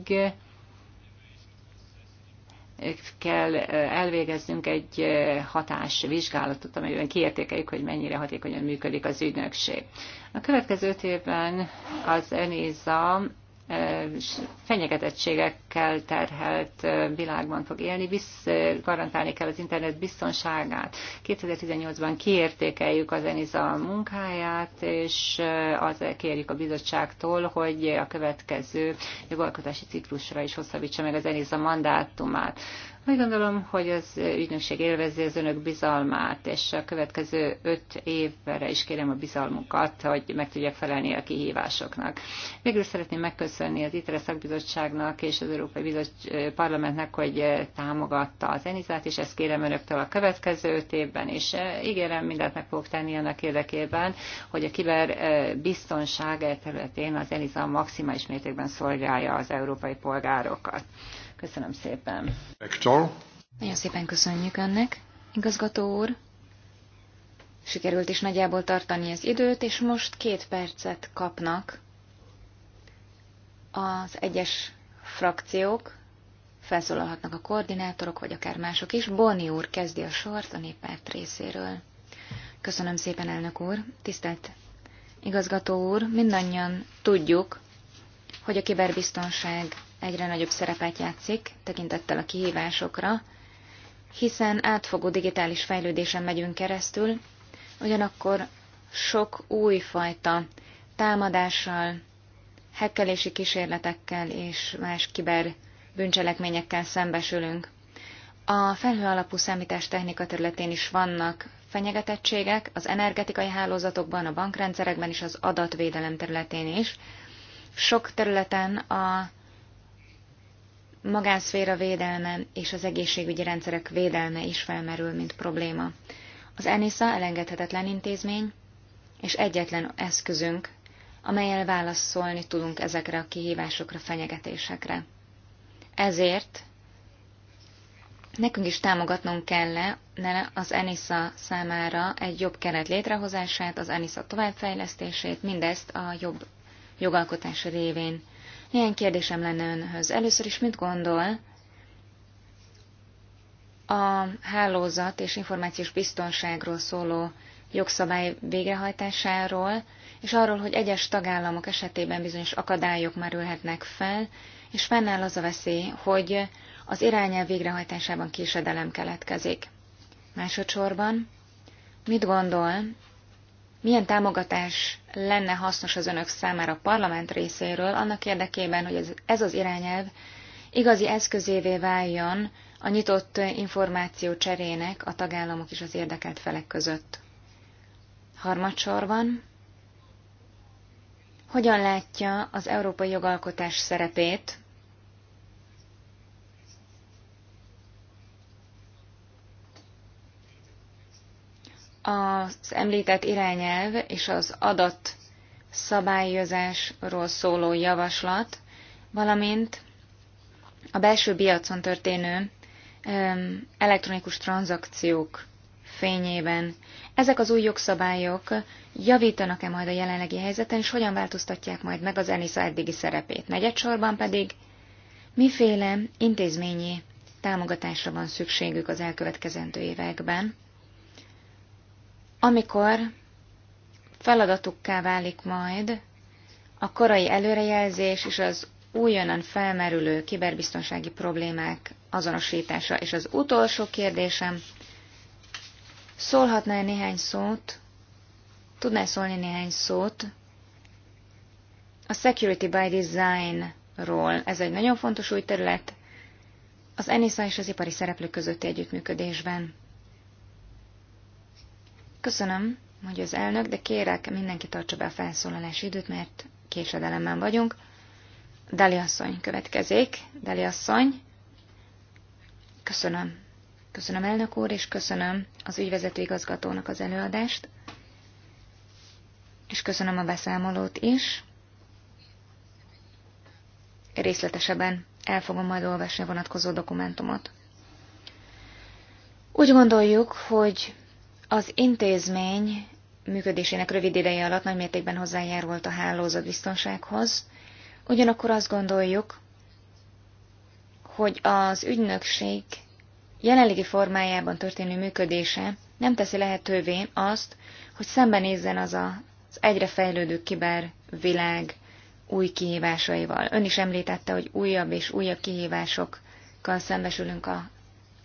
kell elvégeznünk egy hatásvizsgálatot, amelyben kiértékeljük, hogy mennyire hatékonyan működik az ügynökség. A következő évben az ENISA fenyegetettségekkel terhelt világban fog élni, visz, garantálni kell az internet biztonságát. 2018-ban kiértékeljük az ENISA munkáját, és az kérjük a bizottságtól, hogy a következő jogalkotási ciklusra is hosszabbítsa meg az ENISA mandátumát. Úgy gondolom, hogy az ügynökség élvezi az önök bizalmát, és a következő öt évre is kérem a bizalmukat, hogy meg tudjak felelni a kihívásoknak. Végül szeretném megköszönni az ITRE szakbizottságnak és az Európai Bizottság eh, Parlamentnek, hogy eh, támogatta az Enizát, és ezt kérem önöktől a következő öt évben, és eh, ígérem, mindent meg fogok tenni annak érdekében, hogy a kiberbiztonság területén az Eniza maximális mértékben szolgálja az európai polgárokat. Köszönöm szépen. Rektor. Nagyon szépen köszönjük önnek, igazgató úr. Sikerült is nagyjából tartani az időt, és most két percet kapnak az egyes frakciók, felszólalhatnak a koordinátorok, vagy akár mások is. Boni úr kezdi a sort a néppárt részéről. Köszönöm szépen, elnök úr. Tisztelt igazgató úr, mindannyian tudjuk, hogy a kiberbiztonság egyre nagyobb szerepet játszik tekintettel a kihívásokra, hiszen átfogó digitális fejlődésen megyünk keresztül, ugyanakkor sok újfajta támadással, hekkelési kísérletekkel és más kiber bűncselekményekkel szembesülünk. A felhő alapú technika területén is vannak fenyegetettségek, az energetikai hálózatokban, a bankrendszerekben és az adatvédelem területén is. Sok területen a magánszféra védelme és az egészségügyi rendszerek védelme is felmerül, mint probléma. Az ENISA elengedhetetlen intézmény, és egyetlen eszközünk, amelyel válaszolni tudunk ezekre a kihívásokra, fenyegetésekre. Ezért nekünk is támogatnunk kellene az ENISA számára egy jobb keret létrehozását, az ENISA továbbfejlesztését, mindezt a jobb jogalkotás révén. Néhány kérdésem lenne önhöz. Először is mit gondol a hálózat és információs biztonságról szóló jogszabály végrehajtásáról, és arról, hogy egyes tagállamok esetében bizonyos akadályok merülhetnek fel, és fennáll az a veszély, hogy az irányel végrehajtásában késedelem keletkezik. Másodszorban, mit gondol, milyen támogatás lenne hasznos az önök számára a parlament részéről, annak érdekében, hogy ez, ez az irányelv igazi eszközévé váljon a nyitott információ cserének a tagállamok és az érdekelt felek között. Harmadsorban, hogyan látja az európai jogalkotás szerepét Az említett irányelv és az adat szabályozásról szóló javaslat, valamint a belső piacon történő elektronikus tranzakciók fényében. Ezek az új jogszabályok javítanak-e majd a jelenlegi helyzeten, és hogyan változtatják majd meg az ENISZ eddigi szerepét? Negyedsorban pedig miféle intézményi támogatásra van szükségük az elkövetkezendő években, amikor feladatukká válik majd a korai előrejelzés és az újonnan felmerülő kiberbiztonsági problémák azonosítása. És az utolsó kérdésem, -e néhány szót, -e szólni néhány szót a Security by Design-ról. Ez egy nagyon fontos új terület az ENISA és az ipari szereplők közötti együttműködésben. Köszönöm, hogy az elnök, de kérek, mindenki tartsa be a felszólalási időt, mert késedelemben vagyunk. Dali asszony következik. Dali asszony, köszönöm. Köszönöm elnök úr, és köszönöm az ügyvezető igazgatónak az előadást, és köszönöm a beszámolót is. Részletesebben el fogom majd olvasni a vonatkozó dokumentumot. Úgy gondoljuk, hogy az intézmény működésének rövid ideje alatt nagy mértékben hozzájárult a hálózat biztonsághoz, ugyanakkor azt gondoljuk, hogy az ügynökség jelenlegi formájában történő működése nem teszi lehetővé azt, hogy szembenézzen az a, az egyre fejlődő kibervilág új kihívásaival. Ön is említette, hogy újabb és újabb kihívásokkal szembesülünk a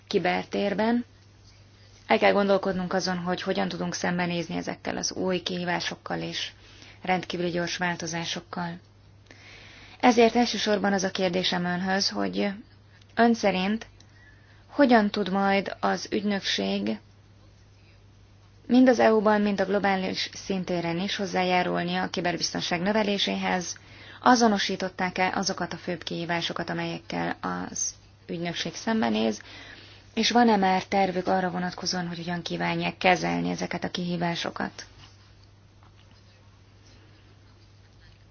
kibertérben, el kell gondolkodnunk azon, hogy hogyan tudunk szembenézni ezekkel az új kihívásokkal és rendkívüli gyors változásokkal. Ezért elsősorban az a kérdésem önhöz, hogy ön szerint hogyan tud majd az ügynökség mind az EU-ban, mind a globális szintéren is hozzájárulni a kiberbiztonság növeléséhez, azonosították-e azokat a főbb kihívásokat, amelyekkel az ügynökség szembenéz, és van-e már tervük arra vonatkozóan, hogy hogyan kívánják kezelni ezeket a kihívásokat?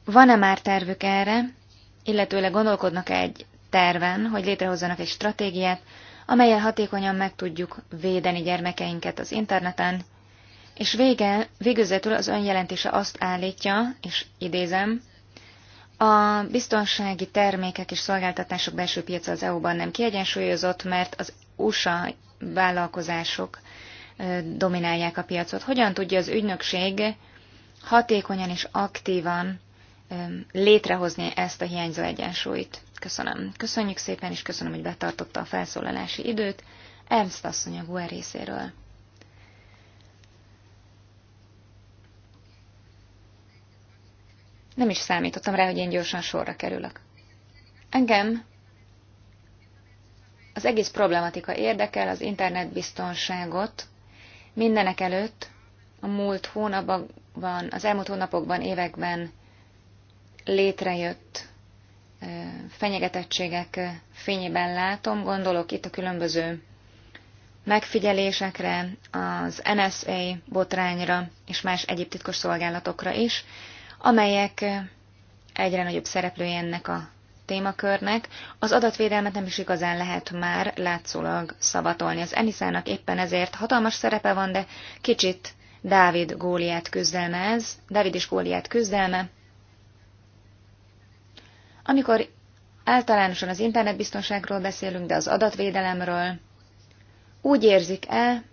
Van-e már tervük erre, illetőleg gondolkodnak -e egy terven, hogy létrehozzanak egy stratégiát, amelyel hatékonyan meg tudjuk védeni gyermekeinket az interneten, és vége, végözetül az önjelentése azt állítja, és idézem, a biztonsági termékek és szolgáltatások belső piaca az EU-ban nem kiegyensúlyozott, mert az USA vállalkozások dominálják a piacot. Hogyan tudja az ügynökség hatékonyan és aktívan létrehozni ezt a hiányzó egyensúlyt? Köszönöm. Köszönjük szépen, és köszönöm, hogy betartotta a felszólalási időt. Ernst asszony a e részéről. Nem is számítottam rá, hogy én gyorsan sorra kerülök. Engem az egész problematika érdekel, az internetbiztonságot. Mindenek előtt a múlt hónapokban, az elmúlt hónapokban, években létrejött fenyegetettségek fényében látom. Gondolok itt a különböző megfigyelésekre, az NSA botrányra és más egyéb titkos szolgálatokra is, amelyek eh, egyre nagyobb szereplője ennek a témakörnek, az adatvédelmet nem is igazán lehet már látszólag szavatolni. Az Enisának éppen ezért hatalmas szerepe van, de kicsit Dávid Góliát küzdelme ez, Dávid és Góliát küzdelme. Amikor általánosan az internetbiztonságról beszélünk, de az adatvédelemről, úgy érzik el,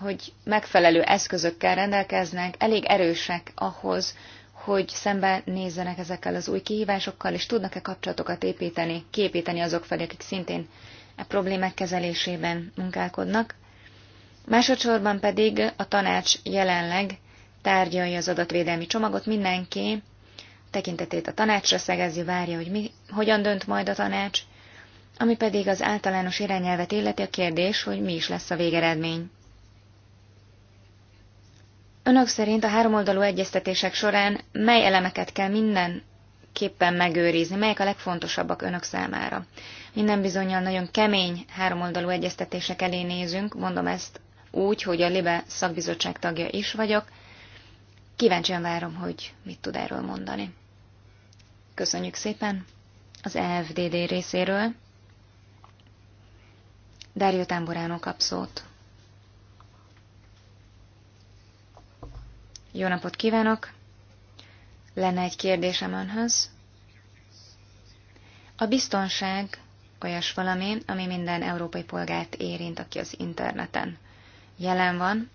hogy megfelelő eszközökkel rendelkeznek, elég erősek ahhoz, hogy szembenézzenek ezekkel az új kihívásokkal, és tudnak-e kapcsolatokat építeni, képíteni azok felé, akik szintén a e problémák kezelésében munkálkodnak. Másodszorban pedig a tanács jelenleg tárgyalja az adatvédelmi csomagot, mindenki tekintetét a tanácsra szegezi, várja, hogy mi, hogyan dönt majd a tanács, ami pedig az általános irányelvet illeti a kérdés, hogy mi is lesz a végeredmény. Önök szerint a háromoldalú egyeztetések során mely elemeket kell mindenképpen megőrizni, melyek a legfontosabbak önök számára? Minden bizonyal nagyon kemény háromoldalú egyeztetések elé nézünk, mondom ezt úgy, hogy a LIBE szakbizottság tagja is vagyok. Kíváncsian várom, hogy mit tud erről mondani. Köszönjük szépen az EFDD részéről. Dario Tamburano kap szót. Jó napot kívánok! Lenne egy kérdésem önhöz. A biztonság olyas valami, ami minden európai polgárt érint, aki az interneten jelen van.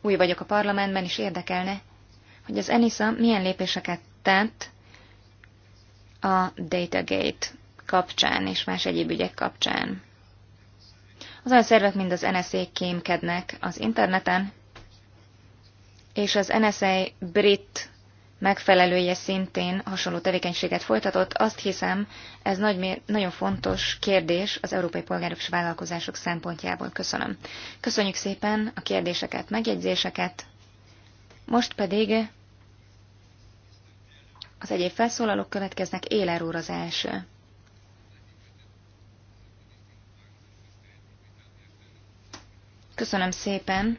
Új vagyok a parlamentben, és érdekelne, hogy az ENISA milyen lépéseket tett a Datagate kapcsán és más egyéb ügyek kapcsán. Az olyan szervek, mint az NSA kémkednek az interneten, és az NSA brit megfelelője szintén hasonló tevékenységet folytatott. Azt hiszem, ez nagy, nagyon fontos kérdés az európai polgárok és vállalkozások szempontjából. Köszönöm. Köszönjük szépen a kérdéseket, megjegyzéseket. Most pedig az egyéb felszólalók következnek, Éler úr az első. Köszönöm szépen.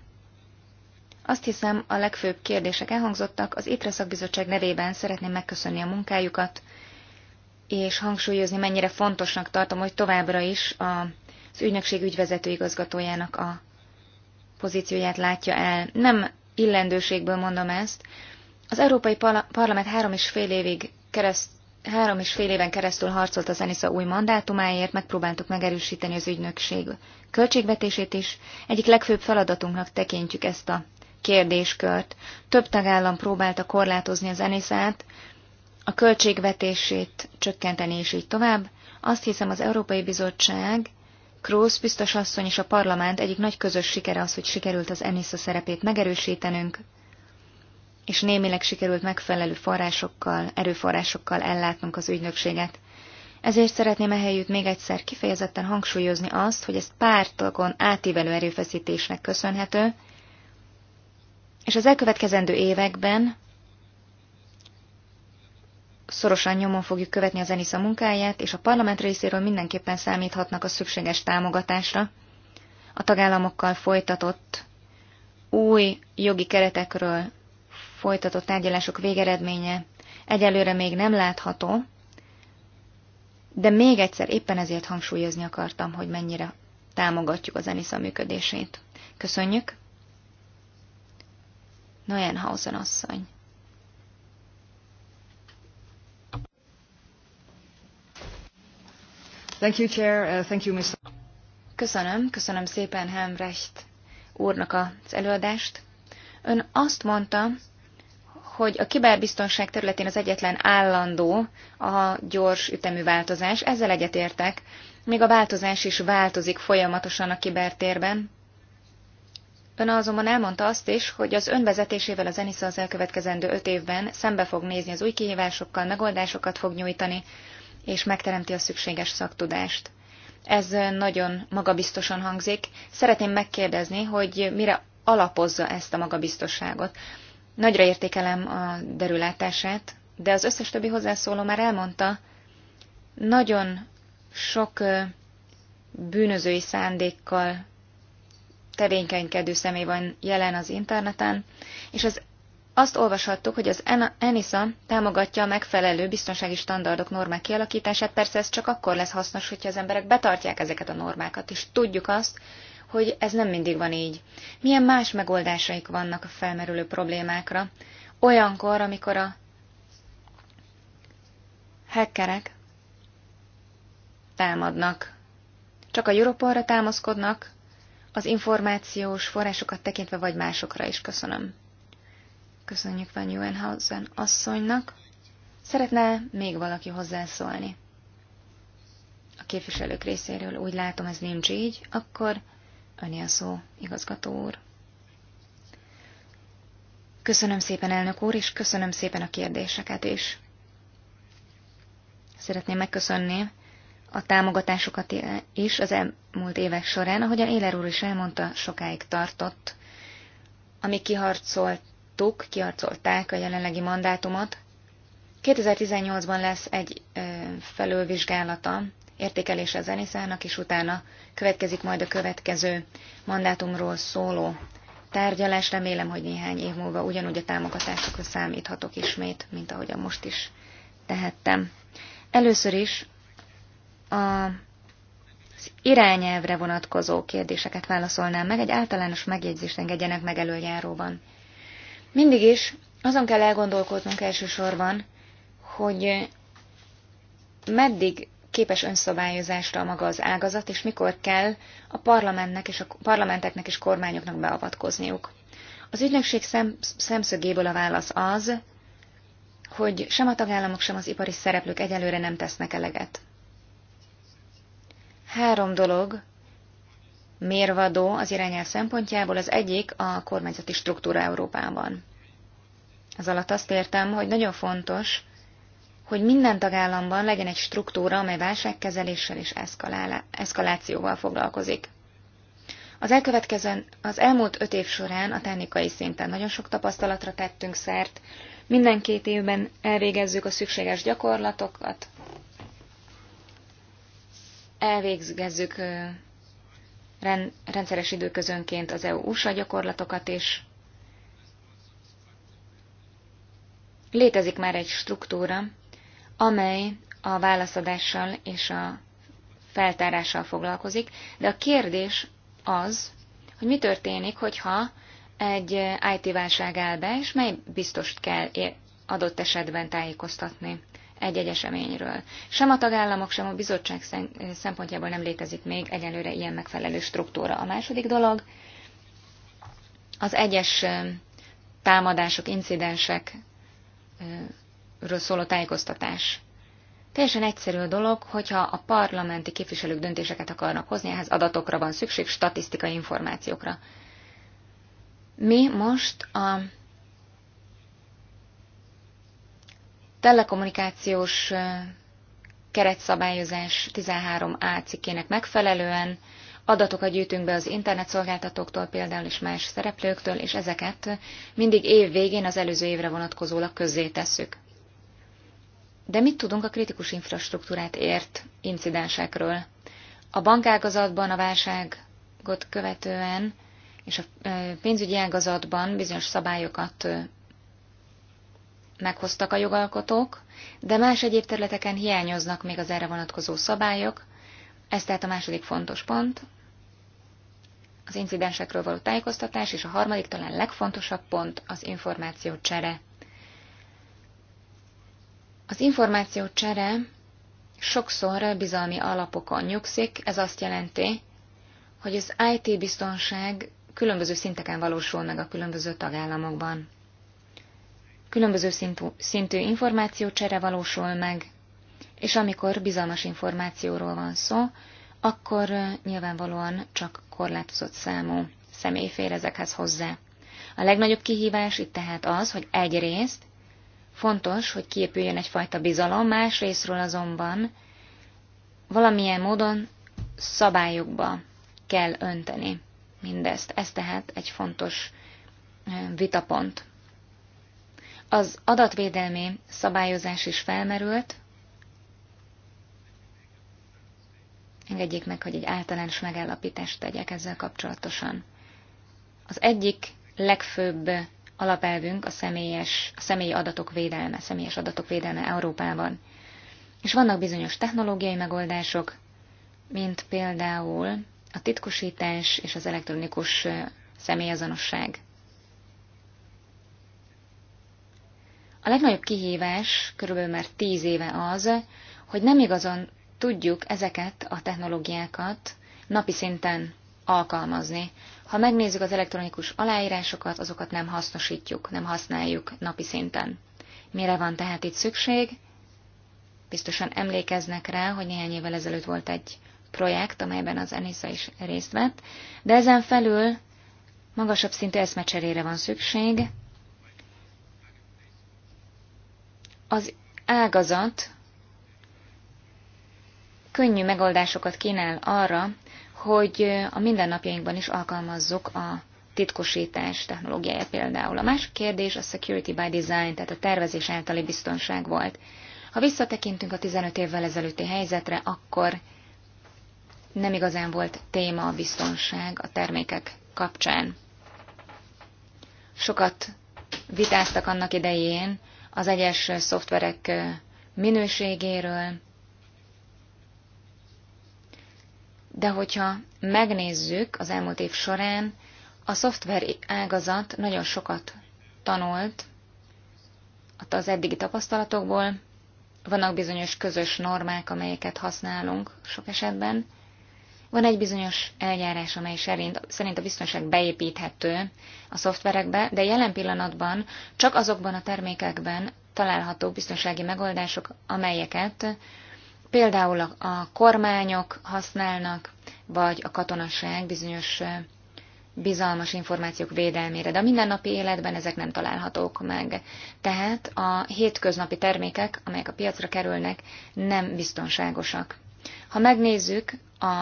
Azt hiszem, a legfőbb kérdések elhangzottak. Az ITRE szakbizottság nevében szeretném megköszönni a munkájukat, és hangsúlyozni, mennyire fontosnak tartom, hogy továbbra is az ügynökség ügyvezető igazgatójának a pozícióját látja el. Nem illendőségből mondom ezt. Az Európai Parlament három és fél évig kereszt, három és fél éven keresztül harcolt az ENISZA új mandátumáért, megpróbáltuk megerősíteni az ügynökség költségvetését is. Egyik legfőbb feladatunknak tekintjük ezt a kérdéskört. Több tagállam próbálta korlátozni az Enisát, a költségvetését csökkenteni és így tovább. Azt hiszem az Európai Bizottság, Krósz biztos asszony és a parlament egyik nagy közös sikere az, hogy sikerült az Enisza szerepét megerősítenünk, és némileg sikerült megfelelő forrásokkal, erőforrásokkal ellátnunk az ügynökséget. Ezért szeretném ehelyütt még egyszer kifejezetten hangsúlyozni azt, hogy ez pártokon átívelő erőfeszítésnek köszönhető, és az elkövetkezendő években szorosan nyomon fogjuk követni az ENISZA munkáját, és a parlament részéről mindenképpen számíthatnak a szükséges támogatásra. A tagállamokkal folytatott új jogi keretekről folytatott tárgyalások végeredménye egyelőre még nem látható, de még egyszer éppen ezért hangsúlyozni akartam, hogy mennyire támogatjuk az ENISZA működését. Köszönjük! Neuenhausen asszony. Thank you, Chair. Uh, thank you, Ms. Köszönöm, köszönöm szépen Hemrecht úrnak az előadást. Ön azt mondta, hogy a kiberbiztonság területén az egyetlen állandó a gyors ütemű változás. Ezzel egyetértek. Még a változás is változik folyamatosan a kibertérben. Ön azonban elmondta azt is, hogy az önvezetésével az ENISZA az elkövetkezendő öt évben szembe fog nézni az új kihívásokkal, megoldásokat fog nyújtani, és megteremti a szükséges szaktudást. Ez nagyon magabiztosan hangzik. Szeretném megkérdezni, hogy mire alapozza ezt a magabiztosságot. Nagyra értékelem a derülátását, de az összes többi hozzászóló már elmondta, nagyon sok bűnözői szándékkal tevékenykedő személy van jelen az interneten, és az azt olvashattuk, hogy az ENISA támogatja a megfelelő biztonsági standardok normák kialakítását, persze ez csak akkor lesz hasznos, hogyha az emberek betartják ezeket a normákat, és tudjuk azt, hogy ez nem mindig van így. Milyen más megoldásaik vannak a felmerülő problémákra, olyankor, amikor a hackerek támadnak. Csak a Europolra támaszkodnak, az információs forrásokat tekintve, vagy másokra is köszönöm. Köszönjük Van Juenhausen asszonynak. Szeretne még valaki hozzászólni? A képviselők részéről úgy látom, ez nincs így, akkor öné a szó, igazgató úr. Köszönöm szépen, elnök úr, és köszönöm szépen a kérdéseket is. Szeretném megköszönni a támogatásokat is az elmúlt évek során, a Éler úr is elmondta, sokáig tartott, amíg kiharcoltuk, kiharcolták a jelenlegi mandátumot. 2018-ban lesz egy ö, felülvizsgálata, értékelése a zeniszának, és utána következik majd a következő mandátumról szóló tárgyalás. Remélem, hogy néhány év múlva ugyanúgy a támogatásokra számíthatok ismét, mint a most is tehettem. Először is a irányelvre vonatkozó kérdéseket válaszolnám meg, egy általános megjegyzést engedjenek meg előjáróban. Mindig is azon kell elgondolkodnunk elsősorban, hogy meddig képes önszabályozásra maga az ágazat, és mikor kell a parlamentnek és a parlamenteknek és kormányoknak beavatkozniuk. Az ügynökség szem, szemszögéből a válasz az, hogy sem a tagállamok, sem az ipari szereplők egyelőre nem tesznek eleget. Három dolog mérvadó az irányelv szempontjából, az egyik a kormányzati struktúra Európában. Az alatt azt értem, hogy nagyon fontos, hogy minden tagállamban legyen egy struktúra, amely válságkezeléssel és eszkalációval foglalkozik. Az, elkövetkező, az elmúlt öt év során a technikai szinten nagyon sok tapasztalatra tettünk szert, minden két évben elvégezzük a szükséges gyakorlatokat, elvégzgezzük rendszeres időközönként az EU-USA gyakorlatokat is. Létezik már egy struktúra, amely a válaszadással és a feltárással foglalkozik, de a kérdés az, hogy mi történik, hogyha egy IT válság áll be, és mely biztost kell adott esetben tájékoztatni egy-egy eseményről. Sem a tagállamok, sem a bizottság szempontjából nem létezik még egyelőre ilyen megfelelő struktúra. A második dolog, az egyes támadások, incidensekről szóló tájékoztatás. Teljesen egyszerű a dolog, hogyha a parlamenti képviselők döntéseket akarnak hozni, ehhez adatokra van szükség, statisztikai információkra. Mi most a telekommunikációs keretszabályozás 13A cikkének megfelelően adatokat gyűjtünk be az internetszolgáltatóktól például és más szereplőktől, és ezeket mindig év végén az előző évre vonatkozólag közzé tesszük. De mit tudunk a kritikus infrastruktúrát ért incidensekről? A bankágazatban a válságot követően és a pénzügyi ágazatban bizonyos szabályokat meghoztak a jogalkotók, de más egyéb területeken hiányoznak még az erre vonatkozó szabályok, ez tehát a második fontos pont, az incidensekről való tájékoztatás, és a harmadik, talán legfontosabb pont az információ csere. Az információ csere sokszor bizalmi alapokon nyugszik, ez azt jelenti, hogy az IT biztonság különböző szinteken valósul meg a különböző tagállamokban különböző szintű információcsere valósul meg, és amikor bizalmas információról van szó, akkor nyilvánvalóan csak korlátozott számú személy fér ezekhez hozzá. A legnagyobb kihívás itt tehát az, hogy egyrészt fontos, hogy kiépüljön egyfajta bizalom, másrésztről azonban valamilyen módon szabályokba kell önteni mindezt. Ez tehát egy fontos vitapont. Az adatvédelmi szabályozás is felmerült. Engedjék meg, hogy egy általános megállapítást tegyek ezzel kapcsolatosan. Az egyik legfőbb alapelvünk a személyes, a személyi adatok védelme, személyes adatok védelme Európában. És vannak bizonyos technológiai megoldások, mint például a titkosítás és az elektronikus személyazonosság. A legnagyobb kihívás körülbelül már tíz éve az, hogy nem igazon tudjuk ezeket a technológiákat napi szinten alkalmazni. Ha megnézzük az elektronikus aláírásokat, azokat nem hasznosítjuk, nem használjuk napi szinten. Mire van tehát itt szükség? Biztosan emlékeznek rá, hogy néhány évvel ezelőtt volt egy projekt, amelyben az Enisa is részt vett, de ezen felül magasabb szintű eszmecserére van szükség, az ágazat könnyű megoldásokat kínál arra, hogy a mindennapjainkban is alkalmazzuk a titkosítás technológiáját például. A másik kérdés a security by design, tehát a tervezés általi biztonság volt. Ha visszatekintünk a 15 évvel ezelőtti helyzetre, akkor nem igazán volt téma a biztonság a termékek kapcsán. Sokat vitáztak annak idején az egyes szoftverek minőségéről, de hogyha megnézzük az elmúlt év során, a szoftver ágazat nagyon sokat tanult az eddigi tapasztalatokból, vannak bizonyos közös normák, amelyeket használunk sok esetben, van egy bizonyos eljárás, amely szerint, szerint a biztonság beépíthető a szoftverekbe, de jelen pillanatban csak azokban a termékekben található biztonsági megoldások, amelyeket például a kormányok használnak, vagy a katonaság bizonyos bizalmas információk védelmére, de a mindennapi életben ezek nem találhatók meg. Tehát a hétköznapi termékek, amelyek a piacra kerülnek, nem biztonságosak. Ha megnézzük a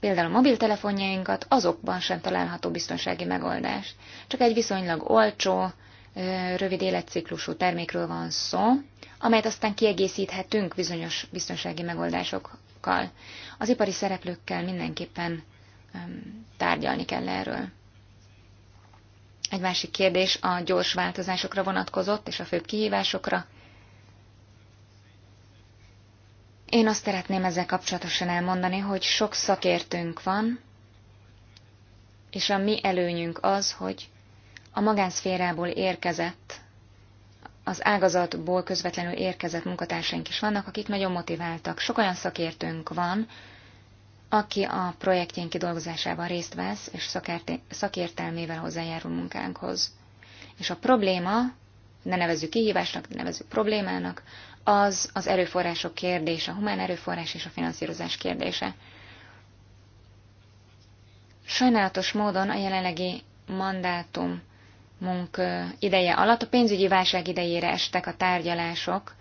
például a mobiltelefonjainkat, azokban sem található biztonsági megoldás. Csak egy viszonylag olcsó, rövid életciklusú termékről van szó, amelyet aztán kiegészíthetünk bizonyos biztonsági megoldásokkal. Az ipari szereplőkkel mindenképpen tárgyalni kell erről. Egy másik kérdés a gyors változásokra vonatkozott, és a főbb kihívásokra. Én azt szeretném ezzel kapcsolatosan elmondani, hogy sok szakértőnk van, és a mi előnyünk az, hogy a magánszférából érkezett, az ágazatból közvetlenül érkezett munkatársaink is vannak, akik nagyon motiváltak. Sok olyan szakértőnk van, aki a projektjén kidolgozásában részt vesz, és szakértelmével hozzájárul munkánkhoz. És a probléma, ne nevezzük kihívásnak, de nevezzük problémának, az az erőforrások kérdése, a humán erőforrás és a finanszírozás kérdése. Sajnálatos módon a jelenlegi mandátum munk ideje alatt a pénzügyi válság idejére estek a tárgyalások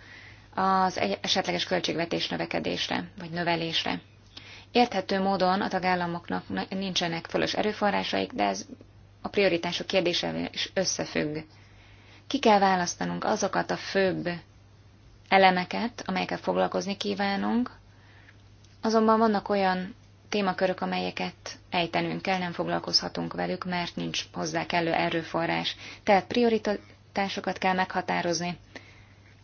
az esetleges költségvetés növekedésre vagy növelésre. Érthető módon a tagállamoknak nincsenek fölös erőforrásaik, de ez a prioritások kérdésevel is összefügg. Ki kell választanunk azokat a főbb elemeket, amelyekkel foglalkozni kívánunk, azonban vannak olyan témakörök, amelyeket ejtenünk kell, nem foglalkozhatunk velük, mert nincs hozzá kellő erőforrás. Tehát prioritásokat kell meghatározni.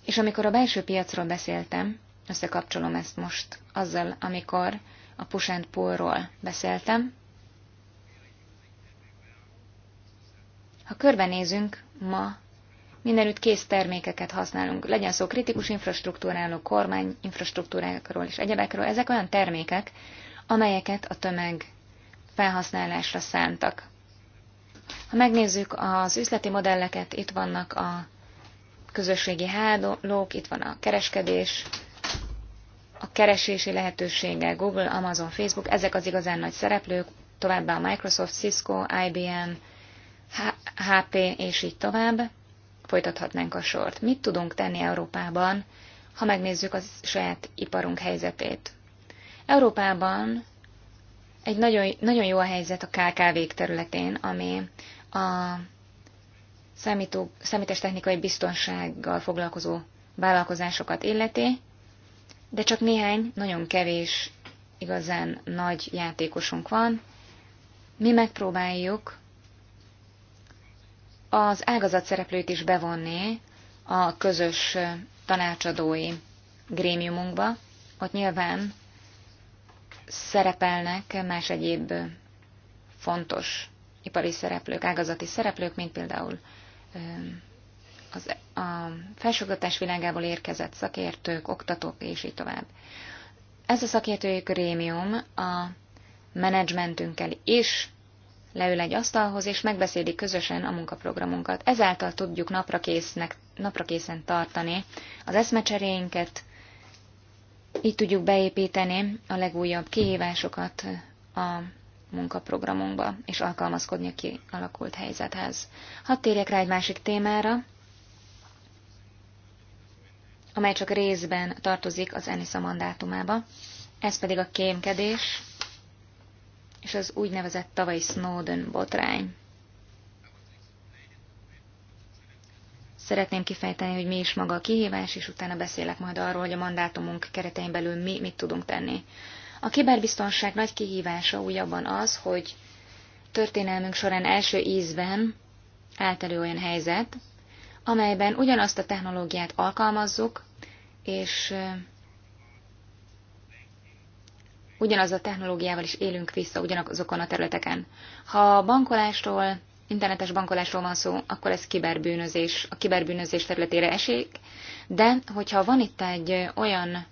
És amikor a belső piacról beszéltem, összekapcsolom ezt most azzal, amikor a push and pull-ról beszéltem, ha körbenézünk ma mindenütt kész termékeket használunk. Legyen szó kritikus infrastruktúráról, kormány infrastruktúrákról és egyebekről. Ezek olyan termékek, amelyeket a tömeg felhasználásra szántak. Ha megnézzük az üzleti modelleket, itt vannak a közösségi hálók, itt van a kereskedés, a keresési lehetősége Google, Amazon, Facebook, ezek az igazán nagy szereplők, továbbá a Microsoft, Cisco, IBM, HP és így tovább folytathatnánk a sort. Mit tudunk tenni Európában, ha megnézzük a saját iparunk helyzetét? Európában egy nagyon, nagyon jó a helyzet a kkv területén, ami a számító, technikai biztonsággal foglalkozó vállalkozásokat illeti, de csak néhány, nagyon kevés igazán nagy játékosunk van. Mi megpróbáljuk az ágazat szereplőit is bevonni a közös tanácsadói grémiumunkba. Ott nyilván szerepelnek más egyéb fontos ipari szereplők, ágazati szereplők, mint például az, a felsőoktatás világából érkezett szakértők, oktatók, és így tovább. Ez a szakértői grémium a menedzsmentünkkel is leül egy asztalhoz, és megbeszélik közösen a munkaprogramunkat. Ezáltal tudjuk napra naprakészen tartani az eszmecseréinket, így tudjuk beépíteni a legújabb kihívásokat a munkaprogramunkba, és alkalmazkodni a kialakult helyzethez. Hadd térjek rá egy másik témára, amely csak részben tartozik az ENISZA mandátumába, ez pedig a kémkedés, és az úgynevezett tavalyi Snowden botrány. Szeretném kifejteni, hogy mi is maga a kihívás, és utána beszélek majd arról, hogy a mandátumunk keretein belül mi mit tudunk tenni. A kiberbiztonság nagy kihívása újabban az, hogy történelmünk során első ízben állt elő olyan helyzet, amelyben ugyanazt a technológiát alkalmazzuk, és ugyanaz a technológiával is élünk vissza ugyanazokon a területeken. Ha bankolástól, internetes bankolásról van szó, akkor ez kiberbűnözés, a kiberbűnözés területére esik, de hogyha van itt egy olyan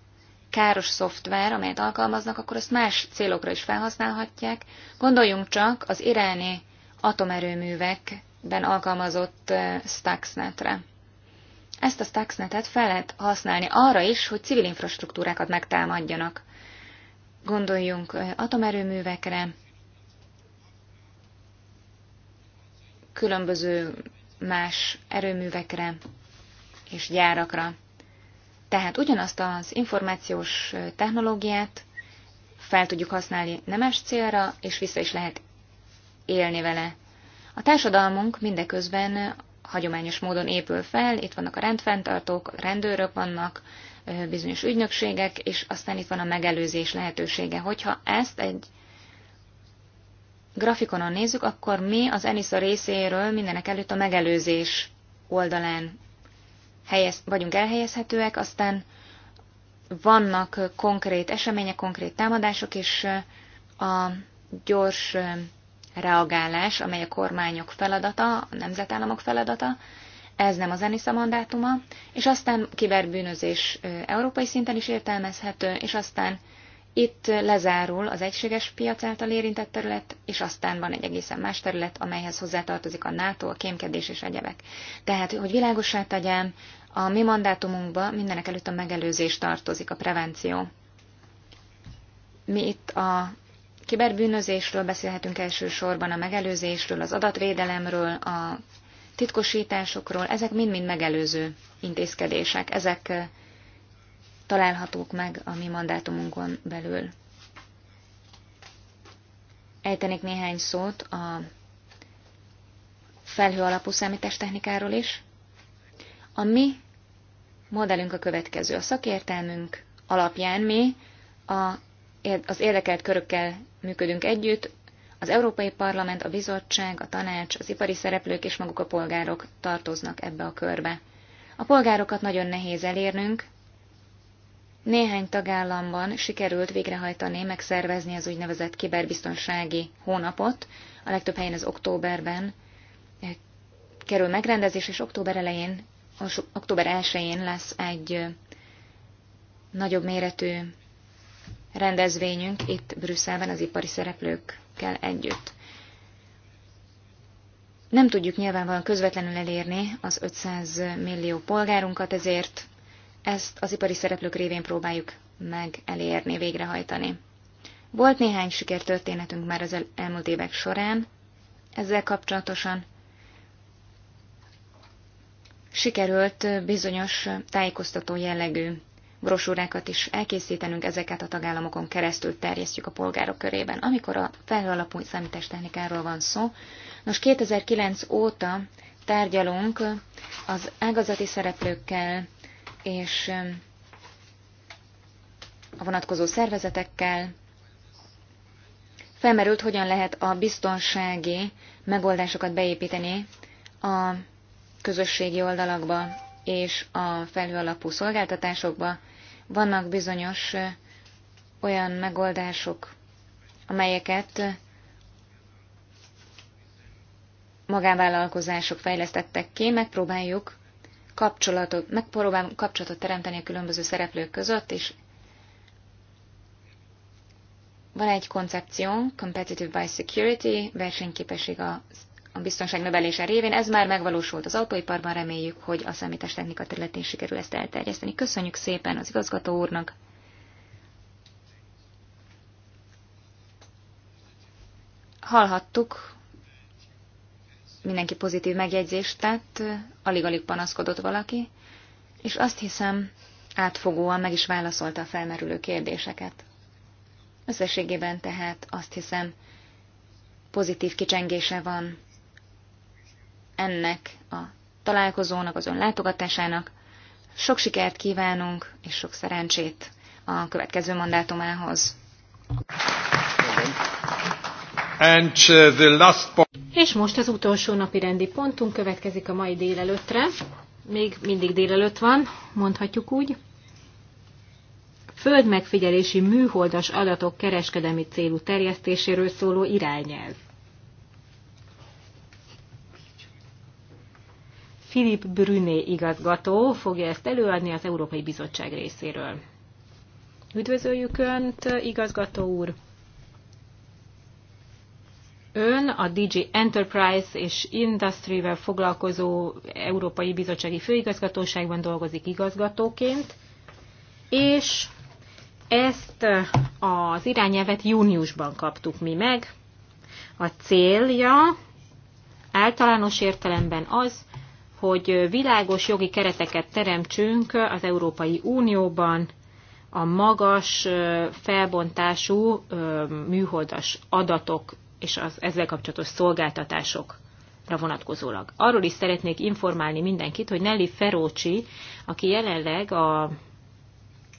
káros szoftver, amelyet alkalmaznak, akkor ezt más célokra is felhasználhatják. Gondoljunk csak az iráni atomerőművekben alkalmazott Stuxnetre. Ezt a Stuxnetet fel lehet használni arra is, hogy civil infrastruktúrákat megtámadjanak. Gondoljunk atomerőművekre, különböző más erőművekre és gyárakra. Tehát ugyanazt az információs technológiát fel tudjuk használni nemes célra, és vissza is lehet élni vele. A társadalmunk mindeközben hagyományos módon épül fel, itt vannak a rendfenntartók, rendőrök vannak, bizonyos ügynökségek, és aztán itt van a megelőzés lehetősége. Hogyha ezt egy grafikonon nézzük, akkor mi az ENISZA részéről mindenek előtt a megelőzés oldalán helyez, vagyunk elhelyezhetőek, aztán vannak konkrét események, konkrét támadások, és a gyors reagálás, amely a kormányok feladata, a nemzetállamok feladata, ez nem az ENISZA mandátuma, és aztán kiberbűnözés európai szinten is értelmezhető, és aztán itt lezárul az egységes piac által érintett terület, és aztán van egy egészen más terület, amelyhez hozzátartozik a NATO, a kémkedés és egyebek. Tehát, hogy világosá tegyem, a mi mandátumunkba mindenek előtt a megelőzés tartozik, a prevenció. Mi itt a kiberbűnözésről beszélhetünk elsősorban, a megelőzésről, az adatvédelemről, a titkosításokról, ezek mind-mind megelőző intézkedések, ezek eh, találhatók meg a mi mandátumunkon belül. Ejtenék néhány szót a felhő alapú számítástechnikáról is. A mi modellünk a következő. A szakértelmünk alapján mi a az érdekelt körökkel működünk együtt, az Európai Parlament, a Bizottság, a Tanács, az ipari szereplők és maguk a polgárok tartoznak ebbe a körbe. A polgárokat nagyon nehéz elérnünk. Néhány tagállamban sikerült végrehajtani, megszervezni az úgynevezett kiberbiztonsági hónapot, a legtöbb helyen az októberben eh, kerül megrendezés, és október elején, október 1-én lesz egy eh, nagyobb méretű rendezvényünk itt Brüsszelben az ipari szereplőkkel együtt. Nem tudjuk nyilvánvalóan közvetlenül elérni az 500 millió polgárunkat, ezért ezt az ipari szereplők révén próbáljuk meg elérni, végrehajtani. Volt néhány sikertörténetünk már az elmúlt évek során, ezzel kapcsolatosan sikerült bizonyos tájékoztató jellegű brosúrákat is elkészítenünk, ezeket a tagállamokon keresztül terjesztjük a polgárok körében. Amikor a felhőalapú számítástechnikáról van szó, nos 2009 óta tárgyalunk az ágazati szereplőkkel és um, a vonatkozó szervezetekkel, Felmerült, hogyan lehet a biztonsági megoldásokat beépíteni a közösségi oldalakba, és a felhőalapú szolgáltatásokba. Vannak bizonyos olyan megoldások, amelyeket magánvállalkozások fejlesztettek ki, megpróbáljuk kapcsolatot, megpróbálunk kapcsolatot teremteni a különböző szereplők között, és van egy koncepciónk, Competitive by Security, versenyképesség az a biztonság növelése révén. Ez már megvalósult az autóiparban, reméljük, hogy a technika területén sikerül ezt elterjeszteni. Köszönjük szépen az igazgató úrnak! Hallhattuk, mindenki pozitív megjegyzést tett, alig-alig panaszkodott valaki, és azt hiszem, átfogóan meg is válaszolta a felmerülő kérdéseket. Összességében tehát azt hiszem, pozitív kicsengése van ennek a találkozónak, az ön látogatásának. Sok sikert kívánunk, és sok szerencsét a következő mandátumához. And uh, the last point. És most az utolsó napi rendi pontunk következik a mai délelőttre. Még mindig délelőtt van, mondhatjuk úgy. Földmegfigyelési műholdas adatok kereskedelmi célú terjesztéséről szóló irányelv. Philip Brüné igazgató fogja ezt előadni az Európai Bizottság részéről. Üdvözöljük Önt, igazgató úr! Ön a DG Enterprise és Industry-vel foglalkozó Európai Bizottsági Főigazgatóságban dolgozik igazgatóként, és ezt az irányelvet júniusban kaptuk mi meg. A célja általános értelemben az, hogy világos jogi kereteket teremtsünk az Európai Unióban a magas felbontású műholdas adatok és az ezzel kapcsolatos szolgáltatások vonatkozólag. Arról is szeretnék informálni mindenkit, hogy Nelly Ferócsi, aki jelenleg a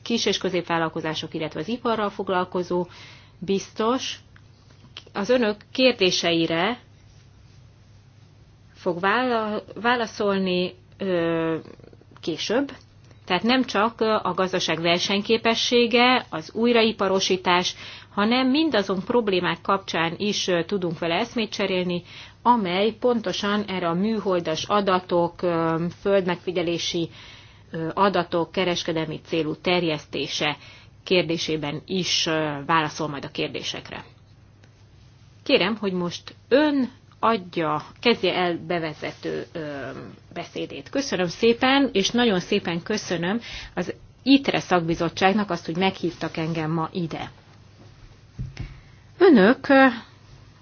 kis- és középvállalkozások, illetve az iparral foglalkozó biztos, az önök kérdéseire fog válaszolni később. Tehát nem csak a gazdaság versenyképessége, az újraiparosítás, hanem mindazon problémák kapcsán is tudunk vele eszmét cserélni, amely pontosan erre a műholdas adatok, földmegfigyelési adatok kereskedelmi célú terjesztése kérdésében is válaszol majd a kérdésekre. Kérem, hogy most ön adja, kezdje el bevezető beszédét. Köszönöm szépen, és nagyon szépen köszönöm az ITRE szakbizottságnak azt, hogy meghívtak engem ma ide. Önök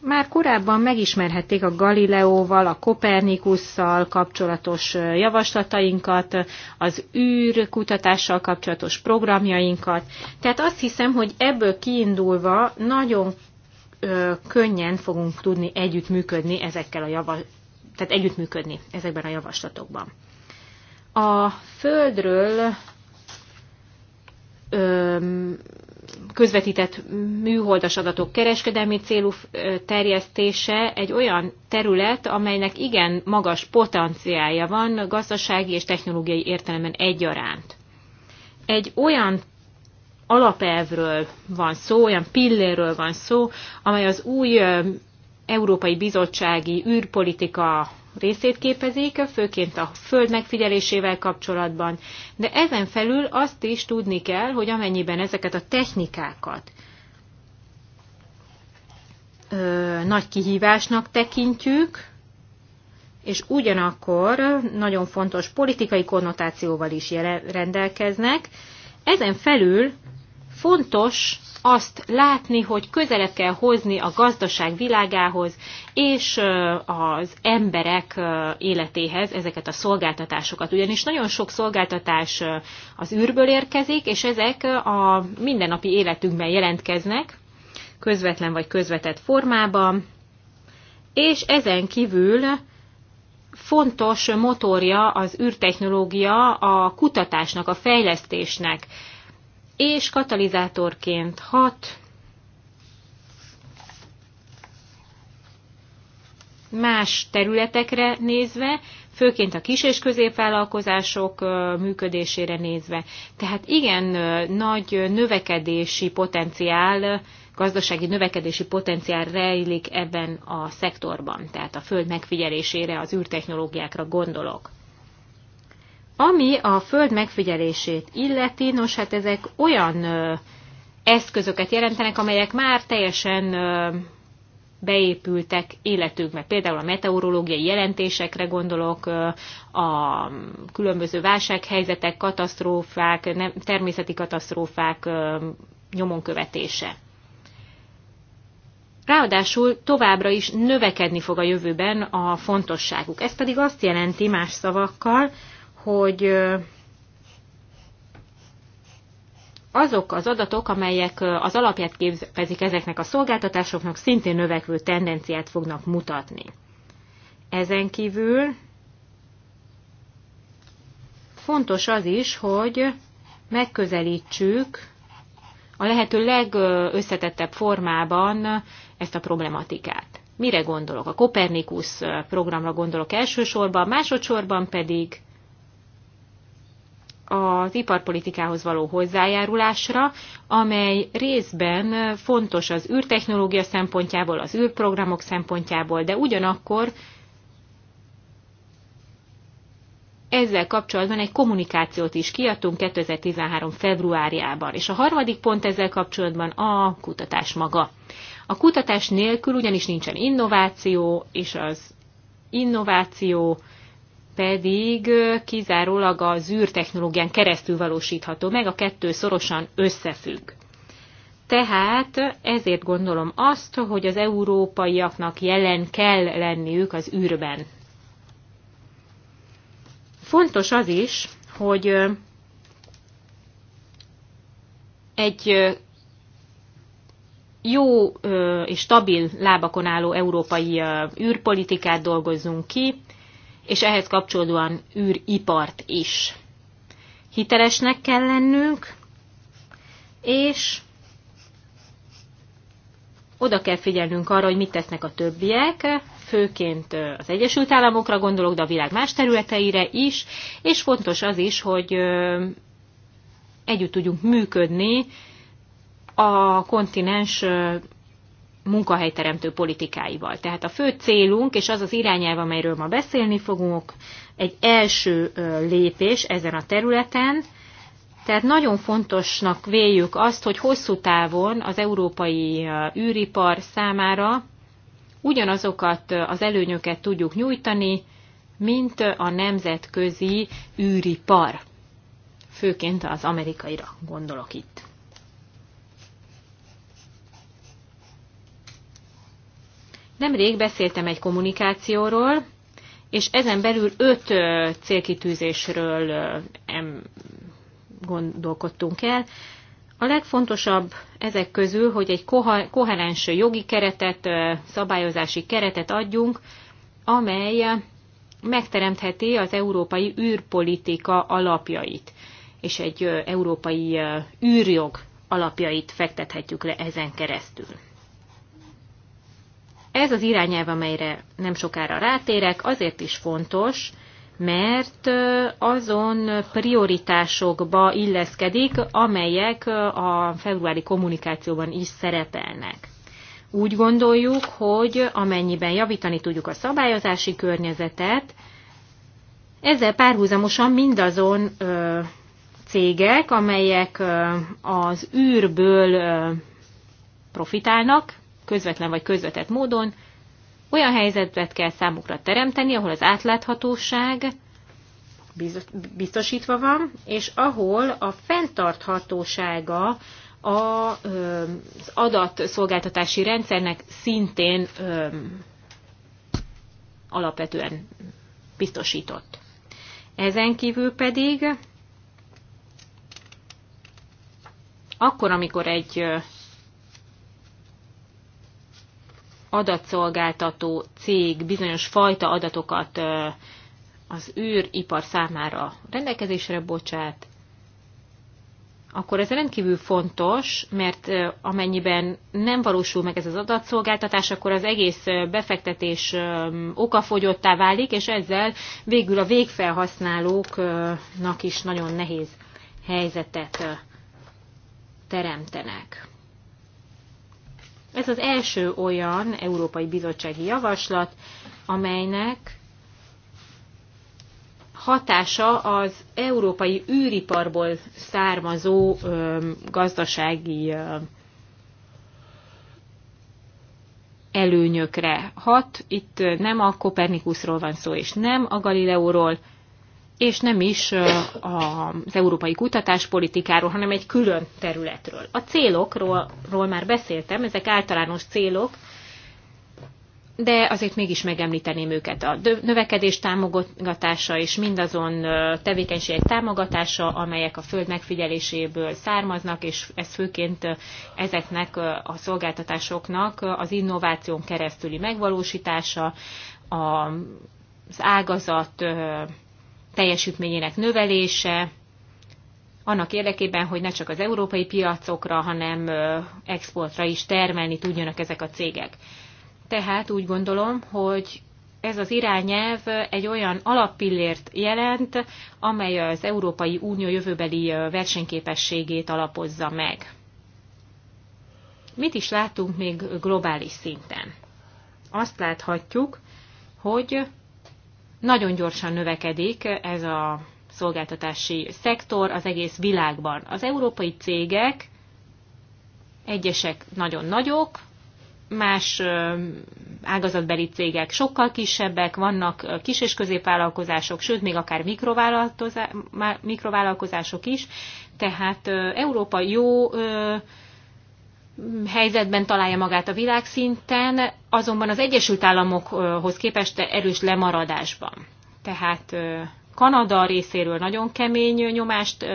már korábban megismerhették a Galileóval, a Kopernikusszal kapcsolatos javaslatainkat, az űrkutatással kapcsolatos programjainkat. Tehát azt hiszem, hogy ebből kiindulva nagyon könnyen fogunk tudni együttműködni ezekkel a java, tehát együttműködni ezekben a javaslatokban. A földről közvetített műholdas adatok kereskedelmi célú terjesztése egy olyan terület, amelynek igen magas potenciálja van gazdasági és technológiai értelemben egyaránt. Egy olyan alapelvről van szó, olyan pilléről van szó, amely az új Európai Bizottsági űrpolitika részét képezik, főként a föld megfigyelésével kapcsolatban. De ezen felül azt is tudni kell, hogy amennyiben ezeket a technikákat ö, nagy kihívásnak tekintjük, és ugyanakkor nagyon fontos politikai konnotációval is rendelkeznek, ezen felül Fontos azt látni, hogy közelebb kell hozni a gazdaság világához és az emberek életéhez ezeket a szolgáltatásokat. Ugyanis nagyon sok szolgáltatás az űrből érkezik, és ezek a mindennapi életünkben jelentkeznek, közvetlen vagy közvetett formában, és ezen kívül fontos motorja az űrtechnológia a kutatásnak, a fejlesztésnek, és katalizátorként hat más területekre nézve, főként a kis- és középvállalkozások működésére nézve. Tehát igen nagy növekedési potenciál, gazdasági növekedési potenciál rejlik ebben a szektorban, tehát a föld megfigyelésére, az űrtechnológiákra gondolok. Ami a föld megfigyelését illeti, nos hát ezek olyan eszközöket jelentenek, amelyek már teljesen beépültek életükbe, Például a meteorológiai jelentésekre gondolok, a különböző válsághelyzetek, katasztrófák, nem természeti katasztrófák nyomon követése. Ráadásul továbbra is növekedni fog a jövőben a fontosságuk. Ez pedig azt jelenti más szavakkal, hogy azok az adatok, amelyek az alapját képezik ezeknek a szolgáltatásoknak, szintén növekvő tendenciát fognak mutatni. Ezen kívül fontos az is, hogy megközelítsük a lehető legösszetettebb formában ezt a problematikát. Mire gondolok? A Kopernikus programra gondolok elsősorban, másodszorban pedig az iparpolitikához való hozzájárulásra, amely részben fontos az űrtechnológia szempontjából, az űrprogramok szempontjából, de ugyanakkor ezzel kapcsolatban egy kommunikációt is kiadtunk 2013. februárjában, és a harmadik pont ezzel kapcsolatban a kutatás maga. A kutatás nélkül ugyanis nincsen innováció, és az innováció pedig kizárólag a zűrtechnológián keresztül valósítható meg, a kettő szorosan összefügg. Tehát ezért gondolom azt, hogy az európaiaknak jelen kell lenniük az űrben. Fontos az is, hogy egy jó és stabil lábakon álló európai űrpolitikát dolgozzunk ki, és ehhez kapcsolódóan űripart is. Hitelesnek kell lennünk, és oda kell figyelnünk arra, hogy mit tesznek a többiek, főként az Egyesült Államokra gondolok, de a világ más területeire is, és fontos az is, hogy együtt tudjunk működni a kontinens munkahelyteremtő politikáival. Tehát a fő célunk, és az az irányelv, amelyről ma beszélni fogunk, egy első lépés ezen a területen, tehát nagyon fontosnak véljük azt, hogy hosszú távon az európai űripar számára ugyanazokat az előnyöket tudjuk nyújtani, mint a nemzetközi űripar. Főként az amerikaira gondolok itt. Nemrég beszéltem egy kommunikációról, és ezen belül öt célkitűzésről gondolkodtunk el. A legfontosabb ezek közül, hogy egy koherens jogi keretet, szabályozási keretet adjunk, amely megteremtheti az európai űrpolitika alapjait, és egy európai űrjog alapjait fektethetjük le ezen keresztül. Ez az irányelv, amelyre nem sokára rátérek, azért is fontos, mert azon prioritásokba illeszkedik, amelyek a februári kommunikációban is szerepelnek. Úgy gondoljuk, hogy amennyiben javítani tudjuk a szabályozási környezetet, ezzel párhuzamosan mindazon ö, cégek, amelyek ö, az űrből ö, profitálnak, közvetlen vagy közvetett módon, olyan helyzetet kell számukra teremteni, ahol az átláthatóság biztosítva van, és ahol a fenntarthatósága az adatszolgáltatási rendszernek szintén alapvetően biztosított. Ezen kívül pedig akkor, amikor egy adatszolgáltató cég bizonyos fajta adatokat az űripar számára rendelkezésre bocsát, akkor ez rendkívül fontos, mert amennyiben nem valósul meg ez az adatszolgáltatás, akkor az egész befektetés okafogyottá válik, és ezzel végül a végfelhasználóknak is nagyon nehéz helyzetet teremtenek. Ez az első olyan Európai Bizottsági Javaslat, amelynek hatása az európai űriparból származó ö, gazdasági ö, előnyökre hat. Itt nem a Kopernikusról van szó, és nem a Galileóról, és nem is az európai kutatáspolitikáról, hanem egy külön területről. A célokról már beszéltem, ezek általános célok, de azért mégis megemlíteném őket. A növekedés támogatása és mindazon tevékenységek támogatása, amelyek a föld megfigyeléséből származnak, és ez főként ezeknek a szolgáltatásoknak az innováción keresztüli megvalósítása, az ágazat teljesítményének növelése, annak érdekében, hogy ne csak az európai piacokra, hanem exportra is termelni tudjanak ezek a cégek. Tehát úgy gondolom, hogy ez az irányelv egy olyan alappillért jelent, amely az Európai Unió jövőbeli versenyképességét alapozza meg. Mit is látunk még globális szinten? Azt láthatjuk, hogy nagyon gyorsan növekedik ez a szolgáltatási szektor az egész világban. Az európai cégek, egyesek nagyon nagyok, más ágazatbeli cégek sokkal kisebbek, vannak kis- és középvállalkozások, sőt, még akár mikrovállalkozások is, tehát Európa jó helyzetben találja magát a világszinten, azonban az Egyesült Államokhoz képest erős lemaradásban. Tehát Kanada részéről nagyon kemény nyomást,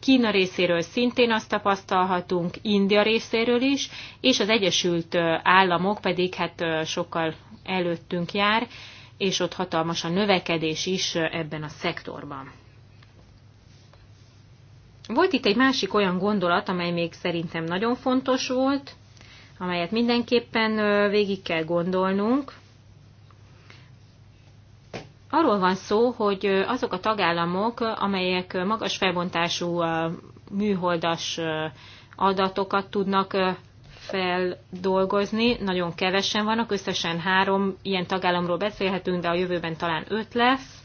Kína részéről szintén azt tapasztalhatunk, India részéről is, és az Egyesült Államok pedig hát sokkal előttünk jár, és ott hatalmas a növekedés is ebben a szektorban. Volt itt egy másik olyan gondolat, amely még szerintem nagyon fontos volt, amelyet mindenképpen végig kell gondolnunk. Arról van szó, hogy azok a tagállamok, amelyek magas felbontású műholdas adatokat tudnak feldolgozni, nagyon kevesen vannak, összesen három ilyen tagállamról beszélhetünk, de a jövőben talán öt lesz.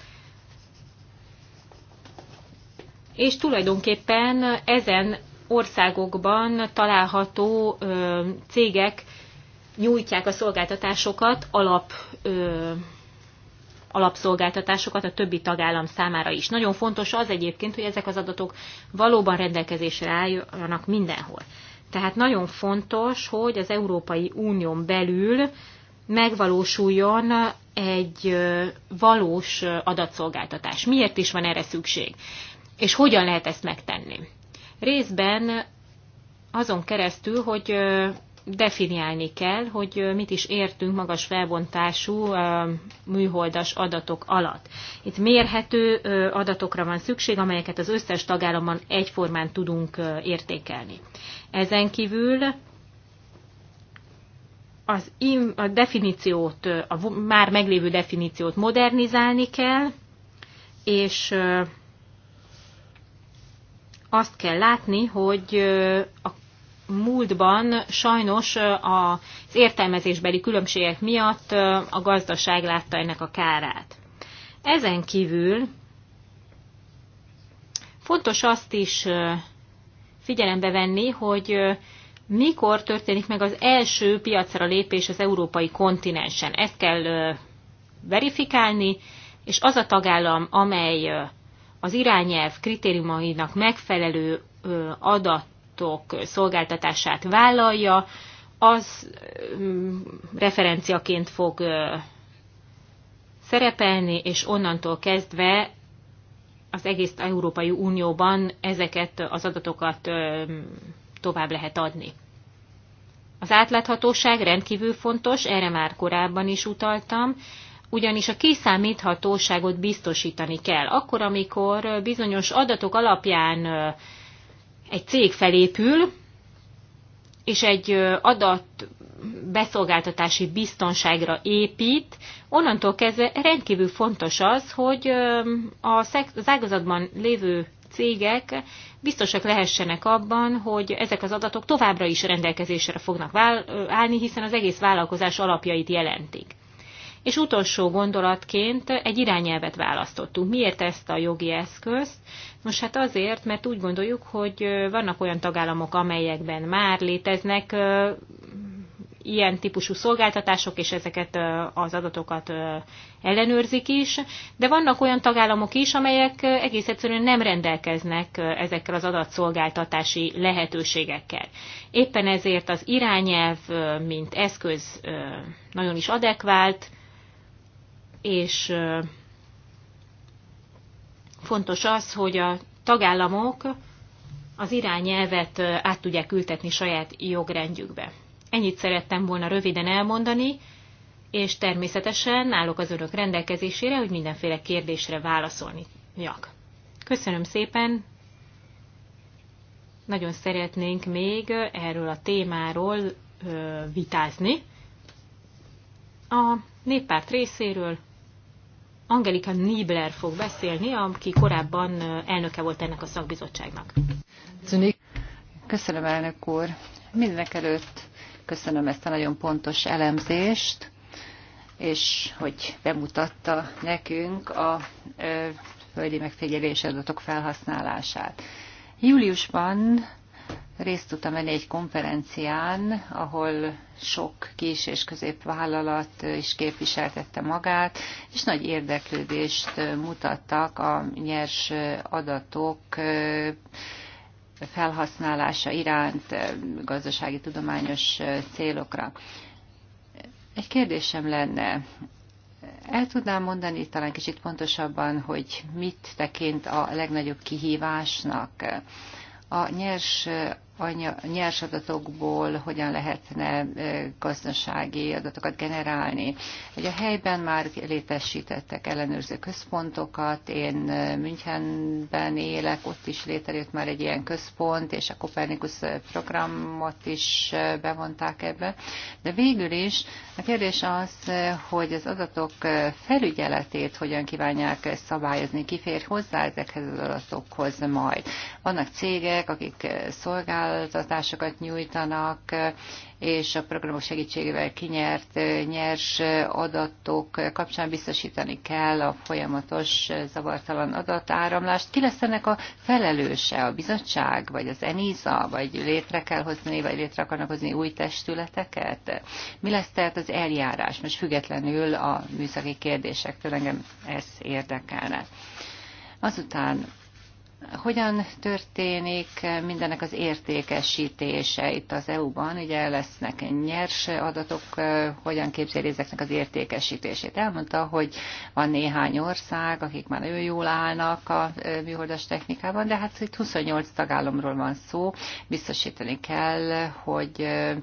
és tulajdonképpen ezen országokban található cégek nyújtják a szolgáltatásokat, alap, ö, alapszolgáltatásokat a többi tagállam számára is. Nagyon fontos az egyébként, hogy ezek az adatok valóban rendelkezésre álljanak mindenhol. Tehát nagyon fontos, hogy az Európai Unión belül megvalósuljon egy valós adatszolgáltatás. Miért is van erre szükség? És hogyan lehet ezt megtenni? Részben azon keresztül, hogy definiálni kell, hogy mit is értünk magas felbontású műholdas adatok alatt. Itt mérhető adatokra van szükség, amelyeket az összes tagállamban egyformán tudunk értékelni. Ezen kívül az im, a definíciót, a már meglévő definíciót modernizálni kell, és azt kell látni, hogy a múltban sajnos az értelmezésbeli különbségek miatt a gazdaság látta ennek a kárát. Ezen kívül fontos azt is figyelembe venni, hogy mikor történik meg az első piacra lépés az európai kontinensen. Ezt kell verifikálni, és az a tagállam, amely az irányelv kritériumainak megfelelő adatok szolgáltatását vállalja, az referenciaként fog szerepelni, és onnantól kezdve az egész Európai Unióban ezeket az adatokat tovább lehet adni. Az átláthatóság rendkívül fontos, erre már korábban is utaltam, ugyanis a kiszámíthatóságot biztosítani kell. Akkor, amikor bizonyos adatok alapján egy cég felépül, és egy adat beszolgáltatási biztonságra épít, onnantól kezdve rendkívül fontos az, hogy az ágazatban lévő cégek biztosak lehessenek abban, hogy ezek az adatok továbbra is rendelkezésre fognak állni, hiszen az egész vállalkozás alapjait jelentik. És utolsó gondolatként egy irányelvet választottunk. Miért ezt a jogi eszközt? Most hát azért, mert úgy gondoljuk, hogy vannak olyan tagállamok, amelyekben már léteznek ilyen típusú szolgáltatások, és ezeket az adatokat ellenőrzik is, de vannak olyan tagállamok is, amelyek egész egyszerűen nem rendelkeznek ezekkel az adatszolgáltatási lehetőségekkel. Éppen ezért az irányelv, mint eszköz nagyon is adekvált, és fontos az, hogy a tagállamok az irányelvet át tudják ültetni saját jogrendjükbe. Ennyit szerettem volna röviden elmondani, és természetesen állok az önök rendelkezésére, hogy mindenféle kérdésre válaszolni Jak. Köszönöm szépen! Nagyon szeretnénk még erről a témáról vitázni. A néppárt részéről Angelika Niebler fog beszélni, aki korábban elnöke volt ennek a szakbizottságnak. Köszönöm, elnök úr. Mindenek előtt köszönöm ezt a nagyon pontos elemzést, és hogy bemutatta nekünk a földi megfigyelési adatok felhasználását. Júliusban részt tudtam venni egy konferencián, ahol sok kis és középvállalat is képviseltette magát, és nagy érdeklődést mutattak a nyers adatok felhasználása iránt gazdasági tudományos célokra. Egy kérdésem lenne, el tudnám mondani talán kicsit pontosabban, hogy mit tekint a legnagyobb kihívásnak? a nyers a nyers adatokból hogyan lehetne gazdasági adatokat generálni. Ugye a helyben már létesítettek ellenőrző központokat, én Münchenben élek, ott is létrejött már egy ilyen központ, és a Copernicus programot is bevonták ebbe. De végül is a kérdés az, hogy az adatok felügyeletét hogyan kívánják szabályozni, Kifér hozzá ezekhez az adatokhoz majd. Vannak cégek, akik szolgál szolgáltatásokat nyújtanak, és a programok segítségével kinyert nyers adatok kapcsán biztosítani kell a folyamatos zavartalan adatáramlást. Ki lesz ennek a felelőse? A bizottság, vagy az ENISA, vagy létre kell hozni, vagy létre akarnak hozni új testületeket? Mi lesz tehát az eljárás? Most függetlenül a műszaki kérdésektől engem ez érdekelne. Azután hogyan történik mindennek az értékesítése itt az EU-ban? Ugye lesznek nyers adatok, eh, hogyan képzeli ezeknek az értékesítését? Elmondta, hogy van néhány ország, akik már nagyon jól állnak a eh, műholdas technikában, de hát itt 28 tagállamról van szó. Biztosítani kell, hogy eh,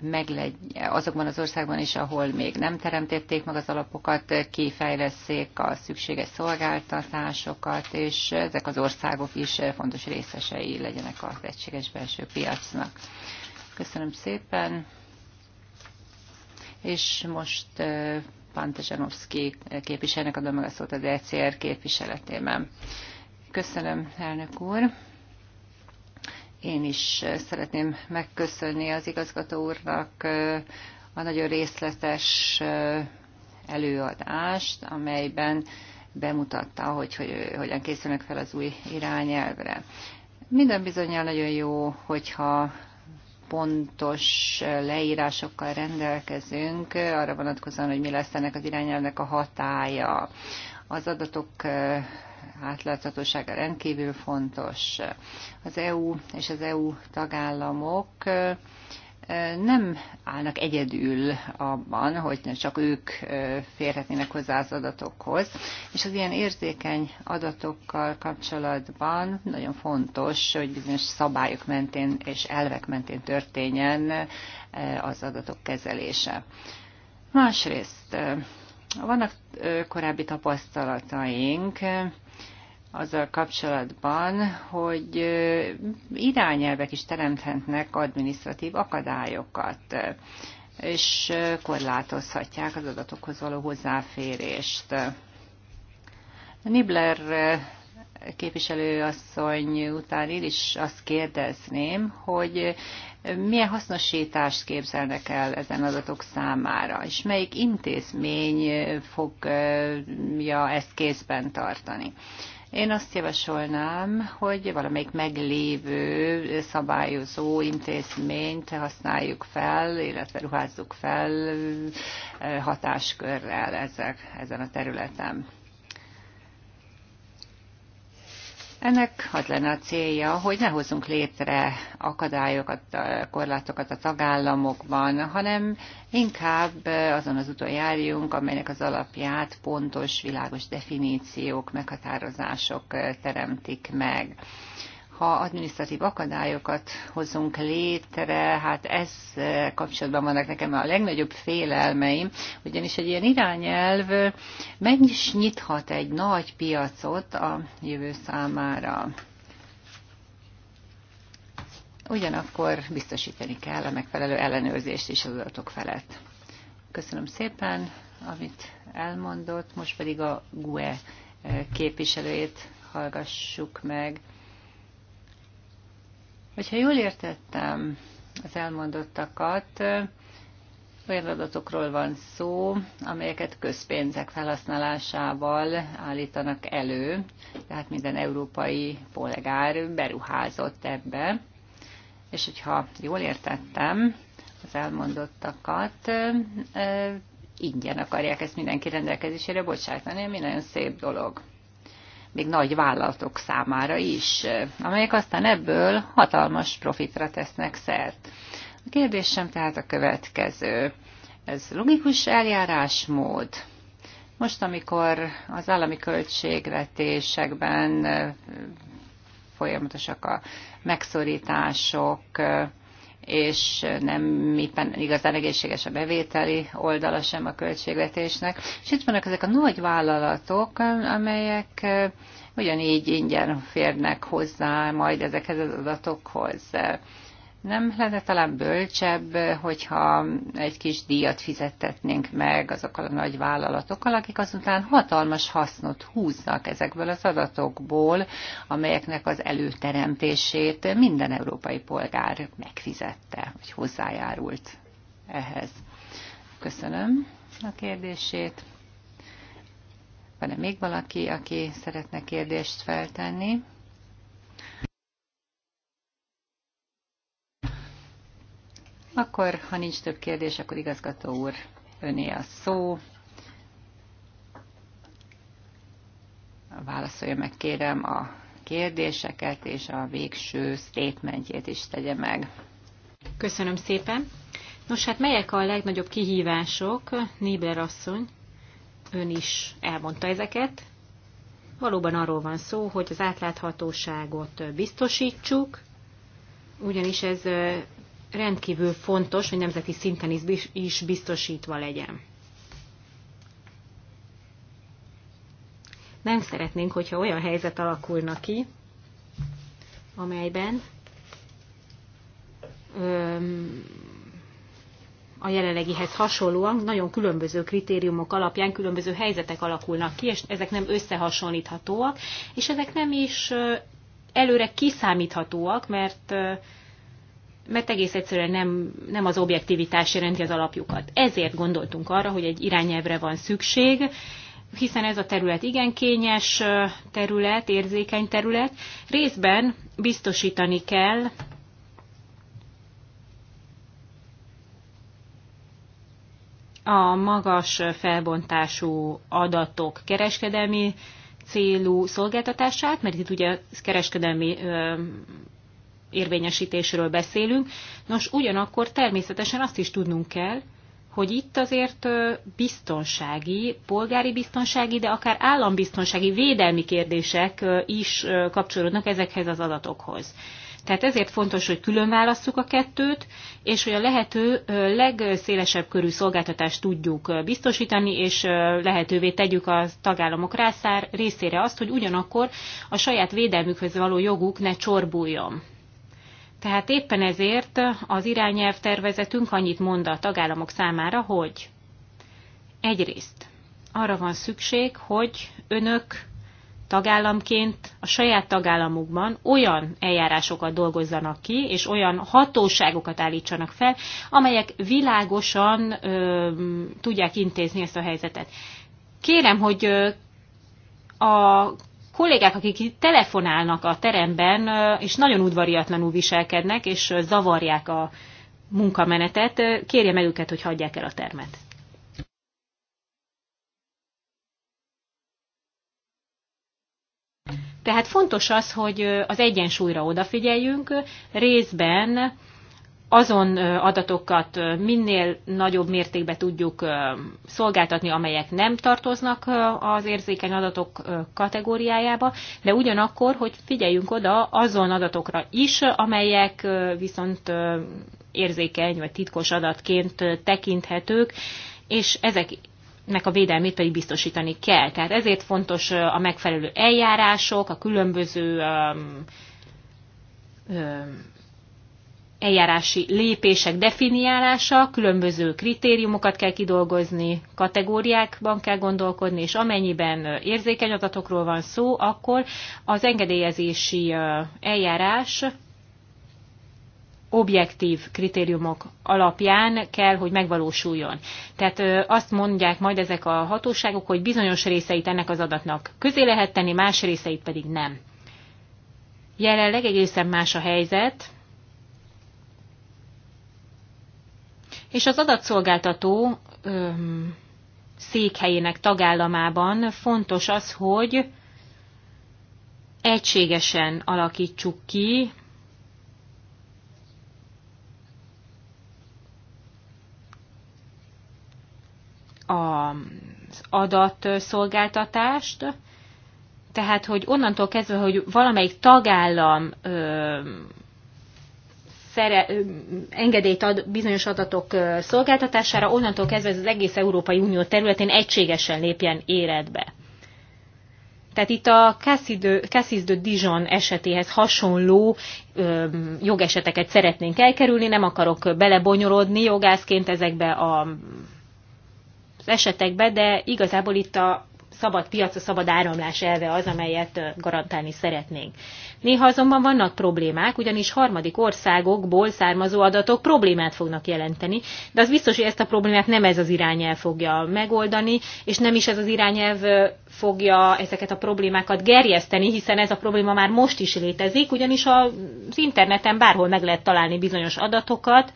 meglegy, azokban az országban is, ahol még nem teremtették meg az alapokat, kifejleszték a szükséges szolgáltatásokat, és ezek az országok is fontos részesei legyenek az egységes belső piacnak. Köszönöm szépen, és most Pante Zsanovszki képviselőnek adom meg a szót az ECR képviseletében. Köszönöm, elnök úr. Én is szeretném megköszönni az igazgató úrnak a nagyon részletes előadást, amelyben bemutatta, hogy, hogy hogyan készülnek fel az új irányelvre. Minden bizonyal nagyon jó, hogyha pontos leírásokkal rendelkezünk, arra vonatkozóan, hogy mi lesz ennek az irányelvnek a hatája. Az adatok átláthatósága rendkívül fontos. Az EU és az EU tagállamok e, nem állnak egyedül abban, hogy csak ők e, férhetnének hozzá az adatokhoz, és az ilyen érzékeny adatokkal kapcsolatban nagyon fontos, hogy bizonyos szabályok mentén és elvek mentén történjen e, az adatok kezelése. Másrészt vannak korábbi tapasztalataink, azzal kapcsolatban, hogy irányelvek is teremthetnek administratív akadályokat, és korlátozhatják az adatokhoz való hozzáférést. Nibler képviselőasszony után én is azt kérdezném, hogy milyen hasznosítást képzelnek el ezen adatok számára, és melyik intézmény fogja ezt kézben tartani. Én azt javasolnám, hogy valamelyik meglévő szabályozó intézményt használjuk fel, illetve ruházzuk fel eh, hatáskörrel ezek, ezen a területen. Ennek az lenne a célja, hogy ne hozzunk létre akadályokat, korlátokat a tagállamokban, hanem inkább azon az úton járjunk, amelynek az alapját pontos, világos definíciók, meghatározások teremtik meg ha adminisztratív akadályokat hozunk létre, hát ez eh, kapcsolatban vannak nekem a legnagyobb félelmeim, ugyanis egy ilyen irányelv eh, meg is nyithat egy nagy piacot a jövő számára. Ugyanakkor biztosítani kell a megfelelő ellenőrzést is az adatok felett. Köszönöm szépen, amit elmondott, most pedig a GUE eh, képviselőjét hallgassuk meg. Hogyha jól értettem az elmondottakat, olyan adatokról van szó, amelyeket közpénzek felhasználásával állítanak elő, tehát minden európai polgár beruházott ebbe. És hogyha jól értettem az elmondottakat, ingyen akarják ezt mindenki rendelkezésére bocsátani, ami nagyon szép dolog még nagy vállalatok számára is, amelyek aztán ebből hatalmas profitra tesznek szert. A kérdésem tehát a következő. Ez logikus eljárásmód. Most, amikor az állami költségvetésekben eh, folyamatosak a megszorítások, eh, és nem éppen igazán egészséges a bevételi oldala sem a költségvetésnek. És itt vannak ezek a nagy vállalatok, amelyek eh, ugyanígy ingyen férnek hozzá majd ezekhez az adatokhoz. Nem lenne talán bölcsebb, hogyha egy kis díjat fizettetnénk meg azokkal a nagy vállalatokkal, akik azután hatalmas hasznot húznak ezekből az adatokból, amelyeknek az előteremtését minden európai polgár megfizette, vagy hozzájárult ehhez. Köszönöm a kérdését. Van-e még valaki, aki szeretne kérdést feltenni? Akkor, ha nincs több kérdés, akkor igazgató úr, öné a szó. Válaszolja meg, kérem, a kérdéseket és a végső statementjét is tegye meg. Köszönöm szépen. Nos, hát melyek a legnagyobb kihívások, Nébler asszony? Ön is elmondta ezeket. Valóban arról van szó, hogy az átláthatóságot biztosítsuk, ugyanis ez rendkívül fontos, hogy nemzeti szinten is biztosítva legyen. Nem szeretnénk, hogyha olyan helyzet alakulna ki, amelyben öm, a jelenlegihez hasonlóan nagyon különböző kritériumok alapján különböző helyzetek alakulnak ki, és ezek nem összehasonlíthatóak, és ezek nem is előre kiszámíthatóak, mert mert egész egyszerűen nem, nem az objektivitás jelenti az alapjukat. Ezért gondoltunk arra, hogy egy irányelvre van szükség, hiszen ez a terület igen kényes terület, érzékeny terület. Részben biztosítani kell a magas felbontású adatok kereskedelmi célú szolgáltatását, mert itt ugye kereskedelmi érvényesítésről beszélünk. Nos, ugyanakkor természetesen azt is tudnunk kell, hogy itt azért biztonsági, polgári biztonsági, de akár állambiztonsági védelmi kérdések is kapcsolódnak ezekhez az adatokhoz. Tehát ezért fontos, hogy külön válasszuk a kettőt, és hogy a lehető legszélesebb körű szolgáltatást tudjuk biztosítani, és lehetővé tegyük a tagállamok rászár részére azt, hogy ugyanakkor a saját védelmükhöz való joguk ne csorbuljon. Tehát éppen ezért az irányelv tervezetünk annyit mond a tagállamok számára, hogy egyrészt arra van szükség, hogy önök tagállamként a saját tagállamukban olyan eljárásokat dolgozzanak ki, és olyan hatóságokat állítsanak fel, amelyek világosan ö, tudják intézni ezt a helyzetet. Kérem, hogy ö, a kollégák, akik telefonálnak a teremben, és nagyon udvariatlanul viselkednek, és zavarják a munkamenetet, kérje meg őket, hogy hagyják el a termet. Tehát fontos az, hogy az egyensúlyra odafigyeljünk, részben azon adatokat minél nagyobb mértékben tudjuk szolgáltatni, amelyek nem tartoznak az érzékeny adatok kategóriájába, de ugyanakkor, hogy figyeljünk oda azon adatokra is, amelyek viszont érzékeny vagy titkos adatként tekinthetők, és ezek nek a védelmét pedig biztosítani kell. Tehát ezért fontos a megfelelő eljárások, a különböző eljárási lépések definiálása, különböző kritériumokat kell kidolgozni, kategóriákban kell gondolkodni, és amennyiben érzékeny adatokról van szó, akkor az engedélyezési eljárás objektív kritériumok alapján kell, hogy megvalósuljon. Tehát azt mondják majd ezek a hatóságok, hogy bizonyos részeit ennek az adatnak közé lehet tenni, más részeit pedig nem. Jelenleg egészen más a helyzet, és az adatszolgáltató öm, székhelyének tagállamában fontos az, hogy egységesen alakítsuk ki az adatszolgáltatást, tehát hogy onnantól kezdve, hogy valamelyik tagállam szere, engedélyt ad bizonyos adatok szolgáltatására, onnantól kezdve ez az egész Európai Unió területén egységesen lépjen életbe. Tehát itt a Cassis de Dijon esetéhez hasonló ö, jogeseteket szeretnénk elkerülni, nem akarok belebonyolódni jogászként ezekbe a, az esetekbe, de igazából itt a szabad piac, a szabad áramlás elve az, amelyet garantálni szeretnénk. Néha azonban vannak problémák, ugyanis harmadik országokból származó adatok problémát fognak jelenteni, de az biztos, hogy ezt a problémát nem ez az irányelv fogja megoldani, és nem is ez az irányelv fogja ezeket a problémákat gerjeszteni, hiszen ez a probléma már most is létezik, ugyanis az interneten bárhol meg lehet találni bizonyos adatokat,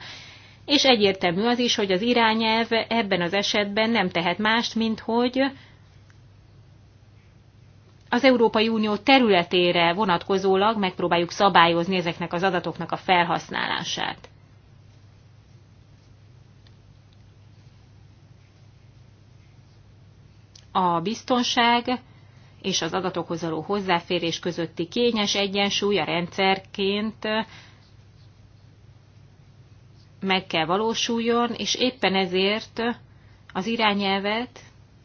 és egyértelmű az is, hogy az irányelv ebben az esetben nem tehet mást, mint hogy az Európai Unió területére vonatkozólag megpróbáljuk szabályozni ezeknek az adatoknak a felhasználását. A biztonság és az adatokhoz való hozzáférés közötti kényes egyensúly a rendszerként meg kell valósuljon, és éppen ezért az irányelvet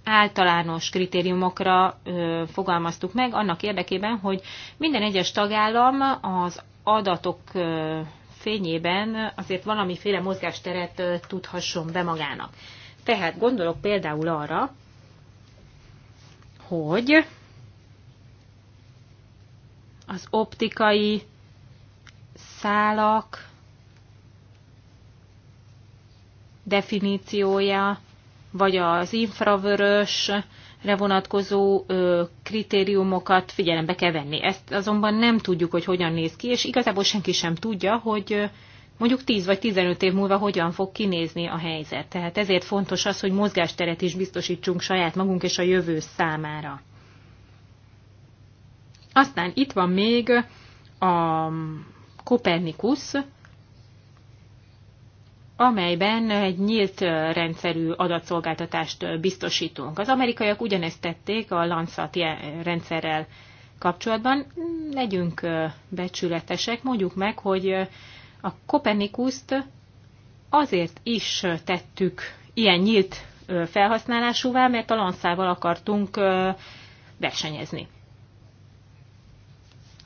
általános kritériumokra ö, fogalmaztuk meg, annak érdekében, hogy minden egyes tagállam az adatok ö, fényében azért valamiféle mozgásteret ö, tudhasson be magának. Tehát gondolok például arra, hogy az optikai szálak definíciója vagy az infravörös vonatkozó kritériumokat figyelembe kell venni. Ezt azonban nem tudjuk, hogy hogyan néz ki, és igazából senki sem tudja, hogy mondjuk 10 vagy 15 év múlva hogyan fog kinézni a helyzet. Tehát ezért fontos az, hogy mozgásteret is biztosítsunk saját magunk és a jövő számára. Aztán itt van még a Kopernikus, amelyben egy nyílt rendszerű adatszolgáltatást biztosítunk. Az amerikaiak ugyanezt tették a Landsat rendszerrel kapcsolatban. Legyünk becsületesek, mondjuk meg, hogy a Kopernikuszt azért is tettük ilyen nyílt felhasználásúvá, mert a Lanszával akartunk versenyezni.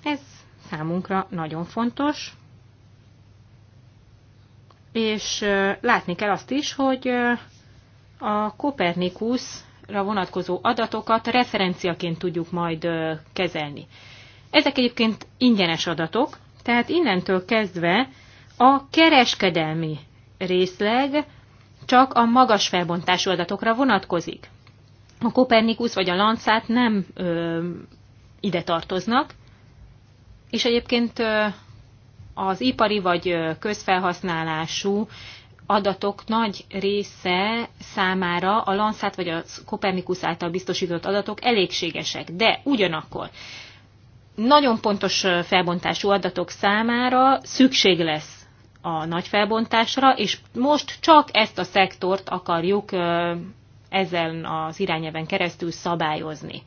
Ez számunkra nagyon fontos, és látni kell azt is, hogy a Kopernikuszra vonatkozó adatokat referenciaként tudjuk majd kezelni. Ezek egyébként ingyenes adatok, tehát innentől kezdve a kereskedelmi részleg csak a magas felbontású adatokra vonatkozik. A Kopernikus vagy a Landsat nem ö, ide tartoznak, és egyébként az ipari vagy közfelhasználású adatok nagy része számára a Landsat vagy a Kopernikus által biztosított adatok elégségesek, de ugyanakkor nagyon pontos felbontású adatok számára szükség lesz a nagy felbontásra, és most csak ezt a szektort akarjuk ezen az irányeven keresztül szabályozni.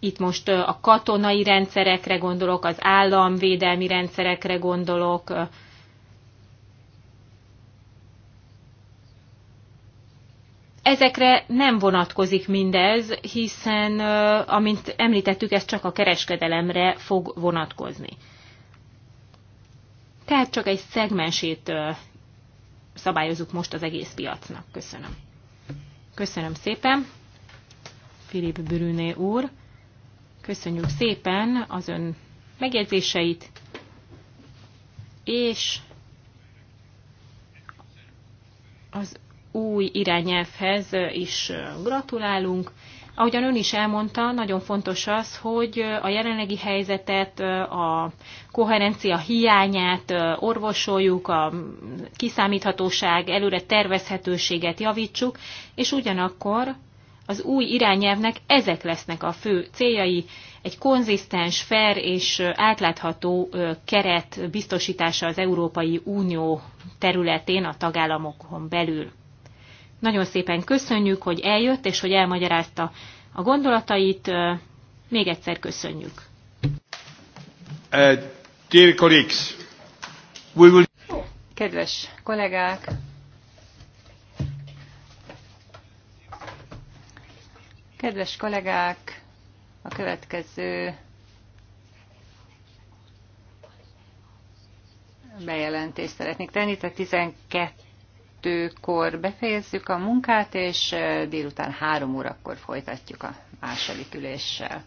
Itt most a katonai rendszerekre gondolok, az államvédelmi rendszerekre gondolok, Ezekre nem vonatkozik mindez, hiszen, amint említettük, ez csak a kereskedelemre fog vonatkozni. Tehát csak egy szegmensét szabályozunk most az egész piacnak. Köszönöm. Köszönöm szépen, Filip Brüné úr. Köszönjük szépen az ön megjegyzéseit, és az új irányelvhez is gratulálunk. Ahogyan ön is elmondta, nagyon fontos az, hogy a jelenlegi helyzetet, a koherencia hiányát orvosoljuk, a kiszámíthatóság, előre tervezhetőséget javítsuk, és ugyanakkor az új irányelvnek ezek lesznek a fő céljai, egy konzisztens, fair és átlátható keret biztosítása az Európai Unió területén a tagállamokon belül. Nagyon szépen köszönjük, hogy eljött és hogy elmagyarázta a gondolatait. Még egyszer köszönjük. Uh, we will... Kedves kollégák, Kedves kollégák, a következő bejelentést szeretnék tenni. Tehát 12-kor befejezzük a munkát, és délután 3 órakor folytatjuk a második üléssel.